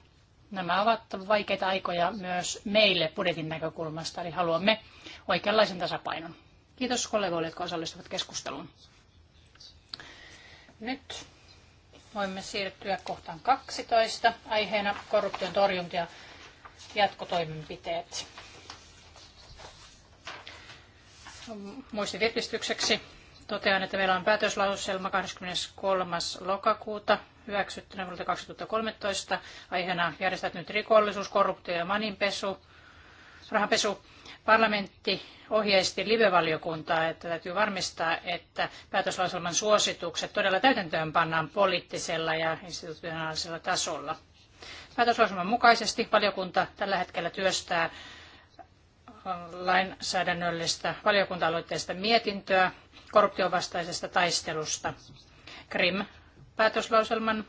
Nämä ovat vaikeita aikoja myös meille budjetin näkökulmasta, eli haluamme oikeanlaisen tasapainon. Kiitos kollegoille, jotka osallistuvat keskusteluun. Nyt voimme siirtyä kohtaan 12 aiheena korruption torjunta ja jatkotoimenpiteet. Muistitietistykseksi totean, että meillä on päätöslauselma 23. lokakuuta hyväksyttynä vuodelta 2013 aiheena järjestäytynyt rikollisuus, korruptio ja maninpesu, rahanpesu Parlamentti ohjeisti live-valiokuntaa, että täytyy varmistaa, että päätöslauselman suositukset todella täytäntöön pannaan poliittisella ja institutionaalisella tasolla. Päätöslauselman mukaisesti valiokunta tällä hetkellä työstää äh, lainsäädännöllistä valiokunta-aloitteesta mietintöä korruption vastaisesta taistelusta Krim-päätöslauselman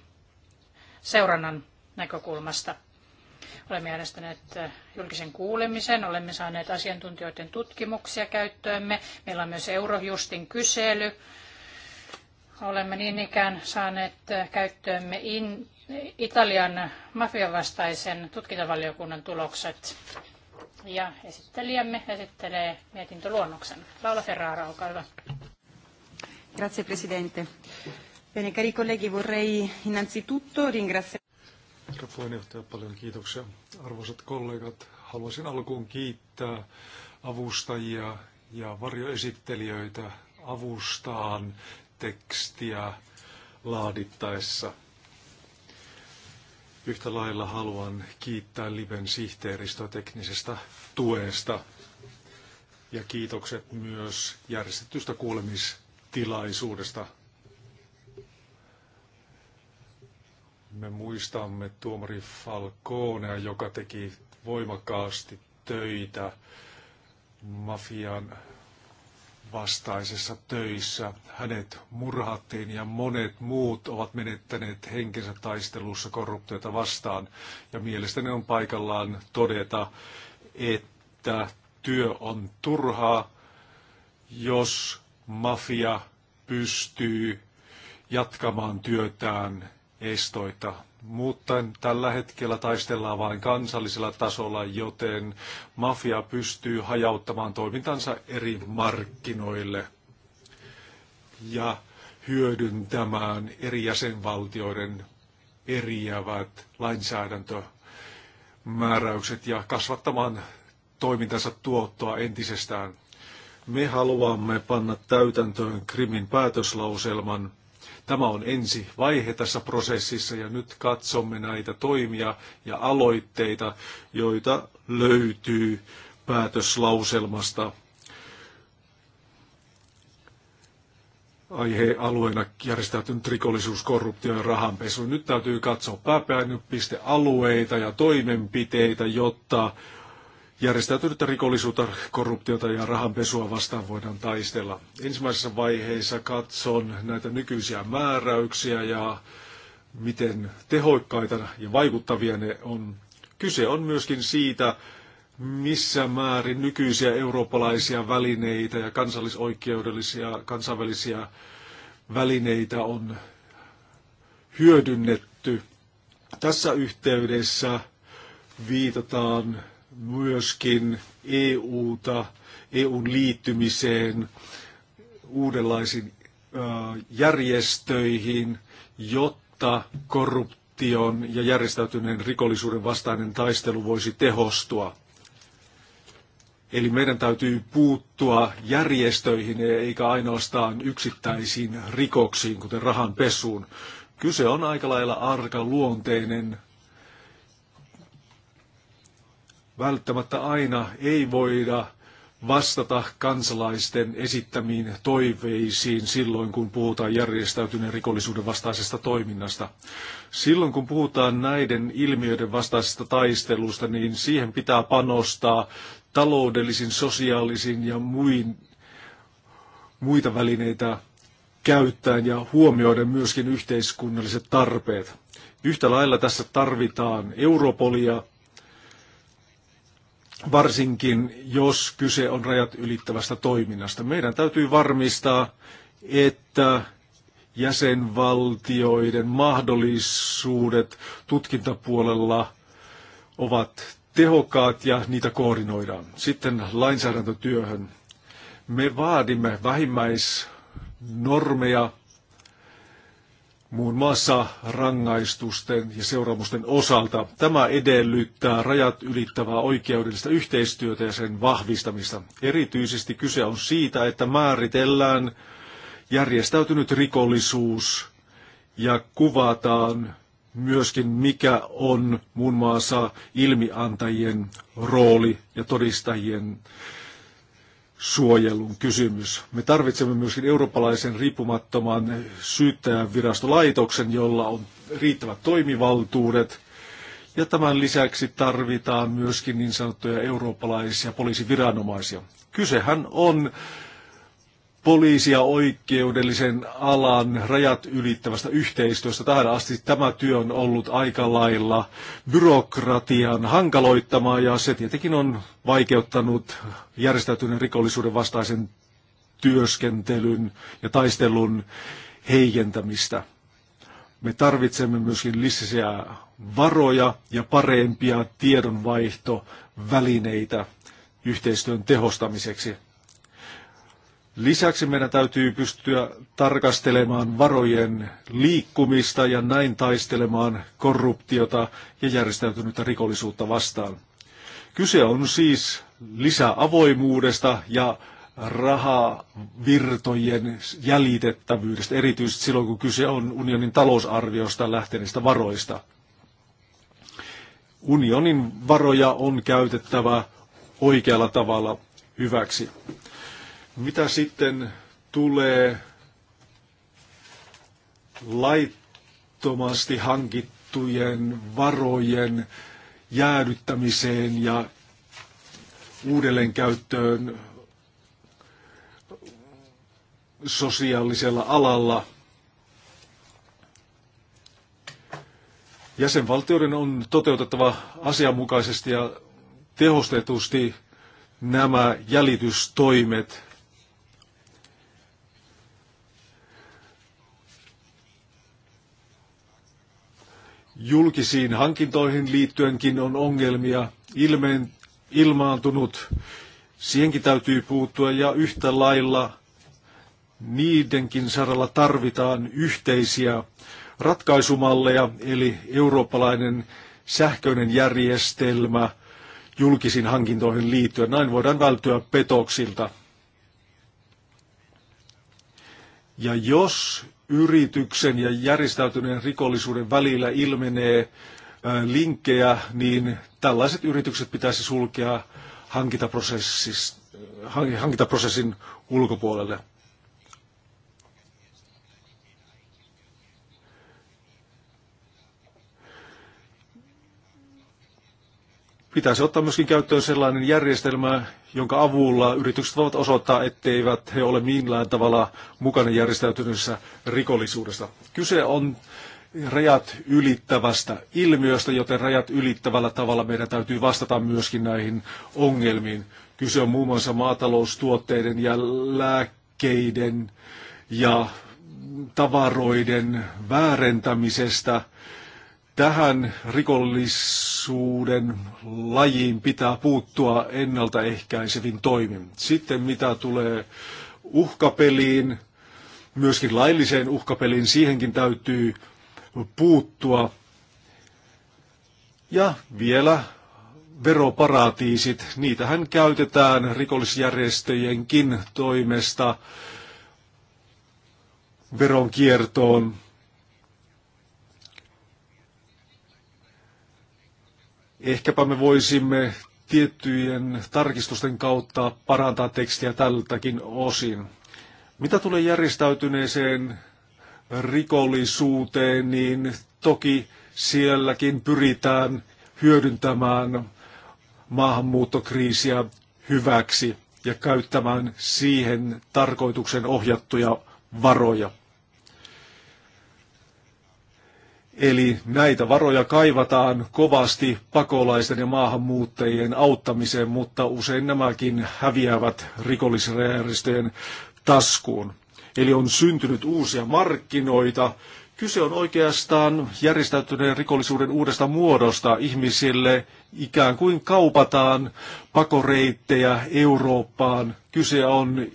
seurannan näkökulmasta. Olemme järjestäneet eh, julkisen kuulemisen, olemme saaneet asiantuntijoiden tutkimuksia käyttöömme. Meillä on myös Eurojustin kysely. Olemme niin ikään saaneet eh, käyttöömme in, Italian mafiavastaisen tutkintavaliokunnan tulokset. Ja esittelijämme esittelee mietintöluonnoksen. Laula Ferrara, olkaa hyvä. Grazie Presidente. Bene, cari colleghi, vorrei innanzitutto ringraziare... Herra puheenjohtaja, paljon kiitoksia. Arvoisat kollegat, haluaisin alkuun kiittää avustajia ja varjoesittelijöitä avustaan tekstiä laadittaessa. Yhtä lailla haluan kiittää Liven sihteeristöä teknisestä tuesta ja kiitokset myös järjestetystä kuulemistilaisuudesta Me muistamme tuomari Falconea, joka teki voimakkaasti töitä mafian vastaisessa töissä. Hänet murhattiin ja monet muut ovat menettäneet henkensä taistelussa korruptiota vastaan. Ja mielestäni on paikallaan todeta, että työ on turhaa, jos mafia pystyy jatkamaan työtään estoita. Mutta tällä hetkellä taistellaan vain kansallisella tasolla, joten mafia pystyy hajauttamaan toimintansa eri markkinoille ja hyödyntämään eri jäsenvaltioiden eriävät lainsäädäntömääräykset ja kasvattamaan toimintansa tuottoa entisestään. Me haluamme panna täytäntöön Krimin päätöslauselman – Tämä on ensi vaihe tässä prosessissa ja nyt katsomme näitä toimia ja aloitteita, joita löytyy päätöslauselmasta aihealueena järjestäytynyt rikollisuus, korruptio ja rahanpesu. Nyt täytyy katsoa pääpainopistealueita ja toimenpiteitä, jotta Järjestäytynyttä rikollisuutta, korruptiota ja rahanpesua vastaan voidaan taistella. Ensimmäisessä vaiheessa katson näitä nykyisiä määräyksiä ja miten tehokkaita ja vaikuttavia ne on. Kyse on myöskin siitä, missä määrin nykyisiä eurooppalaisia välineitä ja kansallisoikeudellisia kansainvälisiä välineitä on hyödynnetty. Tässä yhteydessä viitataan myöskin EUta, EUn liittymiseen uudenlaisiin järjestöihin, jotta korruption ja järjestäytyneen rikollisuuden vastainen taistelu voisi tehostua. Eli meidän täytyy puuttua järjestöihin eikä ainoastaan yksittäisiin rikoksiin, kuten rahanpesuun. Kyse on aika lailla arkaluonteinen välttämättä aina ei voida vastata kansalaisten esittämiin toiveisiin silloin, kun puhutaan järjestäytyneen rikollisuuden vastaisesta toiminnasta. Silloin, kun puhutaan näiden ilmiöiden vastaisesta taistelusta, niin siihen pitää panostaa taloudellisin, sosiaalisin ja muin, muita välineitä käyttäen ja huomioiden myöskin yhteiskunnalliset tarpeet. Yhtä lailla tässä tarvitaan Europolia, varsinkin jos kyse on rajat ylittävästä toiminnasta. Meidän täytyy varmistaa, että jäsenvaltioiden mahdollisuudet tutkintapuolella ovat tehokkaat ja niitä koordinoidaan. Sitten lainsäädäntötyöhön. Me vaadimme vähimmäisnormeja muun muassa rangaistusten ja seuraamusten osalta. Tämä edellyttää rajat ylittävää oikeudellista yhteistyötä ja sen vahvistamista. Erityisesti kyse on siitä, että määritellään järjestäytynyt rikollisuus ja kuvataan myöskin mikä on muun muassa ilmiantajien rooli ja todistajien suojelun kysymys. Me tarvitsemme myöskin eurooppalaisen riippumattoman syyttäjän virastolaitoksen, jolla on riittävät toimivaltuudet. Ja tämän lisäksi tarvitaan myöskin niin sanottuja eurooppalaisia poliisiviranomaisia. Kysehän on poliisi- ja oikeudellisen alan rajat ylittävästä yhteistyöstä. Tähän asti tämä työ on ollut aika lailla byrokratian hankaloittamaa ja se tietenkin on vaikeuttanut järjestäytyneen rikollisuuden vastaisen työskentelyn ja taistelun heikentämistä. Me tarvitsemme myöskin lisää varoja ja parempia tiedonvaihtovälineitä yhteistyön tehostamiseksi. Lisäksi meidän täytyy pystyä tarkastelemaan varojen liikkumista ja näin taistelemaan korruptiota ja järjestäytynyttä rikollisuutta vastaan. Kyse on siis lisäavoimuudesta ja rahavirtojen jäljitettävyydestä, erityisesti silloin kun kyse on unionin talousarviosta lähteneistä varoista. Unionin varoja on käytettävä oikealla tavalla hyväksi. Mitä sitten tulee laittomasti hankittujen varojen jäädyttämiseen ja uudelleenkäyttöön sosiaalisella alalla. Jäsenvaltioiden on toteutettava asianmukaisesti ja tehostetusti nämä jäljitystoimet – Julkisiin hankintoihin liittyenkin on ongelmia ilmeen, ilmaantunut. Siihenkin täytyy puuttua ja yhtä lailla niidenkin saralla tarvitaan yhteisiä ratkaisumalleja, eli eurooppalainen sähköinen järjestelmä julkisiin hankintoihin liittyen. Näin voidaan välttyä petoksilta. Ja jos yrityksen ja järjestäytyneen rikollisuuden välillä ilmenee linkkejä, niin tällaiset yritykset pitäisi sulkea hankintaprosessin ulkopuolelle. Pitäisi ottaa myöskin käyttöön sellainen järjestelmä, jonka avulla yritykset voivat osoittaa, etteivät he ole millään tavalla mukana järjestäytyneessä rikollisuudessa. Kyse on rajat ylittävästä ilmiöstä, joten rajat ylittävällä tavalla meidän täytyy vastata myöskin näihin ongelmiin. Kyse on muun muassa maataloustuotteiden ja lääkkeiden ja tavaroiden väärentämisestä Tähän rikollisuuden lajiin pitää puuttua ennaltaehkäisevin toimin. Sitten mitä tulee uhkapeliin, myöskin lailliseen uhkapeliin, siihenkin täytyy puuttua. Ja vielä veroparatiisit, niitähän käytetään rikollisjärjestöjenkin toimesta veronkiertoon Ehkäpä me voisimme tiettyjen tarkistusten kautta parantaa tekstiä tältäkin osin. Mitä tulee järjestäytyneeseen rikollisuuteen, niin toki sielläkin pyritään hyödyntämään maahanmuuttokriisiä hyväksi ja käyttämään siihen tarkoituksen ohjattuja varoja. Eli näitä varoja kaivataan kovasti pakolaisten ja maahanmuuttajien auttamiseen, mutta usein nämäkin häviävät rikollisjärjestöjen taskuun. Eli on syntynyt uusia markkinoita. Kyse on oikeastaan järjestäytyneen rikollisuuden uudesta muodosta. Ihmisille ikään kuin kaupataan pakoreittejä Eurooppaan. Kyse on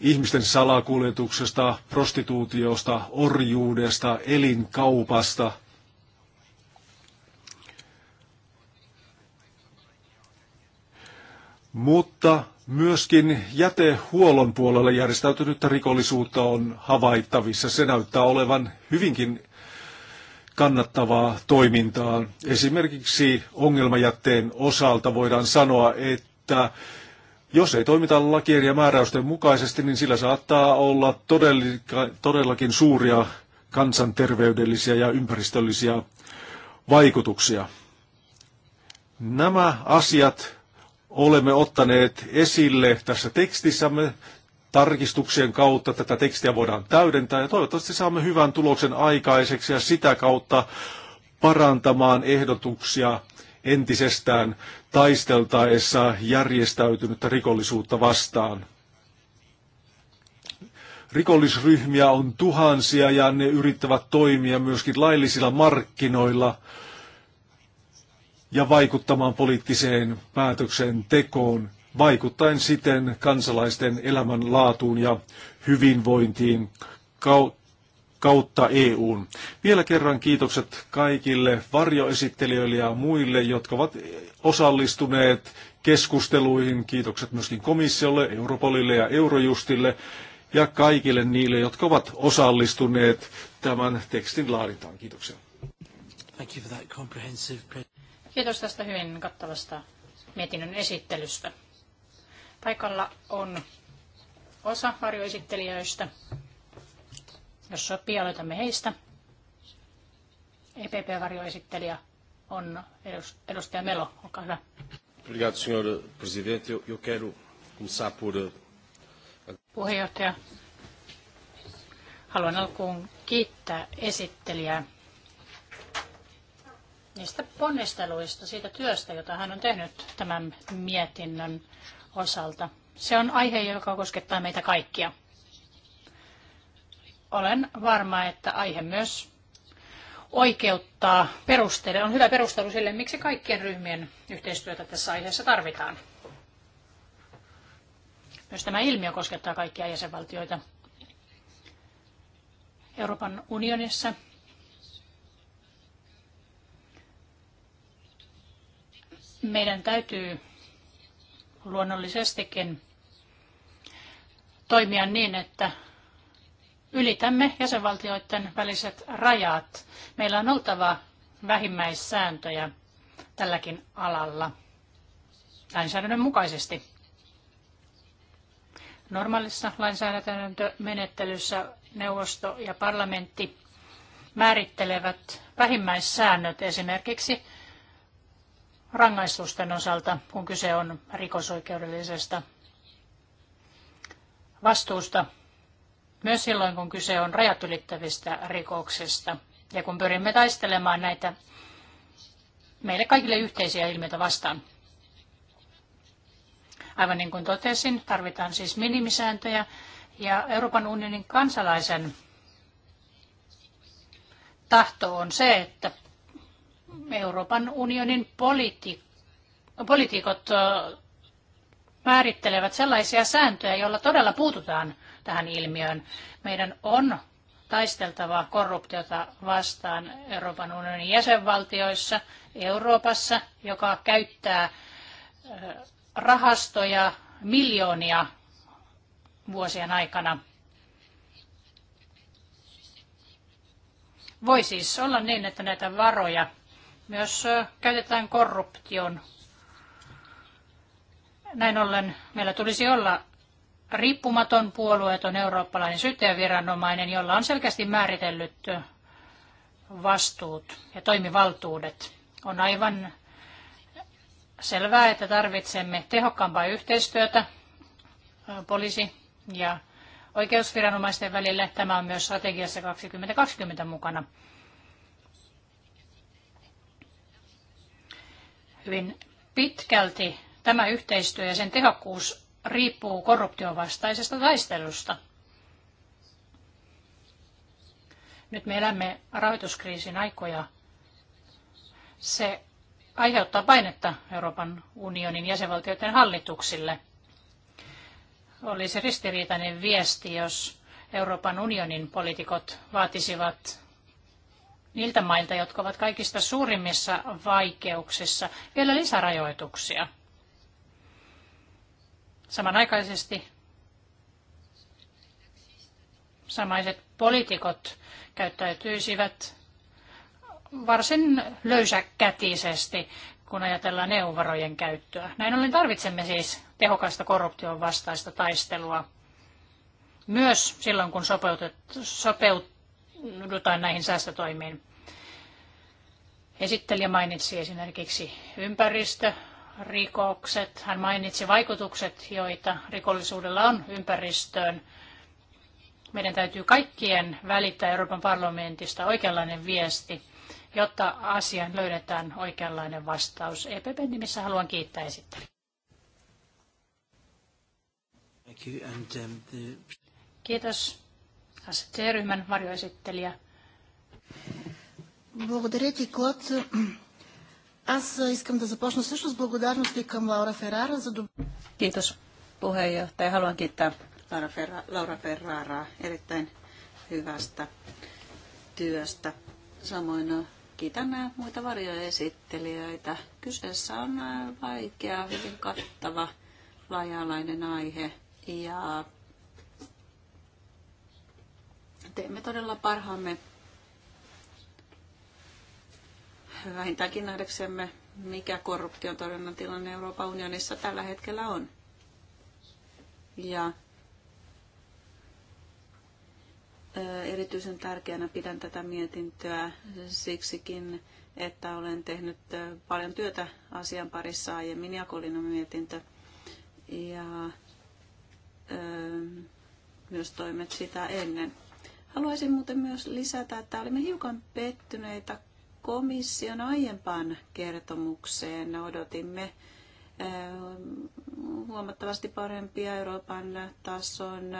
ihmisten salakuljetuksesta, prostituutiosta, orjuudesta, elinkaupasta. Mutta myöskin jätehuollon puolella järjestäytynyttä rikollisuutta on havaittavissa. Se näyttää olevan hyvinkin kannattavaa toimintaa. Esimerkiksi ongelmajätteen osalta voidaan sanoa, että jos ei toimita lakien ja määräysten mukaisesti, niin sillä saattaa olla todellakin suuria kansanterveydellisiä ja ympäristöllisiä vaikutuksia. Nämä asiat olemme ottaneet esille tässä tekstissämme tarkistuksien kautta. Tätä tekstiä voidaan täydentää ja toivottavasti saamme hyvän tuloksen aikaiseksi ja sitä kautta parantamaan ehdotuksia entisestään taisteltaessa järjestäytynyttä rikollisuutta vastaan. Rikollisryhmiä on tuhansia ja ne yrittävät toimia myöskin laillisilla markkinoilla ja vaikuttamaan poliittiseen päätöksentekoon, vaikuttaen siten kansalaisten elämänlaatuun ja hyvinvointiin kautta EUn. Vielä kerran kiitokset kaikille varjoesittelijöille ja muille, jotka ovat osallistuneet keskusteluihin. Kiitokset myöskin komissiolle, Europolille ja Eurojustille ja kaikille niille, jotka ovat osallistuneet tämän tekstin laadintaan. Kiitoksia. Kiitos tästä hyvin kattavasta mietinnön esittelystä. Paikalla on osa varjoesittelijöistä. Jos sopii, aloitamme heistä. EPP-varjoesittelijä on edustaja Melo, olkaa hyvä. Obrigado, senhor presidente. Eu, eu quero começar por... Eh, Puheenjohtaja, haluan alkuun kiittää esittelijää niistä ponnisteluista, siitä työstä, jota hän on tehnyt tämän mietinnön osalta. Se on aihe, joka koskettaa meitä kaikkia olen varma, että aihe myös oikeuttaa perusteiden. On hyvä perustelu sille, miksi kaikkien ryhmien yhteistyötä tässä aiheessa tarvitaan. Myös tämä ilmiö koskettaa kaikkia jäsenvaltioita. Euroopan unionissa meidän täytyy luonnollisestikin toimia niin, että ylitämme jäsenvaltioiden väliset rajat. Meillä on oltava vähimmäissääntöjä tälläkin alalla lainsäädännön mukaisesti. Normaalissa lainsäädäntömenettelyssä neuvosto ja parlamentti määrittelevät vähimmäissäännöt esimerkiksi rangaistusten osalta, kun kyse on rikosoikeudellisesta vastuusta myös silloin, kun kyse on rajat ylittävistä rikoksista. Ja kun pyrimme taistelemaan näitä meille kaikille yhteisiä ilmiöitä vastaan. Aivan niin kuin totesin, tarvitaan siis minimisääntöjä ja Euroopan unionin kansalaisen tahto on se, että Euroopan unionin politi- poliitikot määrittelevät sellaisia sääntöjä, joilla todella puututaan tähän ilmiöön. Meidän on taisteltava korruptiota vastaan Euroopan unionin jäsenvaltioissa, Euroopassa, joka käyttää rahastoja miljoonia vuosien aikana. Voi siis olla niin, että näitä varoja myös käytetään korruption. Näin ollen meillä tulisi olla riippumaton puolueeton eurooppalainen syyttäjäviranomainen, jolla on selkeästi määritellyt vastuut ja toimivaltuudet. On aivan selvää, että tarvitsemme tehokkaampaa yhteistyötä poliisi- ja oikeusviranomaisten välillä. Tämä on myös strategiassa 2020 mukana. Hyvin pitkälti tämä yhteistyö ja sen tehokkuus riippuu korruptiovastaisesta taistelusta. Nyt me elämme rahoituskriisin aikoja. Se aiheuttaa painetta Euroopan unionin jäsenvaltioiden hallituksille. Olisi ristiriitainen viesti, jos Euroopan unionin poliitikot vaatisivat niiltä mailta, jotka ovat kaikista suurimmissa vaikeuksissa, vielä lisärajoituksia. Samanaikaisesti samaiset poliitikot käyttäytyisivät varsin löysäkätisesti, kun ajatellaan EU-varojen käyttöä. Näin ollen tarvitsemme siis tehokasta korruption vastaista taistelua myös silloin, kun sopeudutaan näihin säästötoimiin. Esittelijä mainitsi esimerkiksi ympäristö, rikokset. Hän mainitsi vaikutukset, joita rikollisuudella on ympäristöön. Meidän täytyy kaikkien välittää Euroopan parlamentista oikeanlainen viesti, jotta asiaan löydetään oikeanlainen vastaus. EPPn nimissä haluan kiittää esittelijä. Um, Kiitos. ST-ryhmän varjoesittelijä. Благодаря Аз искам да започна също с благодарности към Лаура Ферара за добър... Kiitos puheenjohtaja. Haluan kiittää Laura, Ferra, Laura Ferraraa erittäin hyvästä työstä. Samoin äh, kiitän äh, muita varjoesittelijöitä. Kyseessä on äh, vaikea, hyvin kattava, laajalainen aihe ja teemme todella parhaamme vähintäänkin nähdäksemme, mikä korruption torjunnan tilanne Euroopan unionissa tällä hetkellä on. Ja erityisen tärkeänä pidän tätä mietintöä siksikin, että olen tehnyt paljon työtä asian parissa aiemmin ja Kolinon mietintö. Ja myös toimet sitä ennen. Haluaisin muuten myös lisätä, että olimme hiukan pettyneitä, komission aiempaan kertomukseen odotimme eh, huomattavasti parempia Euroopan tason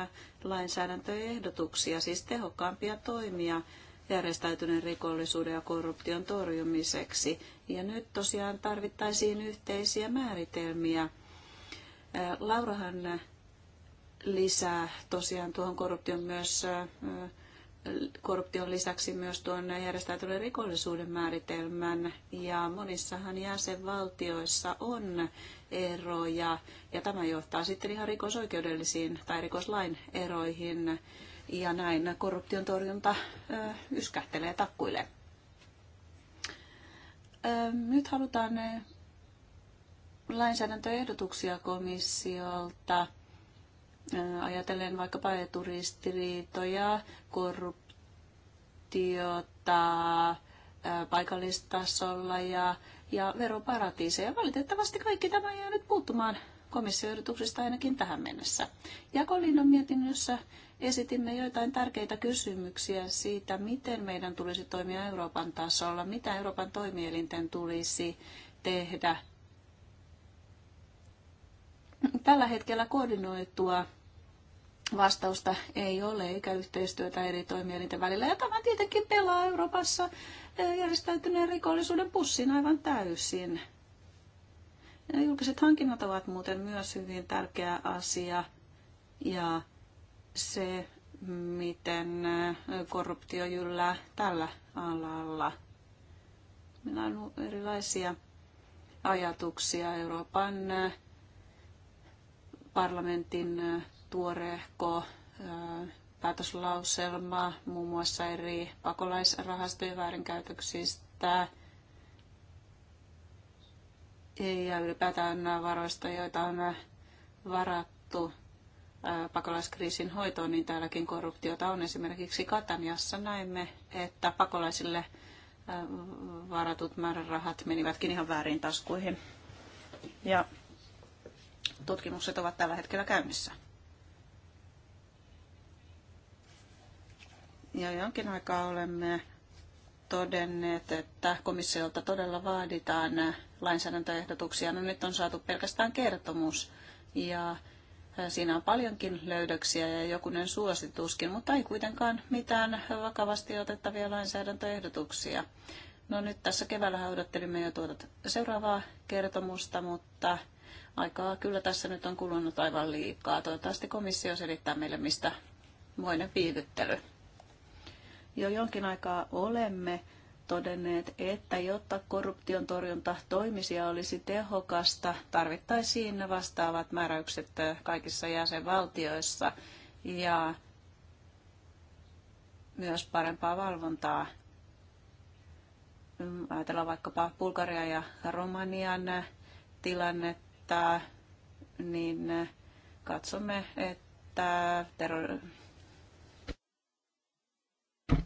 lainsäädäntöehdotuksia, siis tehokkaampia toimia järjestäytyneen rikollisuuden ja korruption torjumiseksi. Ja nyt tosiaan tarvittaisiin yhteisiä määritelmiä. Eh, Laurahan lisää tosiaan tuohon korruption myös eh, korruption lisäksi myös tuon järjestäytyneen rikollisuuden määritelmän ja monissahan jäsenvaltioissa on eroja ja tämä johtaa sitten ihan rikosoikeudellisiin tai rikoslain eroihin ja näin korruption torjunta yskähtelee takkuille. Nyt halutaan lainsäädäntöehdotuksia komissiolta – ajatellen vaikkapa eturistiriitoja, korruptiota paikallistasolla ja, ja veroparatiiseja. Valitettavasti kaikki tämä jää nyt puuttumaan komissioehdotuksista ainakin tähän mennessä. Jakolinnon mietinnössä esitimme joitain tärkeitä kysymyksiä siitä, miten meidän tulisi toimia Euroopan tasolla, mitä Euroopan toimielinten tulisi tehdä. Tällä hetkellä koordinoitua vastausta ei ole, eikä yhteistyötä eri toimielinten välillä. Ja tämä tietenkin pelaa Euroopassa e, järjestäytyneen rikollisuuden pussin aivan täysin. Ja julkiset hankinnat ovat muuten myös hyvin tärkeä asia. Ja se, miten e, korruptio jyllää tällä alalla. Meillä on erilaisia ajatuksia Euroopan e, parlamentin tuorehko päätöslauselma muun muassa eri pakolaisrahastojen väärinkäytöksistä ja ylipäätään varoista, joita on varattu pakolaiskriisin hoitoon, niin täälläkin korruptiota on. Esimerkiksi Kataniassa näimme, että pakolaisille varatut määrärahat menivätkin ihan väärin taskuihin. Ja tutkimukset ovat tällä hetkellä käynnissä. jo jonkin aikaa olemme todenneet, että komissiolta todella vaaditaan lainsäädäntöehdotuksia. No nyt on saatu pelkästään kertomus ja siinä on paljonkin löydöksiä ja jokunen suosituskin, mutta ei kuitenkaan mitään vakavasti otettavia lainsäädäntöehdotuksia. No nyt tässä keväällä odottelimme jo tuota seuraavaa kertomusta, mutta aikaa kyllä tässä nyt on kulunut aivan liikaa. Toivottavasti komissio selittää meille, mistä muinen viivyttely jo jonkin aikaa olemme todenneet, että jotta korruption torjunta toimisi ja olisi tehokasta, tarvittaisiin vastaavat määräykset kaikissa jäsenvaltioissa ja myös parempaa valvontaa. Mm, ajatellaan vaikkapa Bulgaria ja Romanian tilannetta, niin katsomme, että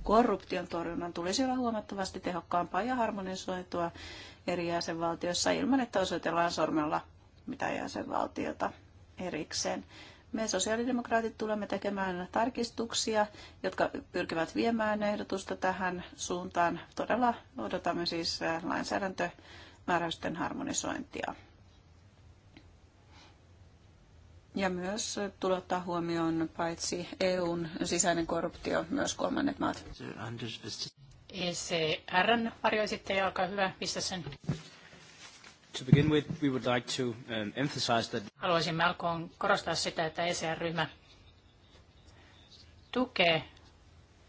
korruption torjunnan tulisi olla huomattavasti tehokkaampaa ja harmonisoitua eri jäsenvaltioissa ilman, että osoitellaan sormella mitä jäsenvaltiota erikseen. Me sosiaalidemokraatit tulemme tekemään tarkistuksia, jotka pyrkivät viemään ehdotusta tähän suuntaan. Todella odotamme siis lainsäädäntömääräysten harmonisointia. Ja myös tulee ottaa huomioon paitsi EUn sisäinen korruptio, myös kolmannet maat. ECRn varjoesittäjä, olkaa hyvä, pistä sen. To begin with, we would like to um, emphasize that... Haluaisimme alkuun korostaa sitä, että ECR-ryhmä tukee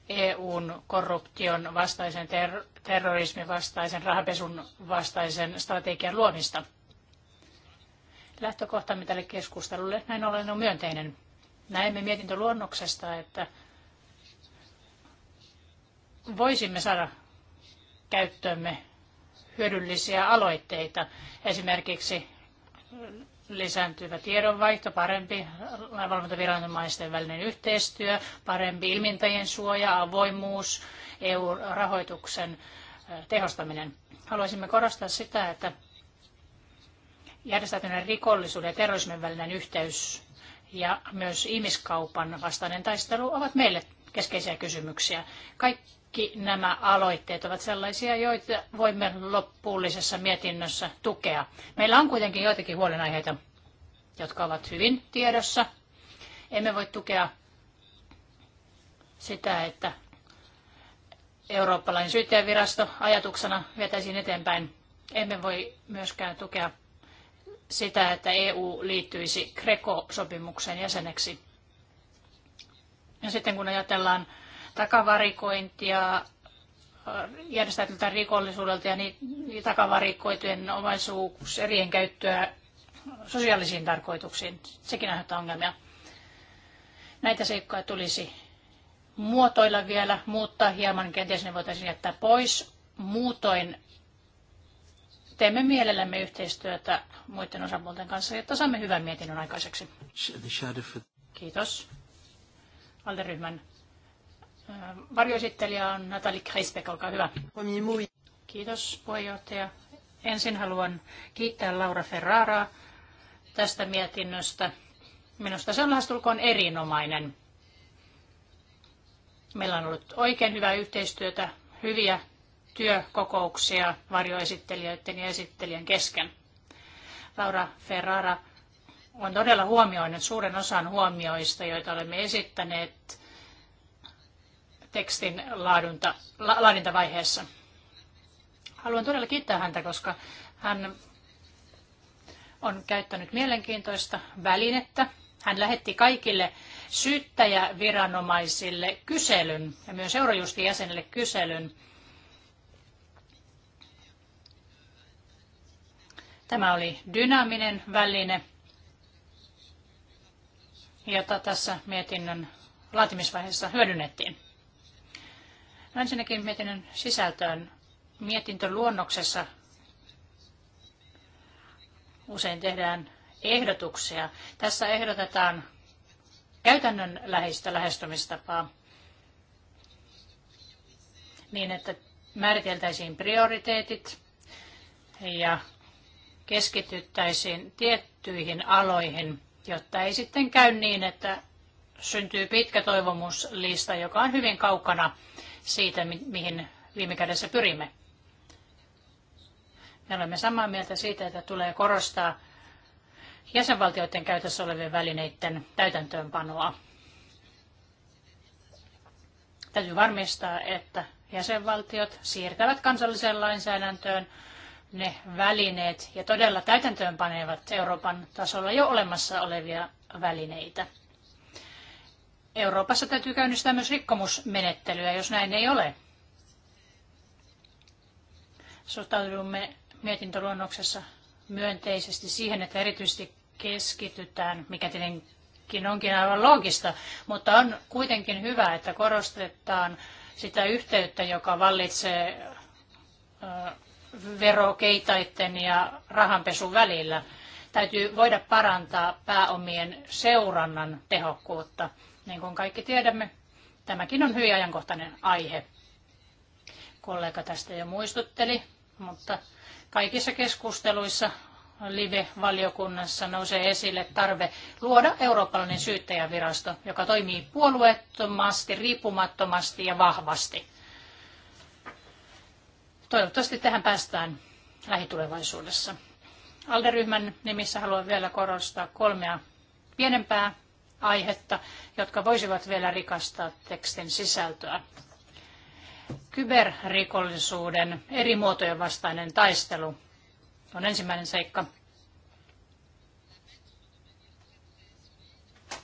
EUn korruption vastaisen, ter- terrorismin vastaisen, rahapesun vastaisen strategian luomista – lähtökohtamme tälle keskustelulle. Näin ollen on myönteinen. Näemme mietintöluonnoksesta, että voisimme saada käyttöömme hyödyllisiä aloitteita, esimerkiksi lisääntyvä tiedonvaihto, parempi lainvalvontaviranomaisten välinen yhteistyö, parempi ilmintäjien suoja, avoimuus, EU-rahoituksen tehostaminen. Haluaisimme korostaa sitä, että järjestäytyneen rikollisuuden ja terrorismin välinen yhteys ja myös ihmiskaupan vastainen taistelu ovat meille keskeisiä kysymyksiä. Kaikki nämä aloitteet ovat sellaisia, joita voimme loppuullisessa mietinnössä tukea. Meillä on kuitenkin joitakin huolenaiheita, jotka ovat hyvin tiedossa. Emme voi tukea sitä, että eurooppalainen syyttäjävirasto ajatuksena vietäisiin eteenpäin. Emme voi myöskään tukea sitä, että EU liittyisi Greco-sopimuksen jäseneksi. Ja sitten kun ajatellaan takavarikointia järjestäytyltä rikollisuudelta ja niitä takavarikoitujen omaisuuserien käyttöä sosiaalisiin tarkoituksiin, sekin aiheuttaa ongelmia. Näitä seikkoja tulisi muotoilla vielä, muuttaa hieman, kenties ne voitaisiin jättää pois. Muutoin teemme mielellämme yhteistyötä muiden osapuolten kanssa, jotta saamme hyvän mietinnön aikaiseksi. Kiitos. Alderyhmän äh, varjoesittelijä on Natali Kreisbeck, olkaa hyvä. Kiitos puheenjohtaja. Ensin haluan kiittää Laura Ferraraa tästä mietinnöstä. Minusta se on lähestulkoon erinomainen. Meillä on ollut oikein hyvää yhteistyötä, hyviä työkokouksia varjoesittelijöiden ja esittelijän kesken. Laura Ferrara on todella huomioinut suuren osan huomioista, joita olemme esittäneet tekstin laadunta, la, laadintavaiheessa. Haluan todella kiittää häntä, koska hän on käyttänyt mielenkiintoista välinettä. Hän lähetti kaikille syyttäjäviranomaisille kyselyn ja myös eurojustin jäsenille kyselyn Tämä oli dynaaminen väline, jota tässä mietinnön laatimisvaiheessa hyödynnettiin. No, ensinnäkin mietinnön sisältöön. Mietintöluonnoksessa usein tehdään ehdotuksia. Tässä ehdotetaan käytännön läheistä lähestymistapaa niin, että määriteltäisiin prioriteetit ja keskityttäisiin tiettyihin aloihin, jotta ei sitten käy niin, että syntyy pitkä toivomuslista, joka on hyvin kaukana siitä, mihin viime kädessä pyrimme. Me olemme samaa mieltä siitä, että tulee korostaa jäsenvaltioiden käytössä olevien välineiden täytäntöönpanoa. Täytyy varmistaa, että jäsenvaltiot siirtävät kansalliseen lainsäädäntöön ne välineet ja todella täytäntöönpanevat Euroopan tasolla jo olemassa olevia välineitä. Euroopassa täytyy käynnistää myös rikkomusmenettelyä, jos näin ei ole. Suhtaudumme mietintöluonnoksessa myönteisesti siihen, että erityisesti keskitytään, mikä tietenkin onkin aivan loogista, mutta on kuitenkin hyvä, että korostetaan sitä yhteyttä, joka vallitsee verokeitaiden ja rahanpesun välillä. Täytyy voida parantaa pääomien seurannan tehokkuutta. Niin kuin kaikki tiedämme, tämäkin on hyvin ajankohtainen aihe. Kollega tästä jo muistutteli, mutta kaikissa keskusteluissa live-valiokunnassa nousee esille tarve luoda eurooppalainen syyttäjävirasto, joka toimii puolueettomasti, riippumattomasti ja vahvasti. Toivottavasti tähän päästään lähitulevaisuudessa. Alderyhmän nimissä haluan vielä korostaa kolmea pienempää aihetta, jotka voisivat vielä rikastaa tekstin sisältöä. Kyberrikollisuuden eri muotojen vastainen taistelu on ensimmäinen seikka.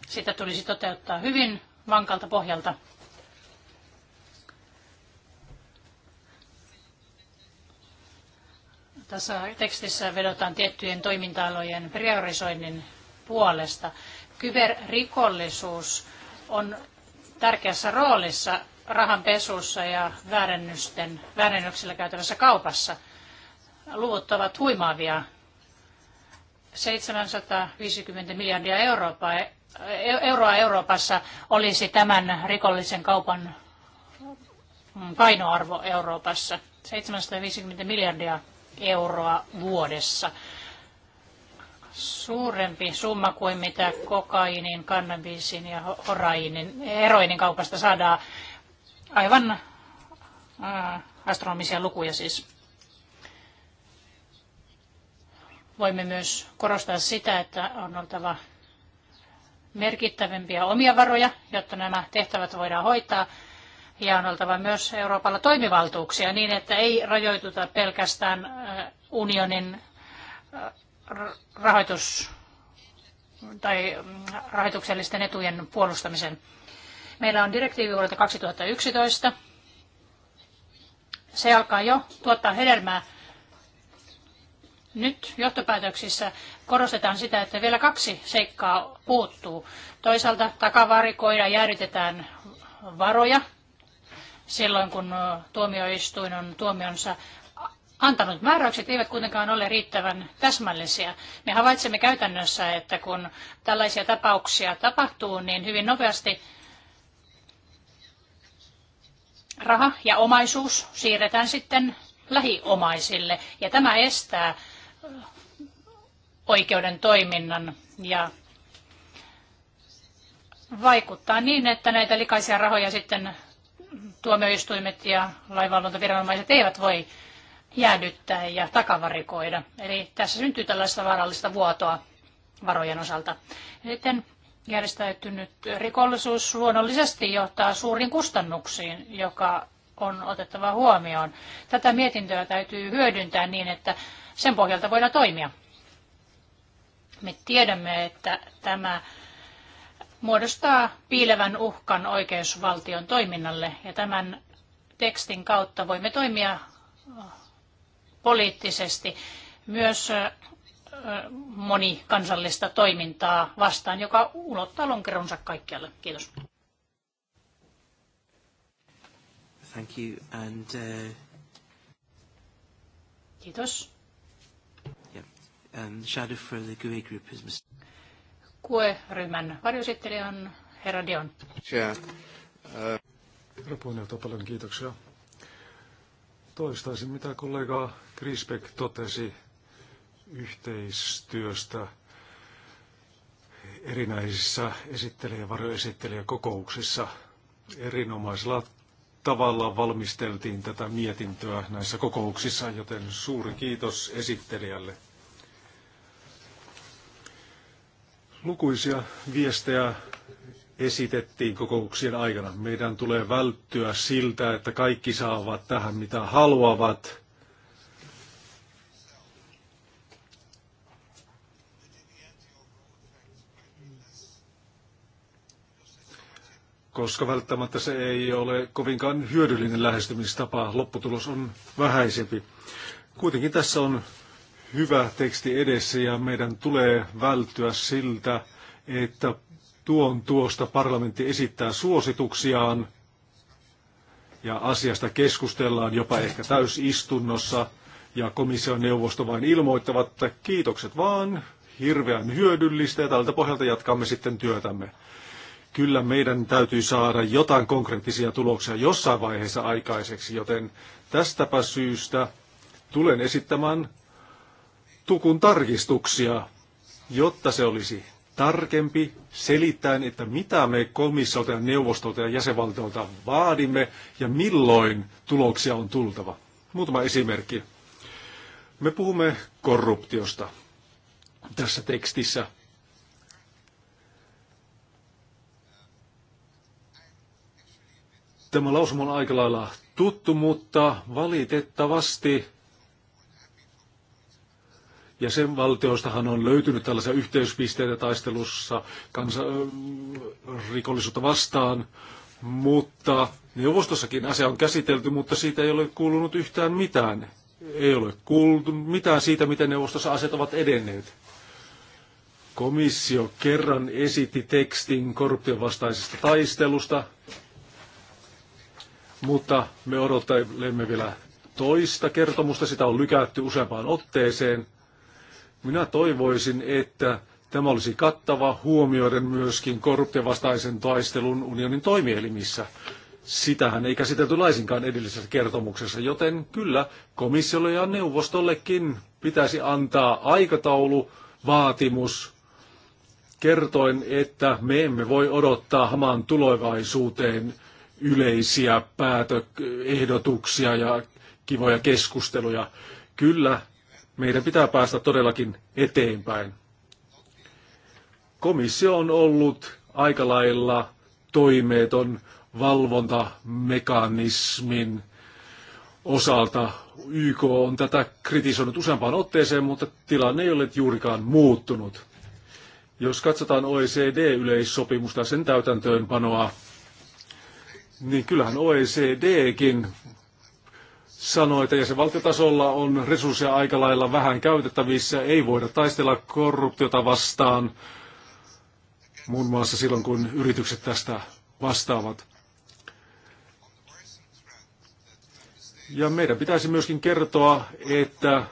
Sitä tulisi toteuttaa hyvin vankalta pohjalta Tässä tekstissä vedotaan tiettyjen toiminta-alojen priorisoinnin puolesta. Kyberrikollisuus on tärkeässä roolissa rahanpesussa ja väärennysten, väärennöksillä käytävässä kaupassa. Luvut ovat huimaavia. 750 miljardia Eurooppaa, e, euroa Euroopassa olisi tämän rikollisen kaupan painoarvo Euroopassa. 750 miljardia euroa vuodessa. Suurempi summa kuin mitä kokainin, kannabisin ja horainin, eroinin kaupasta saadaan. Aivan äh, astronomisia lukuja siis. Voimme myös korostaa sitä, että on oltava merkittävämpiä omia varoja, jotta nämä tehtävät voidaan hoitaa – ja on oltava myös Euroopalla toimivaltuuksia niin, että ei rajoituta pelkästään unionin rahoitus- tai mm, rahoituksellisten etujen puolustamisen. Meillä on direktiivi vuodelta 2011. Se alkaa jo tuottaa hedelmää. Nyt johtopäätöksissä korostetaan sitä, että vielä kaksi seikkaa puuttuu. Toisaalta takavarikoida jäädytetään varoja silloin, kun tuomioistuin on tuomionsa antanut. Määräykset eivät kuitenkaan ole riittävän täsmällisiä. Me havaitsemme käytännössä, että kun tällaisia tapauksia tapahtuu, niin hyvin nopeasti raha ja omaisuus siirretään sitten lähiomaisille. Ja tämä estää oikeuden toiminnan ja vaikuttaa niin, että näitä likaisia rahoja sitten tuomioistuimet ja lainvalvontaviranomaiset eivät voi jäädyttää ja takavarikoida. Eli tässä syntyy tällaista vaarallista vuotoa varojen osalta. Sitten järjestäytynyt rikollisuus luonnollisesti johtaa suuriin kustannuksiin, joka on otettava huomioon. Tätä mietintöä täytyy hyödyntää niin, että sen pohjalta voidaan toimia. Me tiedämme, että tämä muodostaa piilevän uhkan oikeusvaltion toiminnalle ja tämän tekstin kautta voimme toimia äh, poliittisesti myös äh, monikansallista toimintaa vastaan, joka ulottaa lonkeronsa kaikkialle. Kiitos. Thank you and, uh... Kiitos. Yeah. Um, shadow for the GUE group is Mr. QE-ryhmän varjosittelijä on herra Dion. Äh. Herra puheenjohtaja, paljon kiitoksia. Toistaisin, mitä kollega Grisbeck totesi yhteistyöstä erinäisissä esittelijä- ja varjoesittelijäkokouksissa. Erinomaisella tavalla valmisteltiin tätä mietintöä näissä kokouksissa, joten suuri kiitos esittelijälle. Lukuisia viestejä esitettiin kokouksien aikana. Meidän tulee välttyä siltä, että kaikki saavat tähän mitä haluavat. koska välttämättä se ei ole kovinkaan hyödyllinen lähestymistapa. Lopputulos on vähäisempi. Kuitenkin tässä on hyvä teksti edessä ja meidän tulee välttyä siltä, että tuon tuosta parlamentti esittää suosituksiaan ja asiasta keskustellaan jopa ehkä täysistunnossa ja komission neuvosto vain ilmoittavat, että kiitokset vaan, hirveän hyödyllistä ja tältä pohjalta jatkamme sitten työtämme. Kyllä meidän täytyy saada jotain konkreettisia tuloksia jossain vaiheessa aikaiseksi, joten tästäpä syystä tulen esittämään tukun tarkistuksia, jotta se olisi tarkempi selittäen, että mitä me komissiolta ja neuvostolta ja jäsenvaltiolta vaadimme ja milloin tuloksia on tultava. Muutama esimerkki. Me puhumme korruptiosta tässä tekstissä. Tämä lausuma on aika lailla tuttu, mutta valitettavasti Jäsenvaltioistahan on löytynyt tällaisia yhteyspisteitä taistelussa kansa- rikollisuutta vastaan, mutta neuvostossakin asia on käsitelty, mutta siitä ei ole kuulunut yhtään mitään. Ei ole kuultu mitään siitä, miten neuvostossa asiat ovat edenneet. Komissio kerran esitti tekstin korruption vastaisesta taistelusta, mutta me odottelemme vielä toista kertomusta. Sitä on lykätty useampaan otteeseen – minä toivoisin, että tämä olisi kattava huomioiden myöskin korruptiovastaisen taistelun unionin toimielimissä. Sitähän ei käsitelty laisinkaan edellisessä kertomuksessa, joten kyllä komissiolle ja neuvostollekin pitäisi antaa aikataulu, vaatimus, kertoen, että me emme voi odottaa hamaan tulevaisuuteen yleisiä ehdotuksia ja kivoja keskusteluja. Kyllä meidän pitää päästä todellakin eteenpäin. Komissio on ollut aika lailla toimeeton valvontamekanismin osalta. YK on tätä kritisoinut useampaan otteeseen, mutta tilanne ei ole juurikaan muuttunut. Jos katsotaan OECD-yleissopimusta sen täytäntöönpanoa, niin kyllähän OECDkin sanoi, että jäsenvaltiotasolla on resursseja aika lailla vähän käytettävissä, ei voida taistella korruptiota vastaan, muun muassa silloin kun yritykset tästä vastaavat. Ja meidän pitäisi myöskin kertoa, että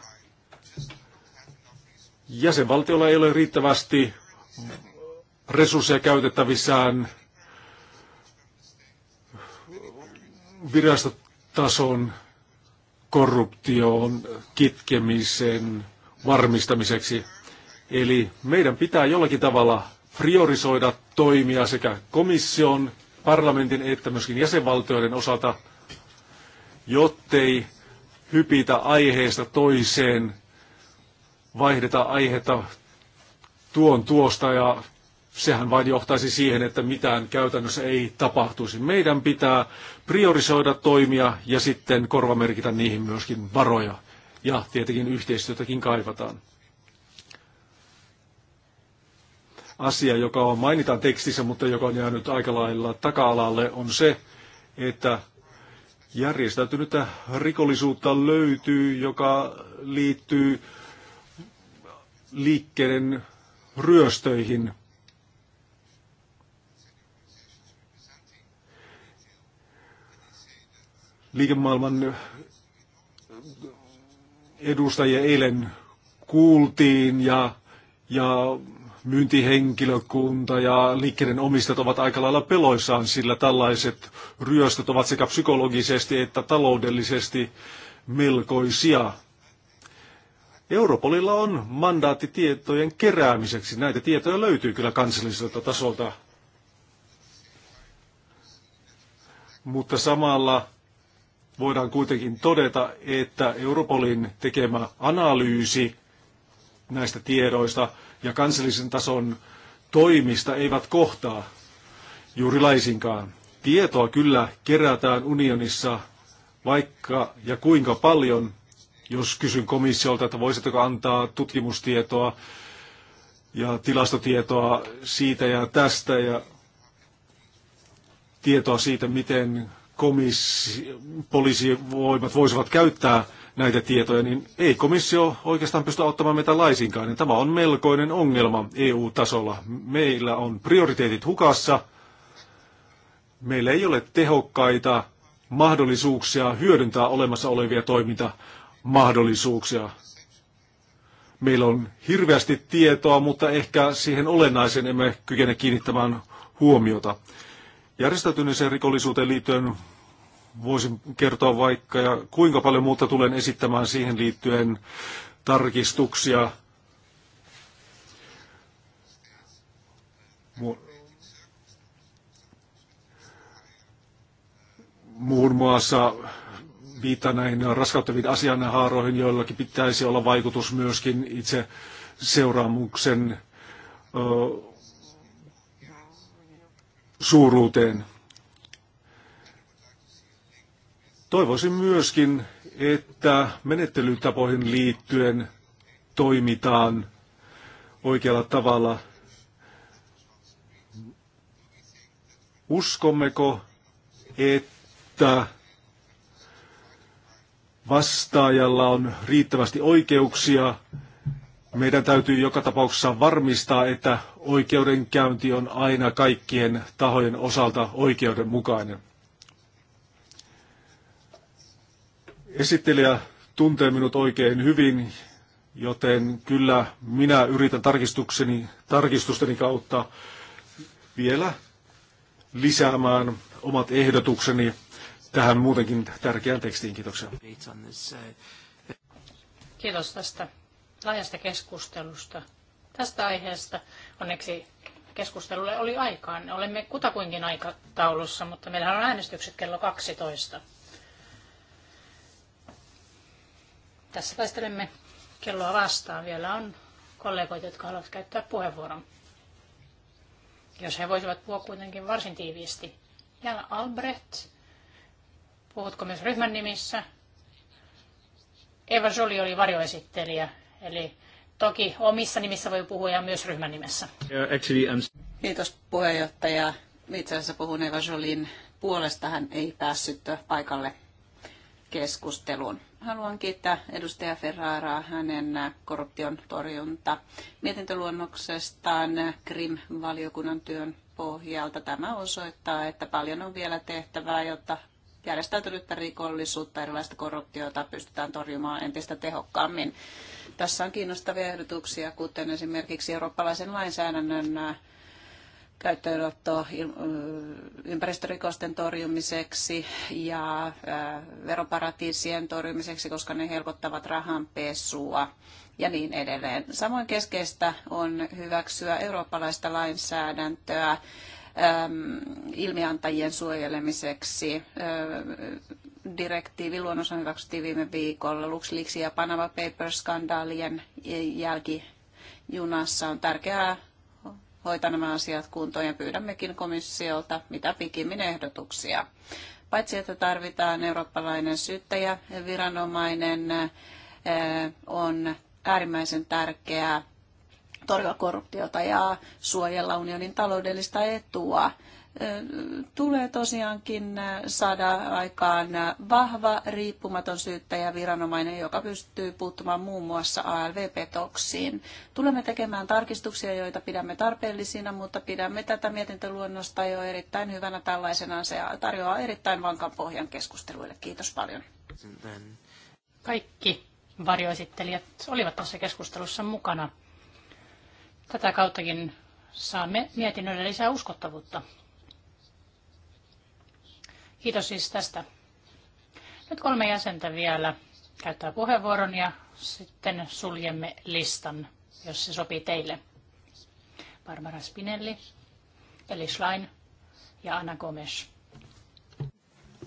jäsenvaltiolla ei ole riittävästi resursseja käytettävissään virastotason korruption kitkemisen varmistamiseksi. Eli meidän pitää jollakin tavalla priorisoida toimia sekä komission, parlamentin että myöskin jäsenvaltioiden osalta, jottei hypitä aiheesta toiseen, vaihdeta aihetta tuon tuosta ja sehän vain johtaisi siihen, että mitään käytännössä ei tapahtuisi. Meidän pitää priorisoida toimia ja sitten korvamerkitä niihin myöskin varoja. Ja tietenkin yhteistyötäkin kaivataan. Asia, joka on, mainitaan tekstissä, mutta joka on jäänyt aika lailla taka-alalle, on se, että järjestäytynyttä rikollisuutta löytyy, joka liittyy liikkeiden ryöstöihin – liikemaailman edustajia eilen kuultiin ja, ja myyntihenkilökunta ja liikkeiden omistajat ovat aika lailla peloissaan, sillä tällaiset ryöstöt ovat sekä psykologisesti että taloudellisesti melkoisia. Europolilla on mandaatti tietojen keräämiseksi. Näitä tietoja löytyy kyllä kansalliselta tasolta. Mutta samalla voidaan kuitenkin todeta, että Europolin tekemä analyysi näistä tiedoista ja kansallisen tason toimista eivät kohtaa juuri laisinkaan. Tietoa kyllä kerätään unionissa vaikka ja kuinka paljon, jos kysyn komissiolta, että voisitteko antaa tutkimustietoa ja tilastotietoa siitä ja tästä ja tietoa siitä, miten komissi, poliisivoimat voisivat käyttää näitä tietoja, niin ei komissio oikeastaan pysty auttamaan meitä laisinkaan. Tämä on melkoinen ongelma EU-tasolla. Meillä on prioriteetit hukassa. Meillä ei ole tehokkaita mahdollisuuksia hyödyntää olemassa olevia toimintamahdollisuuksia. Meillä on hirveästi tietoa, mutta ehkä siihen olennaisen emme kykene kiinnittämään huomiota. Järjestäytyneeseen rikollisuuteen liittyen voisin kertoa vaikka ja kuinka paljon muuta tulen esittämään siihen liittyen tarkistuksia. Muun muassa viittaa näihin raskauttaviin asianhaaroihin, joillakin pitäisi olla vaikutus myöskin itse seuraamuksen ö, suuruuteen. Toivoisin myöskin, että menettelytapoihin liittyen toimitaan oikealla tavalla. Uskommeko, että vastaajalla on riittävästi oikeuksia meidän täytyy joka tapauksessa varmistaa, että oikeudenkäynti on aina kaikkien tahojen osalta oikeudenmukainen. Esittelijä tuntee minut oikein hyvin, joten kyllä minä yritän tarkistukseni, tarkistusteni kautta vielä lisäämään omat ehdotukseni tähän muutenkin tärkeään tekstiin. Kiitoksia. Uh, Kiitos tästä laajasta keskustelusta tästä aiheesta. Onneksi keskustelulle oli aikaan. Olemme kutakuinkin aikataulussa, mutta meillä on äänestykset kello 12. Tässä taistelemme kelloa vastaan. Vielä on kollegoita, jotka haluavat käyttää puheenvuoron. Jos he voisivat puhua kuitenkin varsin tiiviisti. Jan Albrecht, puhutko myös ryhmän nimissä? Eva Jolie oli varjoesittelijä Eli toki omissa nimissä voi puhua ja myös ryhmän nimessä. Kiitos puheenjohtaja. Itse asiassa puhun Eva Jolin puolesta. Hän ei päässyt paikalle keskusteluun. Haluan kiittää edustaja Ferraraa hänen korruption torjunta mietintöluonnoksestaan Krim-valiokunnan työn pohjalta. Tämä osoittaa, että paljon on vielä tehtävää, jotta järjestäytynyttä rikollisuutta, erilaista korruptiota pystytään torjumaan entistä tehokkaammin. Tässä on kiinnostavia ehdotuksia, kuten esimerkiksi eurooppalaisen lainsäädännön äh, käyttöönotto äh, ympäristörikosten torjumiseksi ja äh, veroparatiisien torjumiseksi, koska ne helpottavat rahanpesua ja niin edelleen. Samoin keskeistä on hyväksyä eurooppalaista lainsäädäntöä ilmiantajien suojelemiseksi direktiivi luonnos on hyväksyttiin viime viikolla LuxLeaks ja Panama Papers-skandaalien jälkijunassa. On tärkeää hoitaa nämä asiat kuntoon ja pyydämmekin komissiolta mitä pikimmin ehdotuksia. Paitsi että tarvitaan eurooppalainen syyttäjä, viranomainen eh, on äärimmäisen tärkeää torjua korruptiota ja suojella unionin taloudellista etua tulee tosiaankin saada aikaan vahva, riippumaton syyttäjä viranomainen, joka pystyy puuttumaan muun muassa ALV-petoksiin. Tulemme tekemään tarkistuksia, joita pidämme tarpeellisina, mutta pidämme tätä mietintöluonnosta jo erittäin hyvänä tällaisenaan. Se tarjoaa erittäin vankan pohjan keskusteluille. Kiitos paljon. Kaikki varjoesittelijät olivat tässä keskustelussa mukana. Tätä kauttakin saamme mietinnölle lisää uskottavuutta. Kiitos siis tästä. Nyt kolme jäsentä vielä käyttää puheenvuoron ja sitten suljemme listan, jos se sopii teille. Barbara Spinelli, Eli Schlein ja Anna Gomes.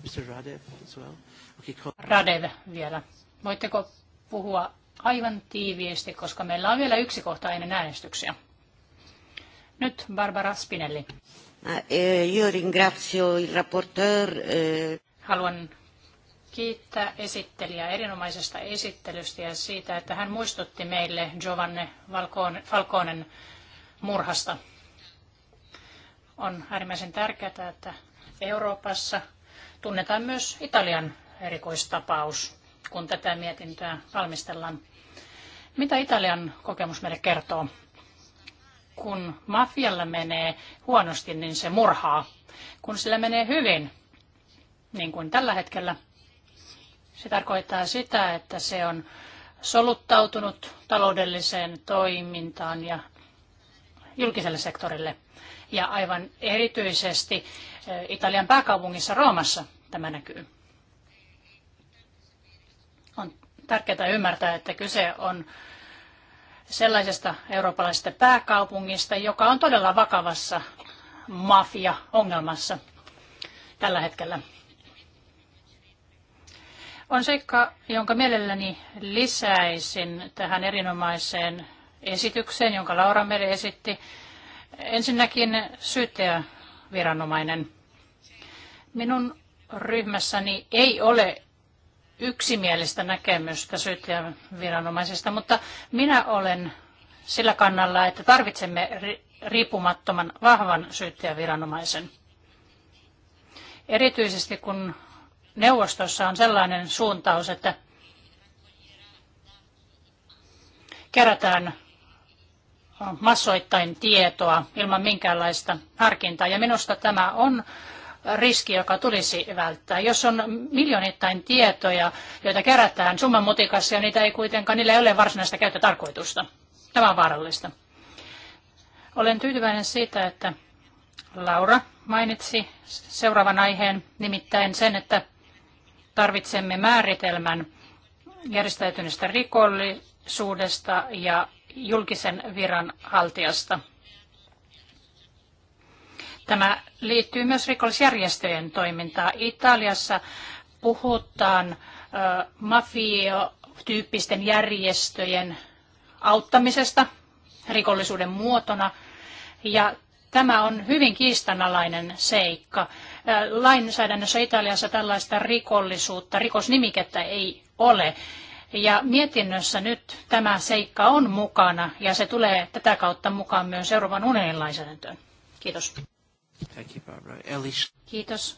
Mr. Radev as well. Okay, Radev vielä. Voitteko puhua aivan tiiviisti, koska meillä on vielä yksi kohta ennen äänestyksiä. Nyt Barbara Spinelli. Io ah, eh, ringrazio il rapporteur. Eh. Haluan kiittää esittelijää erinomaisesta esittelystä ja siitä, että hän muistutti meille Giovanne Falconen murhasta. On äärimmäisen tärkeää, että Euroopassa tunnetaan myös Italian erikoistapaus, kun tätä mietintöä valmistellaan. Mitä Italian kokemus meille kertoo? kun mafialla menee huonosti, niin se murhaa. Kun sillä menee hyvin, niin kuin tällä hetkellä, se tarkoittaa sitä, että se on soluttautunut taloudelliseen toimintaan ja julkiselle sektorille. Ja aivan erityisesti eh, Italian pääkaupungissa Roomassa tämä näkyy. On tärkeää ymmärtää, että kyse on sellaisesta eurooppalaisesta pääkaupungista, joka on todella vakavassa mafia-ongelmassa tällä hetkellä. On seikka, jonka mielelläni lisäisin tähän erinomaiseen esitykseen, jonka Laura meille esitti. Ensinnäkin syyttäjäviranomainen. Minun ryhmässäni ei ole yksimielistä näkemystä syyttäjän viranomaisista, mutta minä olen sillä kannalla, että tarvitsemme riippumattoman vahvan syyttäjäviranomaisen. Erityisesti kun neuvostossa on sellainen suuntaus, että kerätään massoittain tietoa ilman minkäänlaista harkintaa. Ja minusta tämä on riski, joka tulisi välttää. Jos on miljoonittain tietoja, joita kerätään summan mutikassa ja niitä ei kuitenkaan, niillä ei ole varsinaista käyttötarkoitusta. Tämä on vaarallista. Olen tyytyväinen siitä, että Laura mainitsi seuraavan aiheen, nimittäin sen, että tarvitsemme määritelmän järjestäytyneestä rikollisuudesta ja julkisen viran haltijasta. Tämä liittyy myös rikollisjärjestöjen toimintaan. Italiassa puhutaan mafiotyyppisten järjestöjen auttamisesta rikollisuuden muotona. Ja tämä on hyvin kiistanalainen seikka. Lainsäädännössä Italiassa tällaista rikollisuutta, rikosnimikettä ei ole. Ja mietinnössä nyt tämä seikka on mukana ja se tulee tätä kautta mukaan myös Euroopan unionin lainsäädäntöön. Kiitos. Thank you, Barbara. Elish. Kiitos,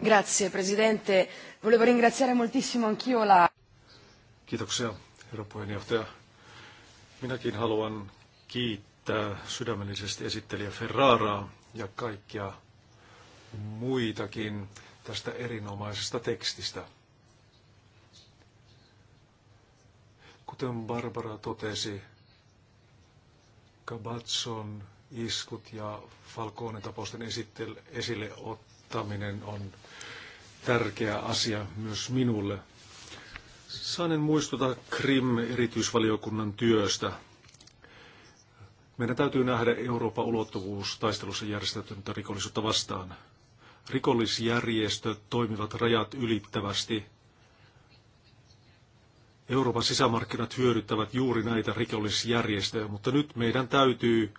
Grazie, Presidente. Volevo ringraziare moltissimo anch'io la... Kiitoksia, herra puheenjohtaja. Minäkin haluan kiittää sydämellisesti esittelijä Ferraraa ja kaikkia muitakin tästä erinomaisesta tekstistä. Kuten Barbara totesi, Kabatson iskut ja Falconen tapausten esille ottaminen on tärkeä asia myös minulle. Saanen muistuttaa Krim-erityisvaliokunnan työstä. Meidän täytyy nähdä Euroopan ulottuvuus taistelussa järjestäytynyttä rikollisuutta vastaan. Rikollisjärjestöt toimivat rajat ylittävästi. Euroopan sisämarkkinat hyödyttävät juuri näitä rikollisjärjestöjä, mutta nyt meidän täytyy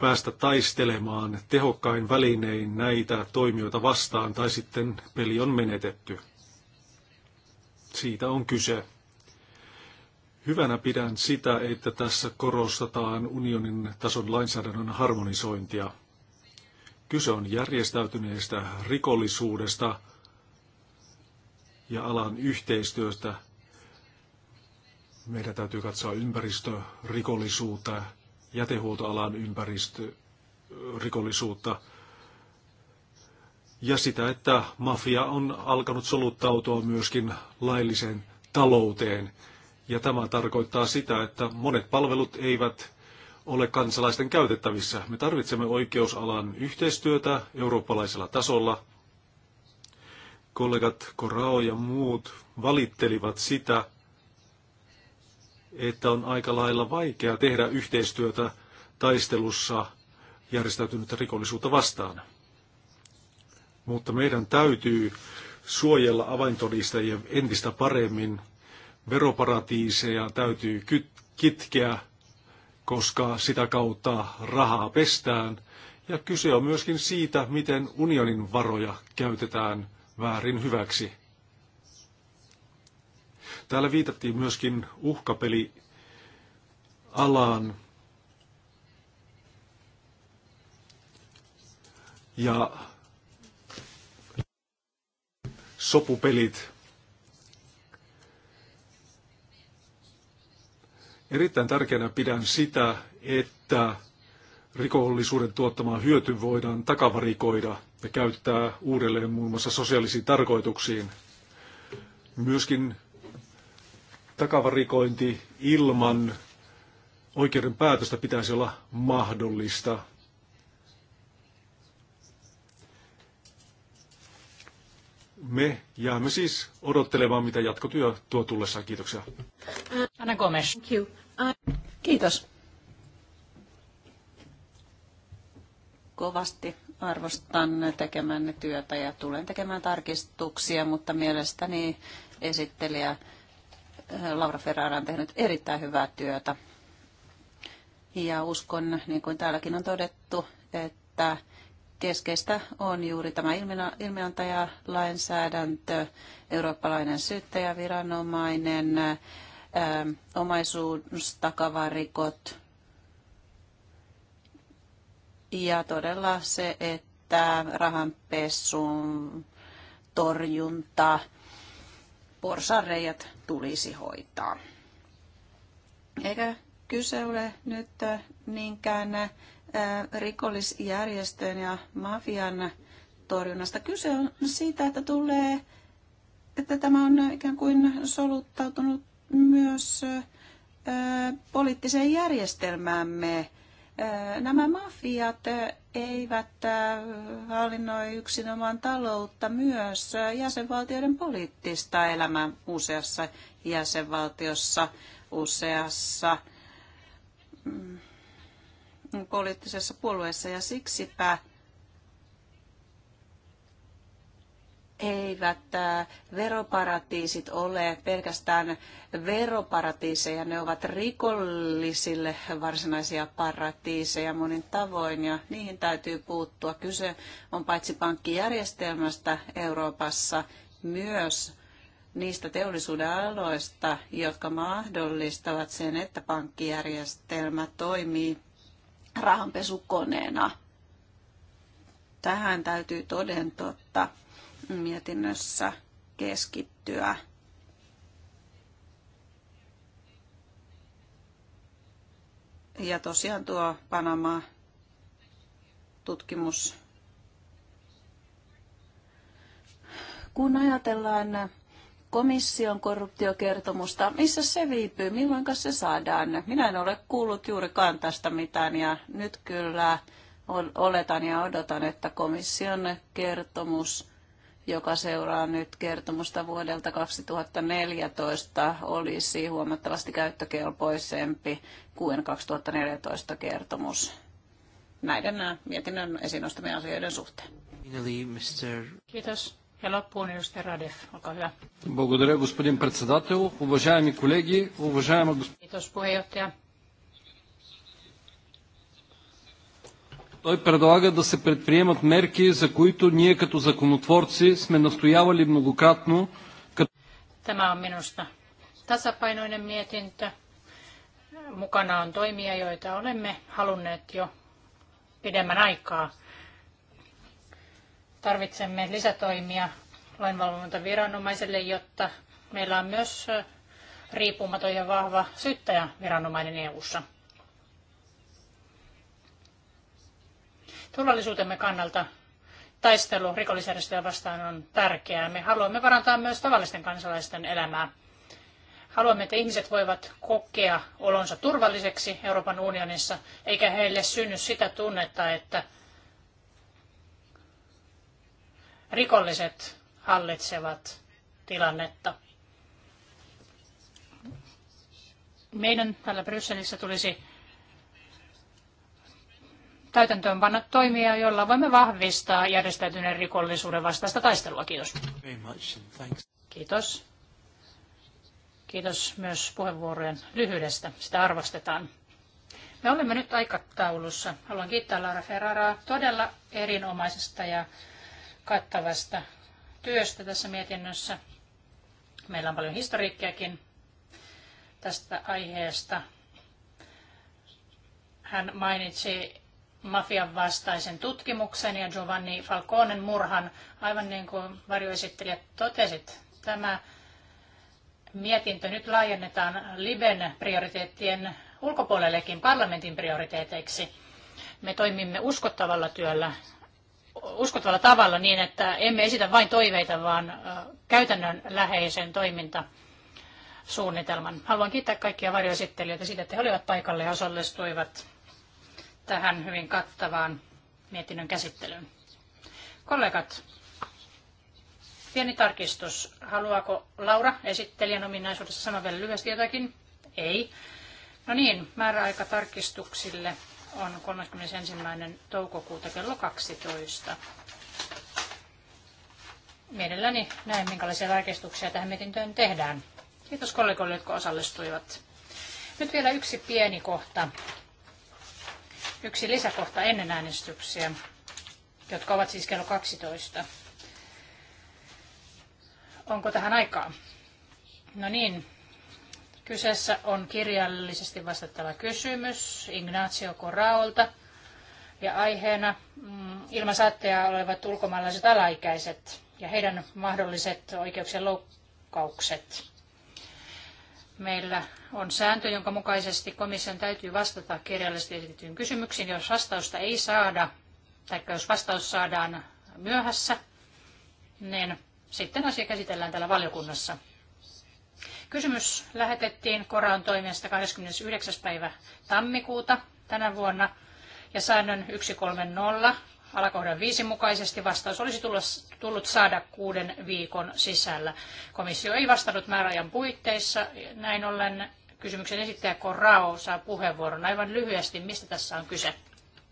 päästä taistelemaan tehokkain välinein näitä toimijoita vastaan, tai sitten peli on menetetty. Siitä on kyse. Hyvänä pidän sitä, että tässä korostetaan unionin tason lainsäädännön harmonisointia. Kyse on järjestäytyneestä rikollisuudesta ja alan yhteistyöstä. Meidän täytyy katsoa ympäristörikollisuutta jätehuoltoalan ympäristörikollisuutta ja sitä, että mafia on alkanut soluttautua myöskin lailliseen talouteen. Ja tämä tarkoittaa sitä, että monet palvelut eivät ole kansalaisten käytettävissä. Me tarvitsemme oikeusalan yhteistyötä eurooppalaisella tasolla. Kollegat Korao ja muut valittelivat sitä, että on aika lailla vaikea tehdä yhteistyötä taistelussa järjestäytynyttä rikollisuutta vastaan. Mutta meidän täytyy suojella avaintodistajia entistä paremmin. Veroparatiiseja täytyy kitkeä, koska sitä kautta rahaa pestään. Ja kyse on myöskin siitä, miten unionin varoja käytetään väärin hyväksi. Täällä viitattiin myöskin uhkapelialaan. Ja sopupelit. Erittäin tärkeänä pidän sitä, että rikollisuuden tuottamaa hyöty voidaan takavarikoida ja käyttää uudelleen muun muassa sosiaalisiin tarkoituksiin. Myöskin takavarikointi ilman oikeuden päätöstä pitäisi olla mahdollista. Me jäämme siis odottelemaan, mitä jatkotyö tuo tullessaan. Kiitoksia. Anna Gomes. Kiitos. Kovasti arvostan tekemänne työtä ja tulen tekemään tarkistuksia, mutta mielestäni esittelijä Laura Ferrara on tehnyt erittäin hyvää työtä. Ja uskon, niin kuin täälläkin on todettu, että keskeistä on juuri tämä ilmiantajalainsäädäntö, eurooppalainen syyttäjäviranomainen, omaisuustakavarikot ja todella se, että rahanpesun torjunta – porsareijat tulisi hoitaa. Eikä kyse ole nyt niinkään rikollisjärjestön ja mafian torjunnasta. Kyse on siitä, että tulee, että tämä on ikään kuin soluttautunut myös poliittiseen järjestelmäämme Nämä mafiat eivät hallinnoi yksinomaan taloutta, myös jäsenvaltioiden poliittista elämää useassa jäsenvaltiossa, useassa mm, poliittisessa puolueessa ja siksipä eivät äh, veroparatiisit ole pelkästään veroparatiiseja, ne ovat rikollisille varsinaisia paratiiseja monin tavoin ja niihin täytyy puuttua. Kyse on paitsi pankkijärjestelmästä Euroopassa myös niistä teollisuuden aloista, jotka mahdollistavat sen, että pankkijärjestelmä toimii rahanpesukoneena. Tähän täytyy toden totta mietinnössä keskittyä. Ja tosiaan tuo Panama-tutkimus. Kun ajatellaan komission korruptiokertomusta, missä se viipyy, milloin se saadaan? Minä en ole kuullut juurikaan tästä mitään ja nyt kyllä oletan ja odotan, että komission kertomus joka seuraa nyt kertomusta vuodelta 2014, olisi huomattavasti käyttökelpoisempi kuin 2014 kertomus näiden nämä äh, mietinnön esiin nostamien asioiden suhteen. Kiitos. Ja loppuun edustaja Radev, olkaa hyvä. Благодаря, господин председател. Уважаеми колеги, уважаема Kiitos puheenjohtaja. Той предлага да се предприемат мерки, за които ние като законотворци сме настоявали многократно. Като... Tämä on minusta tasapainoinen mietintö. Mukana on toimia, joita olemme halunneet jo pidemmän aikaa. Tarvitsemme lisätoimia lainvalvontaviranomaiselle, jotta meillä on myös riippumaton ja vahva syyttäjäviranomainen EU-ssa. turvallisuutemme kannalta taistelu rikollisjärjestöjä vastaan on tärkeää. Me haluamme parantaa myös tavallisten kansalaisten elämää. Haluamme, että ihmiset voivat kokea olonsa turvalliseksi Euroopan unionissa, eikä heille synny sitä tunnetta, että rikolliset hallitsevat tilannetta. Meidän täällä Brysselissä tulisi täytäntöönpanna toimia, joilla voimme vahvistaa järjestäytyneen rikollisuuden vastaista taistelua. Kiitos. Kiitos. Kiitos myös puheenvuorojen lyhyydestä. Sitä arvostetaan. Me olemme nyt aikataulussa. Haluan kiittää Laura Ferraraa todella erinomaisesta ja kattavasta työstä tässä mietinnössä. Meillä on paljon historiikkiakin tästä aiheesta. Hän mainitsi mafian vastaisen tutkimuksen ja Giovanni Falconen murhan, aivan niin kuin varjoesittelijät totesit, tämä mietintö nyt laajennetaan Liben prioriteettien ulkopuolellekin parlamentin prioriteeteiksi. Me toimimme uskottavalla työllä, uskottavalla tavalla niin, että emme esitä vain toiveita, vaan käytännön läheisen toiminta suunnitelman. Haluan kiittää kaikkia varjoesittelijöitä siitä, että he olivat paikalle ja osallistuivat tähän hyvin kattavaan mietinnön käsittelyyn. Kollegat, pieni tarkistus. Haluaako Laura esittelijän ominaisuudessa sanoa vielä lyhyesti jotakin? Ei. No niin, määräaika tarkistuksille on 31. toukokuuta kello 12. Mielelläni näen, minkälaisia tarkistuksia tähän mietintöön tehdään. Kiitos kollegoille, jotka osallistuivat. Nyt vielä yksi pieni kohta yksi lisäkohta ennen äänestyksiä, jotka ovat siis kello 12. Onko tähän aikaa? No niin, kyseessä on kirjallisesti vastattava kysymys Ignacio Koraolta. ja aiheena mm, ilmasaatteja olevat ulkomaalaiset alaikäiset ja heidän mahdolliset oikeuksien loukkaukset. Meillä on sääntö, jonka mukaisesti komission täytyy vastata kirjallisesti esitettyyn kysymyksiin. Jos vastausta ei saada, tai jos vastaus saadaan myöhässä, niin sitten asia käsitellään täällä valiokunnassa. Kysymys lähetettiin Koran toimesta 29. päivä tammikuuta tänä vuonna ja säännön 130 alakohdan viisi mukaisesti vastaus olisi tullut saada kuuden viikon sisällä. Komissio ei vastannut määräajan puitteissa. Näin ollen kysymyksen esittäjä Korao saa puheenvuoron aivan lyhyesti. Mistä tässä on kyse?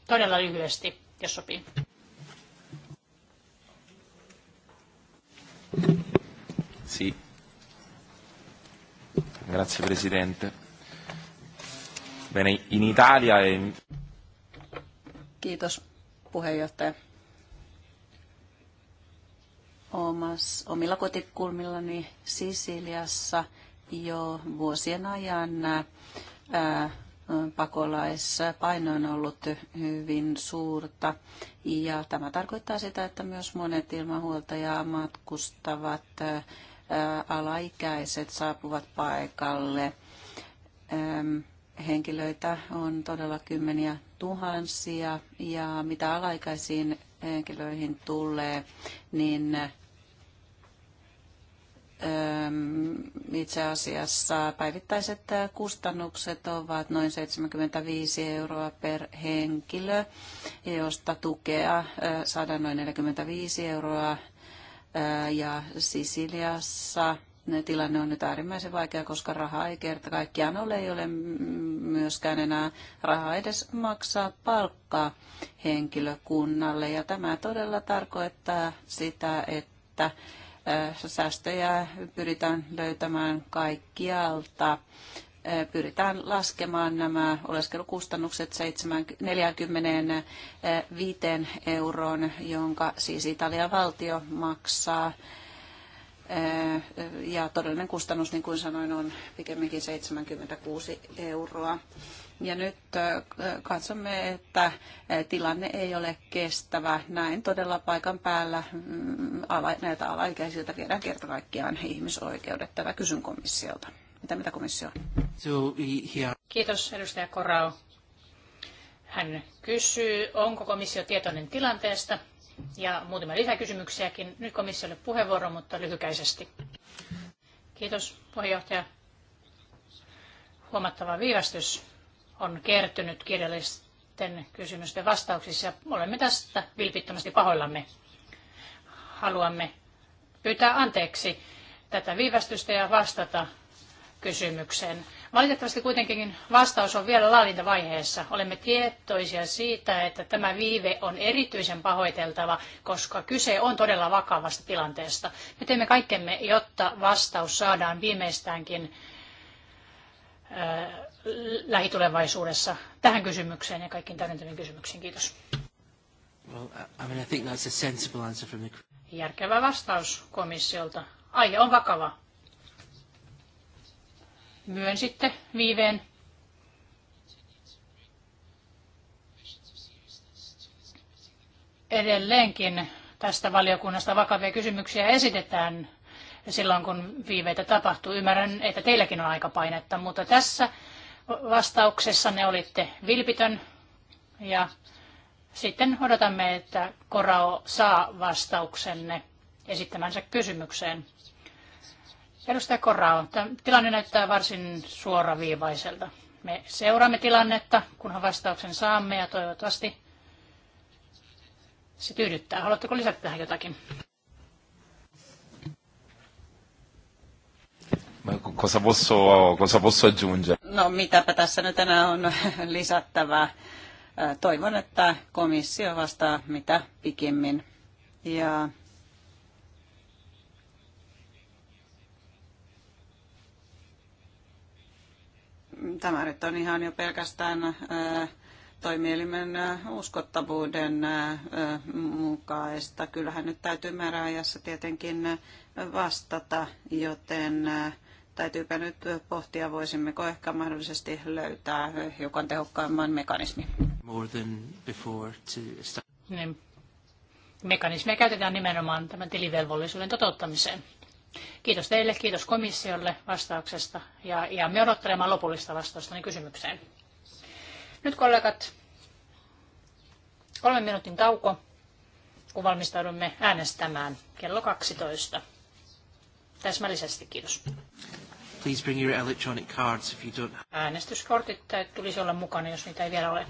Todella lyhyesti, jos sopii. Sì. Grazie Presidente. Bene, in Italia e... Kiitos puheenjohtaja. Omas, omilla kotikulmillani Sisiliassa jo vuosien ajan ää, pakolaispaino on ollut hyvin suurta. Ja tämä tarkoittaa sitä, että myös monet ilmahuoltajaa matkustavat alaikäiset saapuvat paikalle. Henkilöitä on todella kymmeniä tuhansia ja mitä alaikäisiin henkilöihin tulee, niin ähm, itse asiassa päivittäiset kustannukset ovat noin 75 euroa per henkilö, josta tukea äh, saadaan noin 45 euroa äh, ja Sisiliassa tilanne on nyt äärimmäisen vaikea, koska rahaa ei kerta kaikkiaan ole, ei ole myöskään enää rahaa edes maksaa palkkaa henkilökunnalle. Ja tämä todella tarkoittaa sitä, että äh, säästöjä pyritään löytämään kaikkialta. Äh, pyritään laskemaan nämä oleskelukustannukset 45 äh, euroon, jonka siis Italian valtio maksaa ja todellinen kustannus, niin kuin sanoin, on pikemminkin 76 euroa. Ja nyt katsomme, että tilanne ei ole kestävä. Näin todella paikan päällä mm, näitä alaikäisiltä viedään kerta kaikkiaan ihmisoikeudet. tämä kysyn komissiolta. Mitä mitä komissio? Kiitos edustaja Korau. Hän kysyy, onko komissio tietoinen tilanteesta ja muutamia lisäkysymyksiäkin. Nyt komissiolle puheenvuoro, mutta lyhykäisesti. Kiitos puheenjohtaja. Huomattava viivästys on kertynyt kirjallisten kysymysten vastauksissa. Olemme tästä vilpittömästi pahoillamme. Haluamme pyytää anteeksi tätä viivästystä ja vastata kysymykseen. Valitettavasti kuitenkin vastaus on vielä laadintavaiheessa. Olemme tietoisia siitä, että tämä viive on erityisen pahoiteltava, koska kyse on todella vakavasta tilanteesta. Me teemme kaikkemme, jotta vastaus saadaan viimeistäänkin äh, lähitulevaisuudessa tähän kysymykseen ja kaikkiin täydentäviin kysymyksiin. Kiitos. Well, I mean, I think that's a sensible answer from the... Järkevä vastaus komissiolta. Aihe on vakava myönsitte viiveen. Edelleenkin tästä valiokunnasta vakavia kysymyksiä esitetään silloin, kun viiveitä tapahtuu. Ymmärrän, että teilläkin on aikapainetta, mutta tässä vastauksessa ne olitte vilpitön ja sitten odotamme, että Korao saa vastauksenne esittämänsä kysymykseen. Edustaja Korrao, tilanne näyttää varsin suoraviivaiselta. Me seuraamme tilannetta, kunhan vastauksen saamme ja toivottavasti se tyydyttää. Haluatteko lisätä tähän jotakin? Cosa posso, cosa posso aggiungere? No mitäpä tässä nyt enää on [LAUGHS] lisättävää. Äh, toivon, että komissio vastaa mitä pikimmin. Ja tämä nyt on ihan jo pelkästään toimielimen uskottavuuden mukaista. Kyllähän nyt täytyy määräajassa tietenkin vastata, joten täytyypä nyt pohtia, voisimmeko ehkä mahdollisesti löytää hiukan tehokkaamman mekanismin. Niin. Mekanismia käytetään nimenomaan tämän tilivelvollisuuden toteuttamiseen. Kiitos teille, kiitos komissiolle vastauksesta ja, ja me odottelemaan lopullista vastausta kysymykseen. Nyt kollegat, kolmen minuutin tauko, kun valmistaudumme äänestämään kello 12. Täsmällisesti, kiitos. Please bring your electronic cards if you don't... Äänestyskortit tulisi olla mukana, jos niitä ei vielä ole.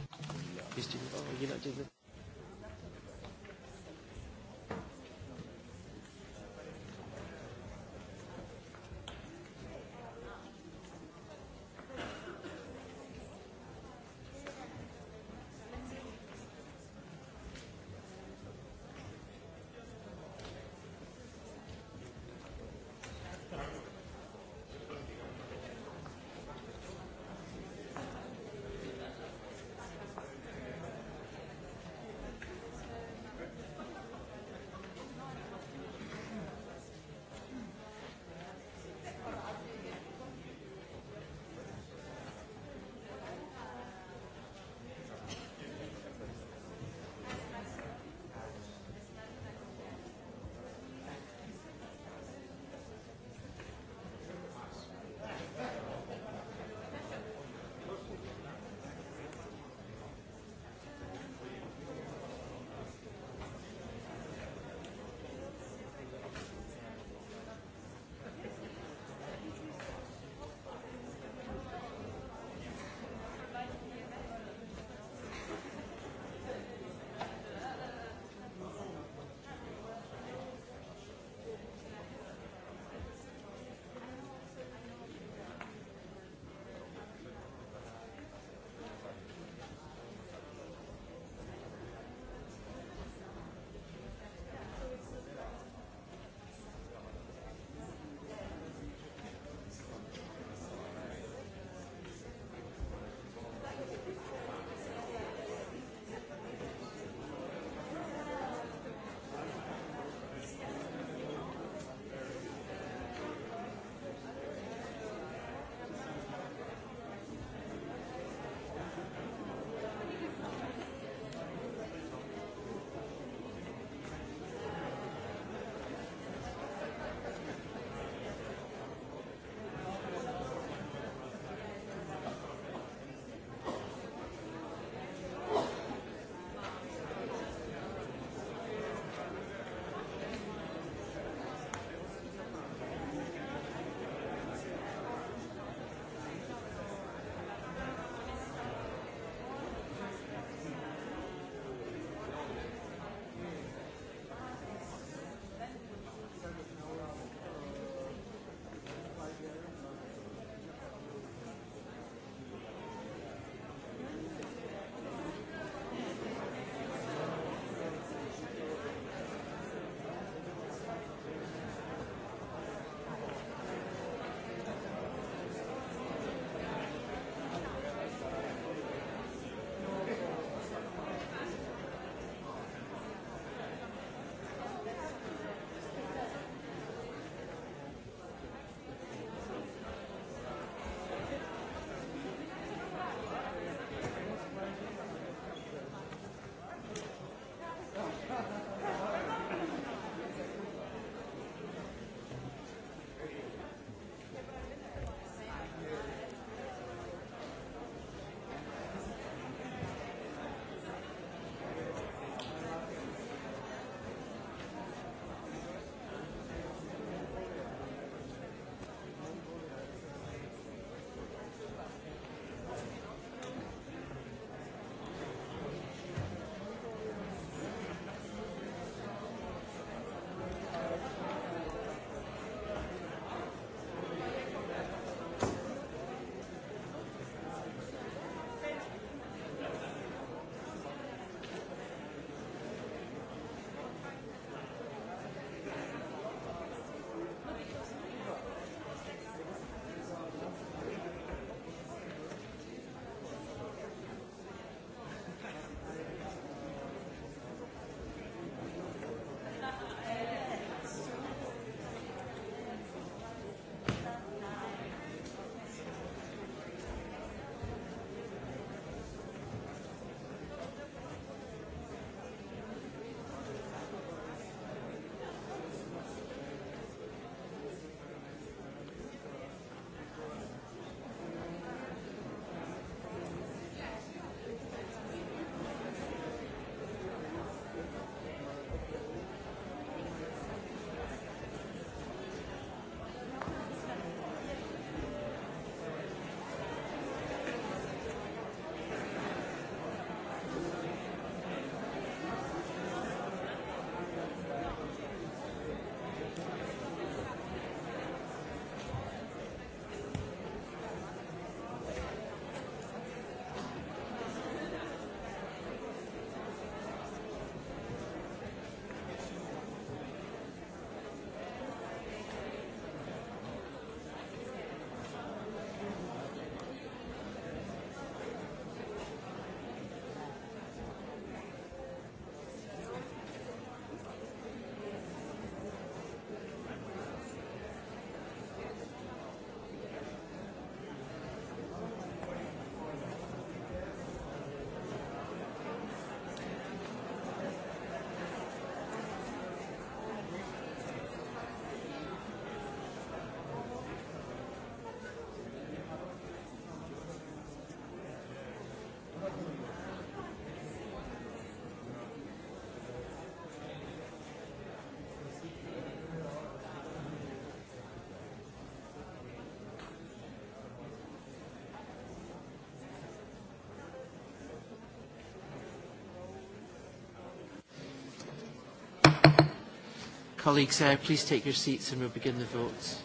Colleagues, uh, please take your seats and we'll begin the votes.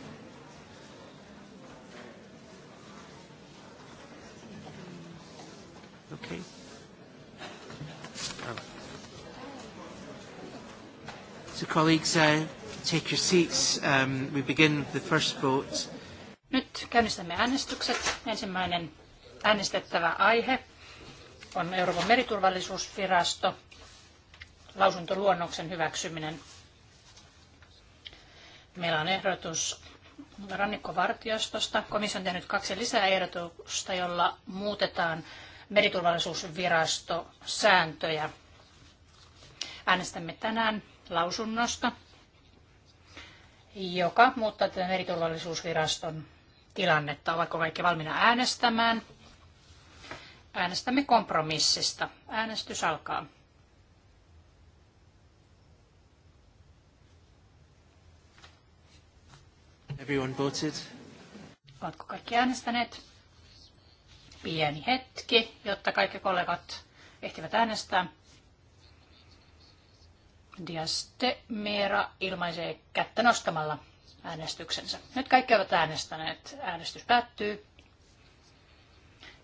Okay. Um, so colleagues, uh, take your seats. Um, we begin the first vote. Nyt käynnistämme äänestykset. Ensimmäinen äänestettävä aihe on Euroopan meriturvallisuusvirasto lausuntoluonnoksen hyväksyminen. Meillä on ehdotus rannikkovartiostosta. Komissio on tehnyt kaksi lisäehdotusta, jolla muutetaan meriturvallisuusvirastosääntöjä. Äänestämme tänään lausunnosta, joka muuttaa tätä meriturvallisuusviraston tilannetta. Ovatko kaikki valmiina äänestämään? Äänestämme kompromissista. Äänestys alkaa. everyone voted? Ovatko kaikki äänestäneet? Pieni hetki, jotta kaikki kollegat ehtivät äänestää. Diaste Meera ilmaisee kättä nostamalla äänestyksensä. Nyt kaikki ovat äänestäneet. Äänestys päättyy.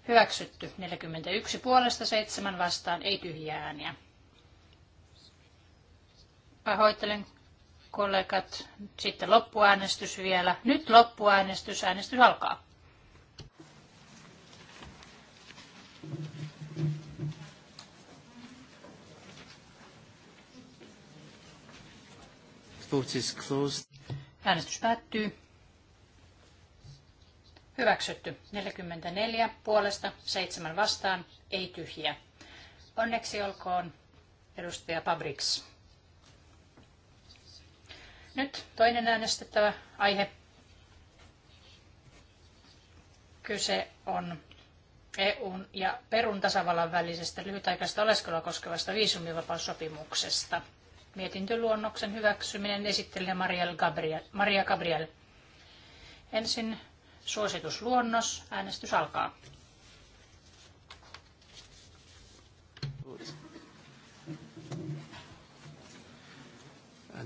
Hyväksytty 41 puolesta 7 vastaan, ei tyhjää ääniä. Pahoittelen kollegat. Sitten loppuäänestys vielä. Nyt loppuäänestys. Äänestys alkaa. Vote is closed. Äänestys päättyy. Hyväksytty. 44 puolesta, 7 vastaan, ei tyhjiä. Onneksi olkoon edustaja Pabriks. Nyt toinen äänestettävä aihe. Kyse on EUn ja Perun tasavallan välisestä lyhytaikaista oleskelua koskevasta viisumivapaussopimuksesta. Mietintöluonnoksen hyväksyminen esittelee Maria Gabriel. Maria Gabriel. Ensin suositusluonnos. Äänestys alkaa.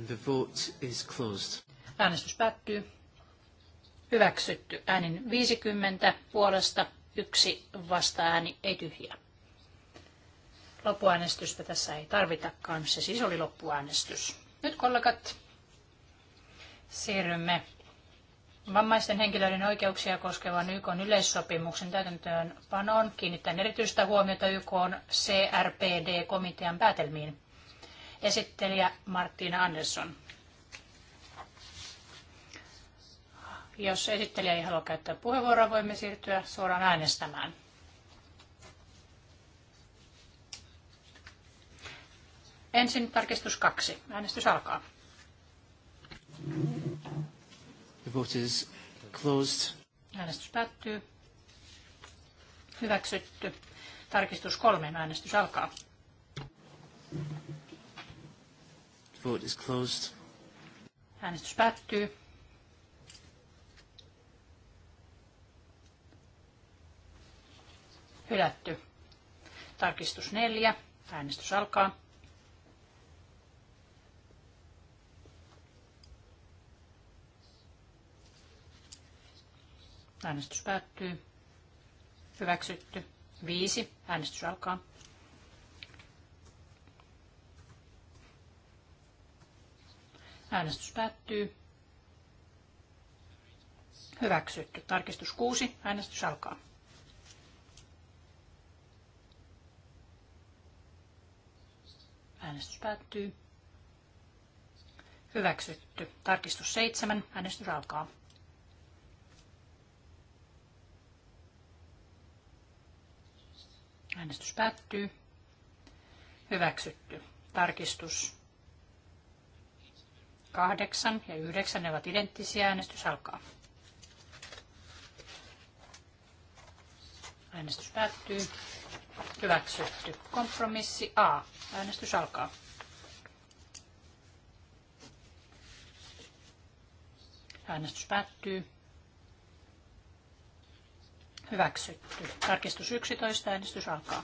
And the vote is closed. Äänestys päättyy. Hyväksytty. Äänin 50 puolesta, yksi vasta-ääni, ei tyhjä. Loppuäänestystä tässä ei tarvitakaan, se siis oli loppuäänestys. Nyt kollegat, siirrymme Vammaisten henkilöiden oikeuksia koskevan YK yleissopimuksen täytäntöönpanoon kiinnittäen erityistä huomiota YK CRPD-komitean päätelmiin. Esittelijä Martina Andersson. Jos esittelijä ei halua käyttää puheenvuoroa, voimme siirtyä suoraan äänestämään. Ensin tarkistus kaksi. Äänestys alkaa. The vote is closed. Äänestys päättyy. Hyväksytty. Tarkistus kolme. Äänestys alkaa. Vote is closed. Äänestys päättyy. Hylätty. Tarkistus neljä. Äänestys alkaa. Äänestys päättyy. Hyväksytty. Viisi. Äänestys alkaa. Äänestys päättyy. Hyväksytty. Tarkistus 6. Äänestys alkaa. Äänestys päättyy. Hyväksytty. Tarkistus 7. Äänestys alkaa. Äänestys päättyy. Hyväksytty. Tarkistus 8 ja 9, ne ovat identtisiä. Äänestys alkaa. Äänestys päättyy. Hyväksytty. Kompromissi A. Äänestys alkaa. Äänestys päättyy. Hyväksytty. Tarkistus 11. Äänestys alkaa.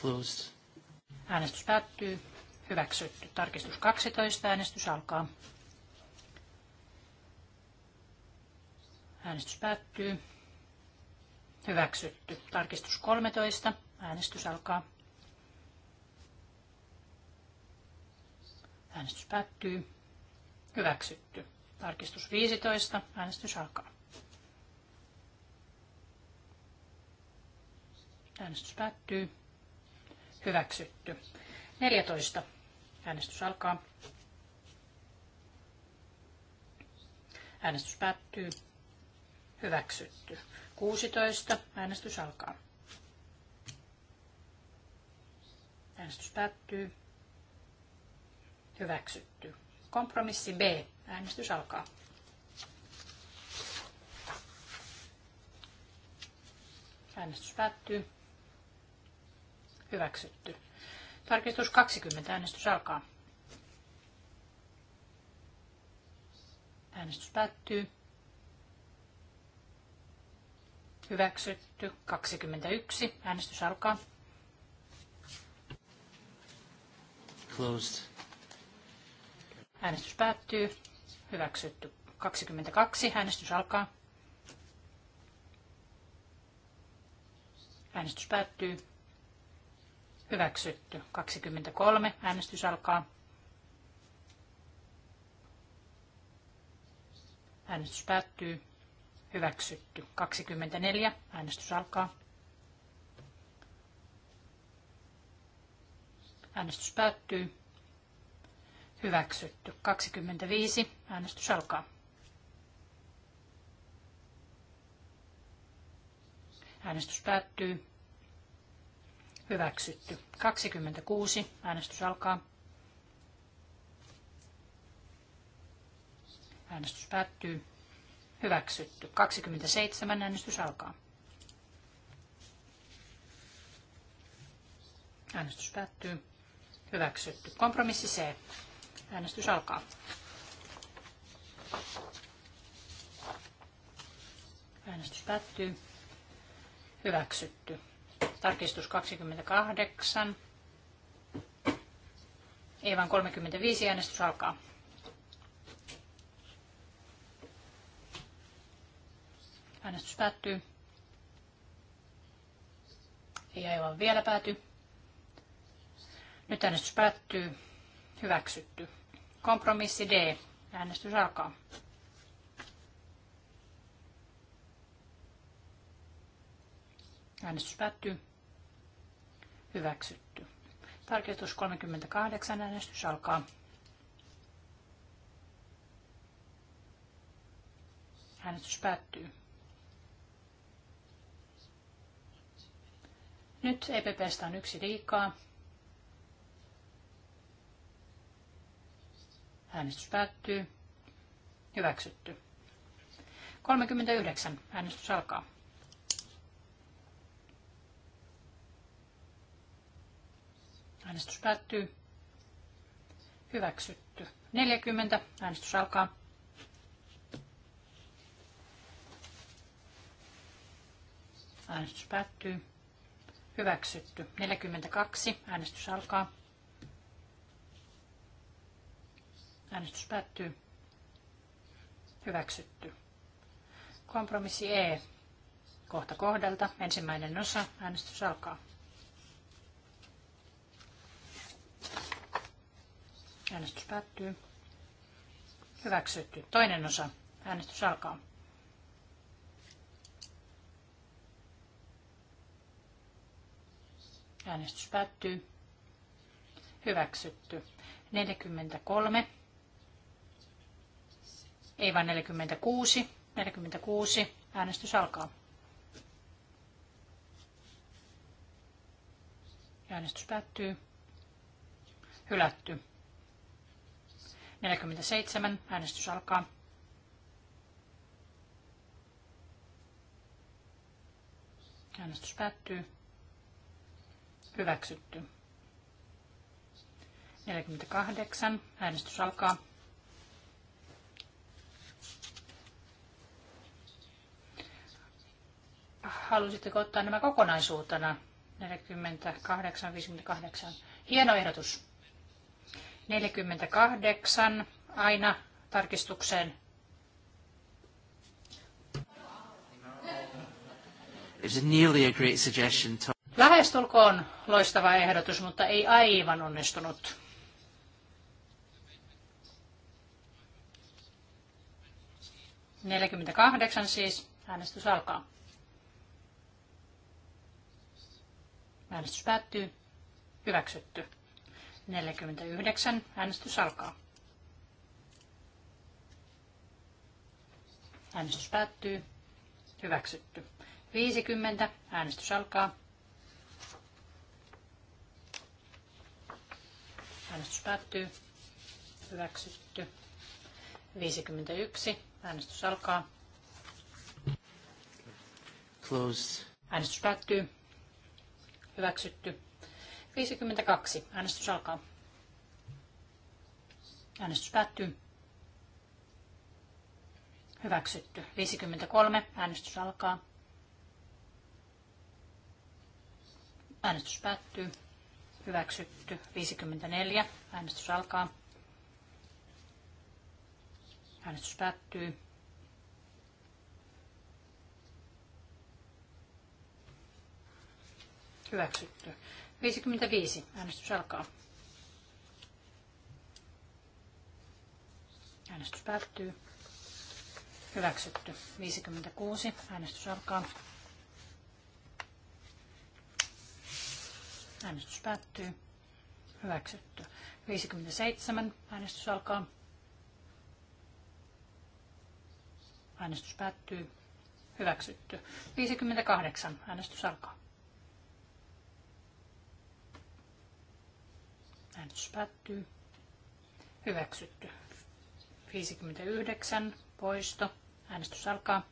Closed. Äänestys päättyy. Hyväksytty. Tarkistus 12. Äänestys alkaa. Äänestys päättyy. Hyväksytty. Tarkistus 13. Äänestys alkaa. Äänestys päättyy. Hyväksytty. Tarkistus 15. Äänestys alkaa. Äänestys päättyy. Hyväksytty. 14. Äänestys alkaa. Äänestys päättyy. Hyväksytty. 16. Äänestys alkaa. Äänestys päättyy. Hyväksytty. Kompromissi B. Äänestys alkaa. Äänestys päättyy hyväksytty. Tarkistus 20. Äänestys alkaa. Äänestys päättyy. Hyväksytty 21. Äänestys alkaa. Closed. Äänestys päättyy. Hyväksytty 22. Äänestys alkaa. Äänestys päättyy. Hyväksytty. 23. Äänestys alkaa. Äänestys päättyy. Hyväksytty. 24. Äänestys alkaa. Äänestys päättyy. Hyväksytty. 25. Äänestys alkaa. Äänestys päättyy. Hyväksytty. 26. Äänestys alkaa. Äänestys päättyy. Hyväksytty. 27. Äänestys alkaa. Äänestys päättyy. Hyväksytty. Kompromissi C. Äänestys alkaa. Äänestys päättyy. Hyväksytty. Tarkistus 28. Evan 35 äänestys alkaa. Äänestys päättyy. Ei aivan vielä pääty. Nyt äänestys päättyy. Hyväksytty. Kompromissi D. Äänestys alkaa. Äänestys päättyy. Hyväksytty. Tarkistus 38. Äänestys alkaa. Äänestys päättyy. Nyt EPPstä on yksi liikaa. Äänestys päättyy. Hyväksytty. 39. Äänestys alkaa. Äänestys päättyy. Hyväksytty. 40. Äänestys alkaa. Äänestys päättyy. Hyväksytty. 42. Äänestys alkaa. Äänestys päättyy. Hyväksytty. Kompromissi E. Kohta kohdalta. Ensimmäinen osa. Äänestys alkaa. Äänestys päättyy. Hyväksytty. Toinen osa. Äänestys alkaa. Äänestys päättyy. Hyväksytty. 43. Ei vaan 46. 46. Äänestys alkaa. Äänestys päättyy. Hylätty. 47. Äänestys alkaa. Äänestys päättyy. Hyväksytty. 48. Äänestys alkaa. Halusitteko ottaa nämä kokonaisuutena? 48, 58. Hieno ehdotus. 48 aina tarkistukseen. Lähestulkoon loistava ehdotus, mutta ei aivan onnistunut. kahdeksan siis. Äänestys alkaa. Äänestys päättyy. Hyväksytty. 49. Äänestys alkaa. Äänestys päättyy. Hyväksytty. 50. Äänestys alkaa. Äänestys päättyy. Hyväksytty. 51. Äänestys alkaa. Close. Äänestys päättyy. Hyväksytty. 52. Äänestys alkaa. Äänestys päättyy. Hyväksytty. 53. Äänestys alkaa. Äänestys päättyy. Hyväksytty. 54. Äänestys alkaa. Äänestys päättyy. Hyväksytty. 55. Äänestys alkaa. Äänestys päättyy. Hyväksytty. 56. Äänestys alkaa. Äänestys päättyy. Hyväksytty. 57. Äänestys alkaa. Äänestys päättyy. Hyväksytty. 58. Äänestys alkaa. Äänestys päättyy. Hyväksytty. 59. Poisto. Äänestys alkaa.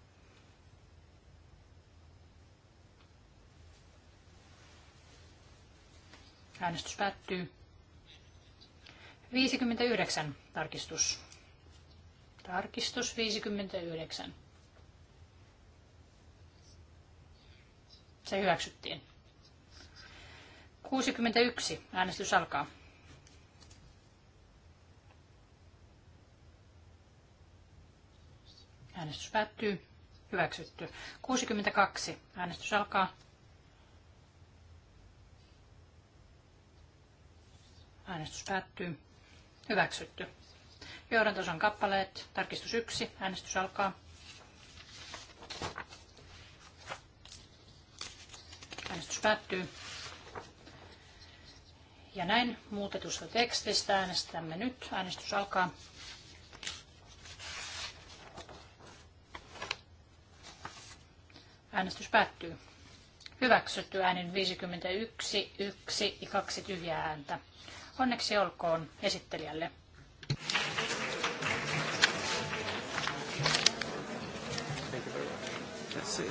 Äänestys päättyy. 59. Tarkistus. Tarkistus 59. Se hyväksyttiin. 61. Äänestys alkaa. Äänestys päättyy. Hyväksytty. 62. Äänestys alkaa. Äänestys päättyy. Hyväksytty. Johdantason kappaleet. Tarkistus 1. Äänestys alkaa. Äänestys päättyy. Ja näin muutetusta tekstistä äänestämme nyt. Äänestys alkaa. Äänestys päättyy. Hyväksytty äänin 51, 1 ja 2 tyhjää ääntä. Onneksi olkoon esittelijälle.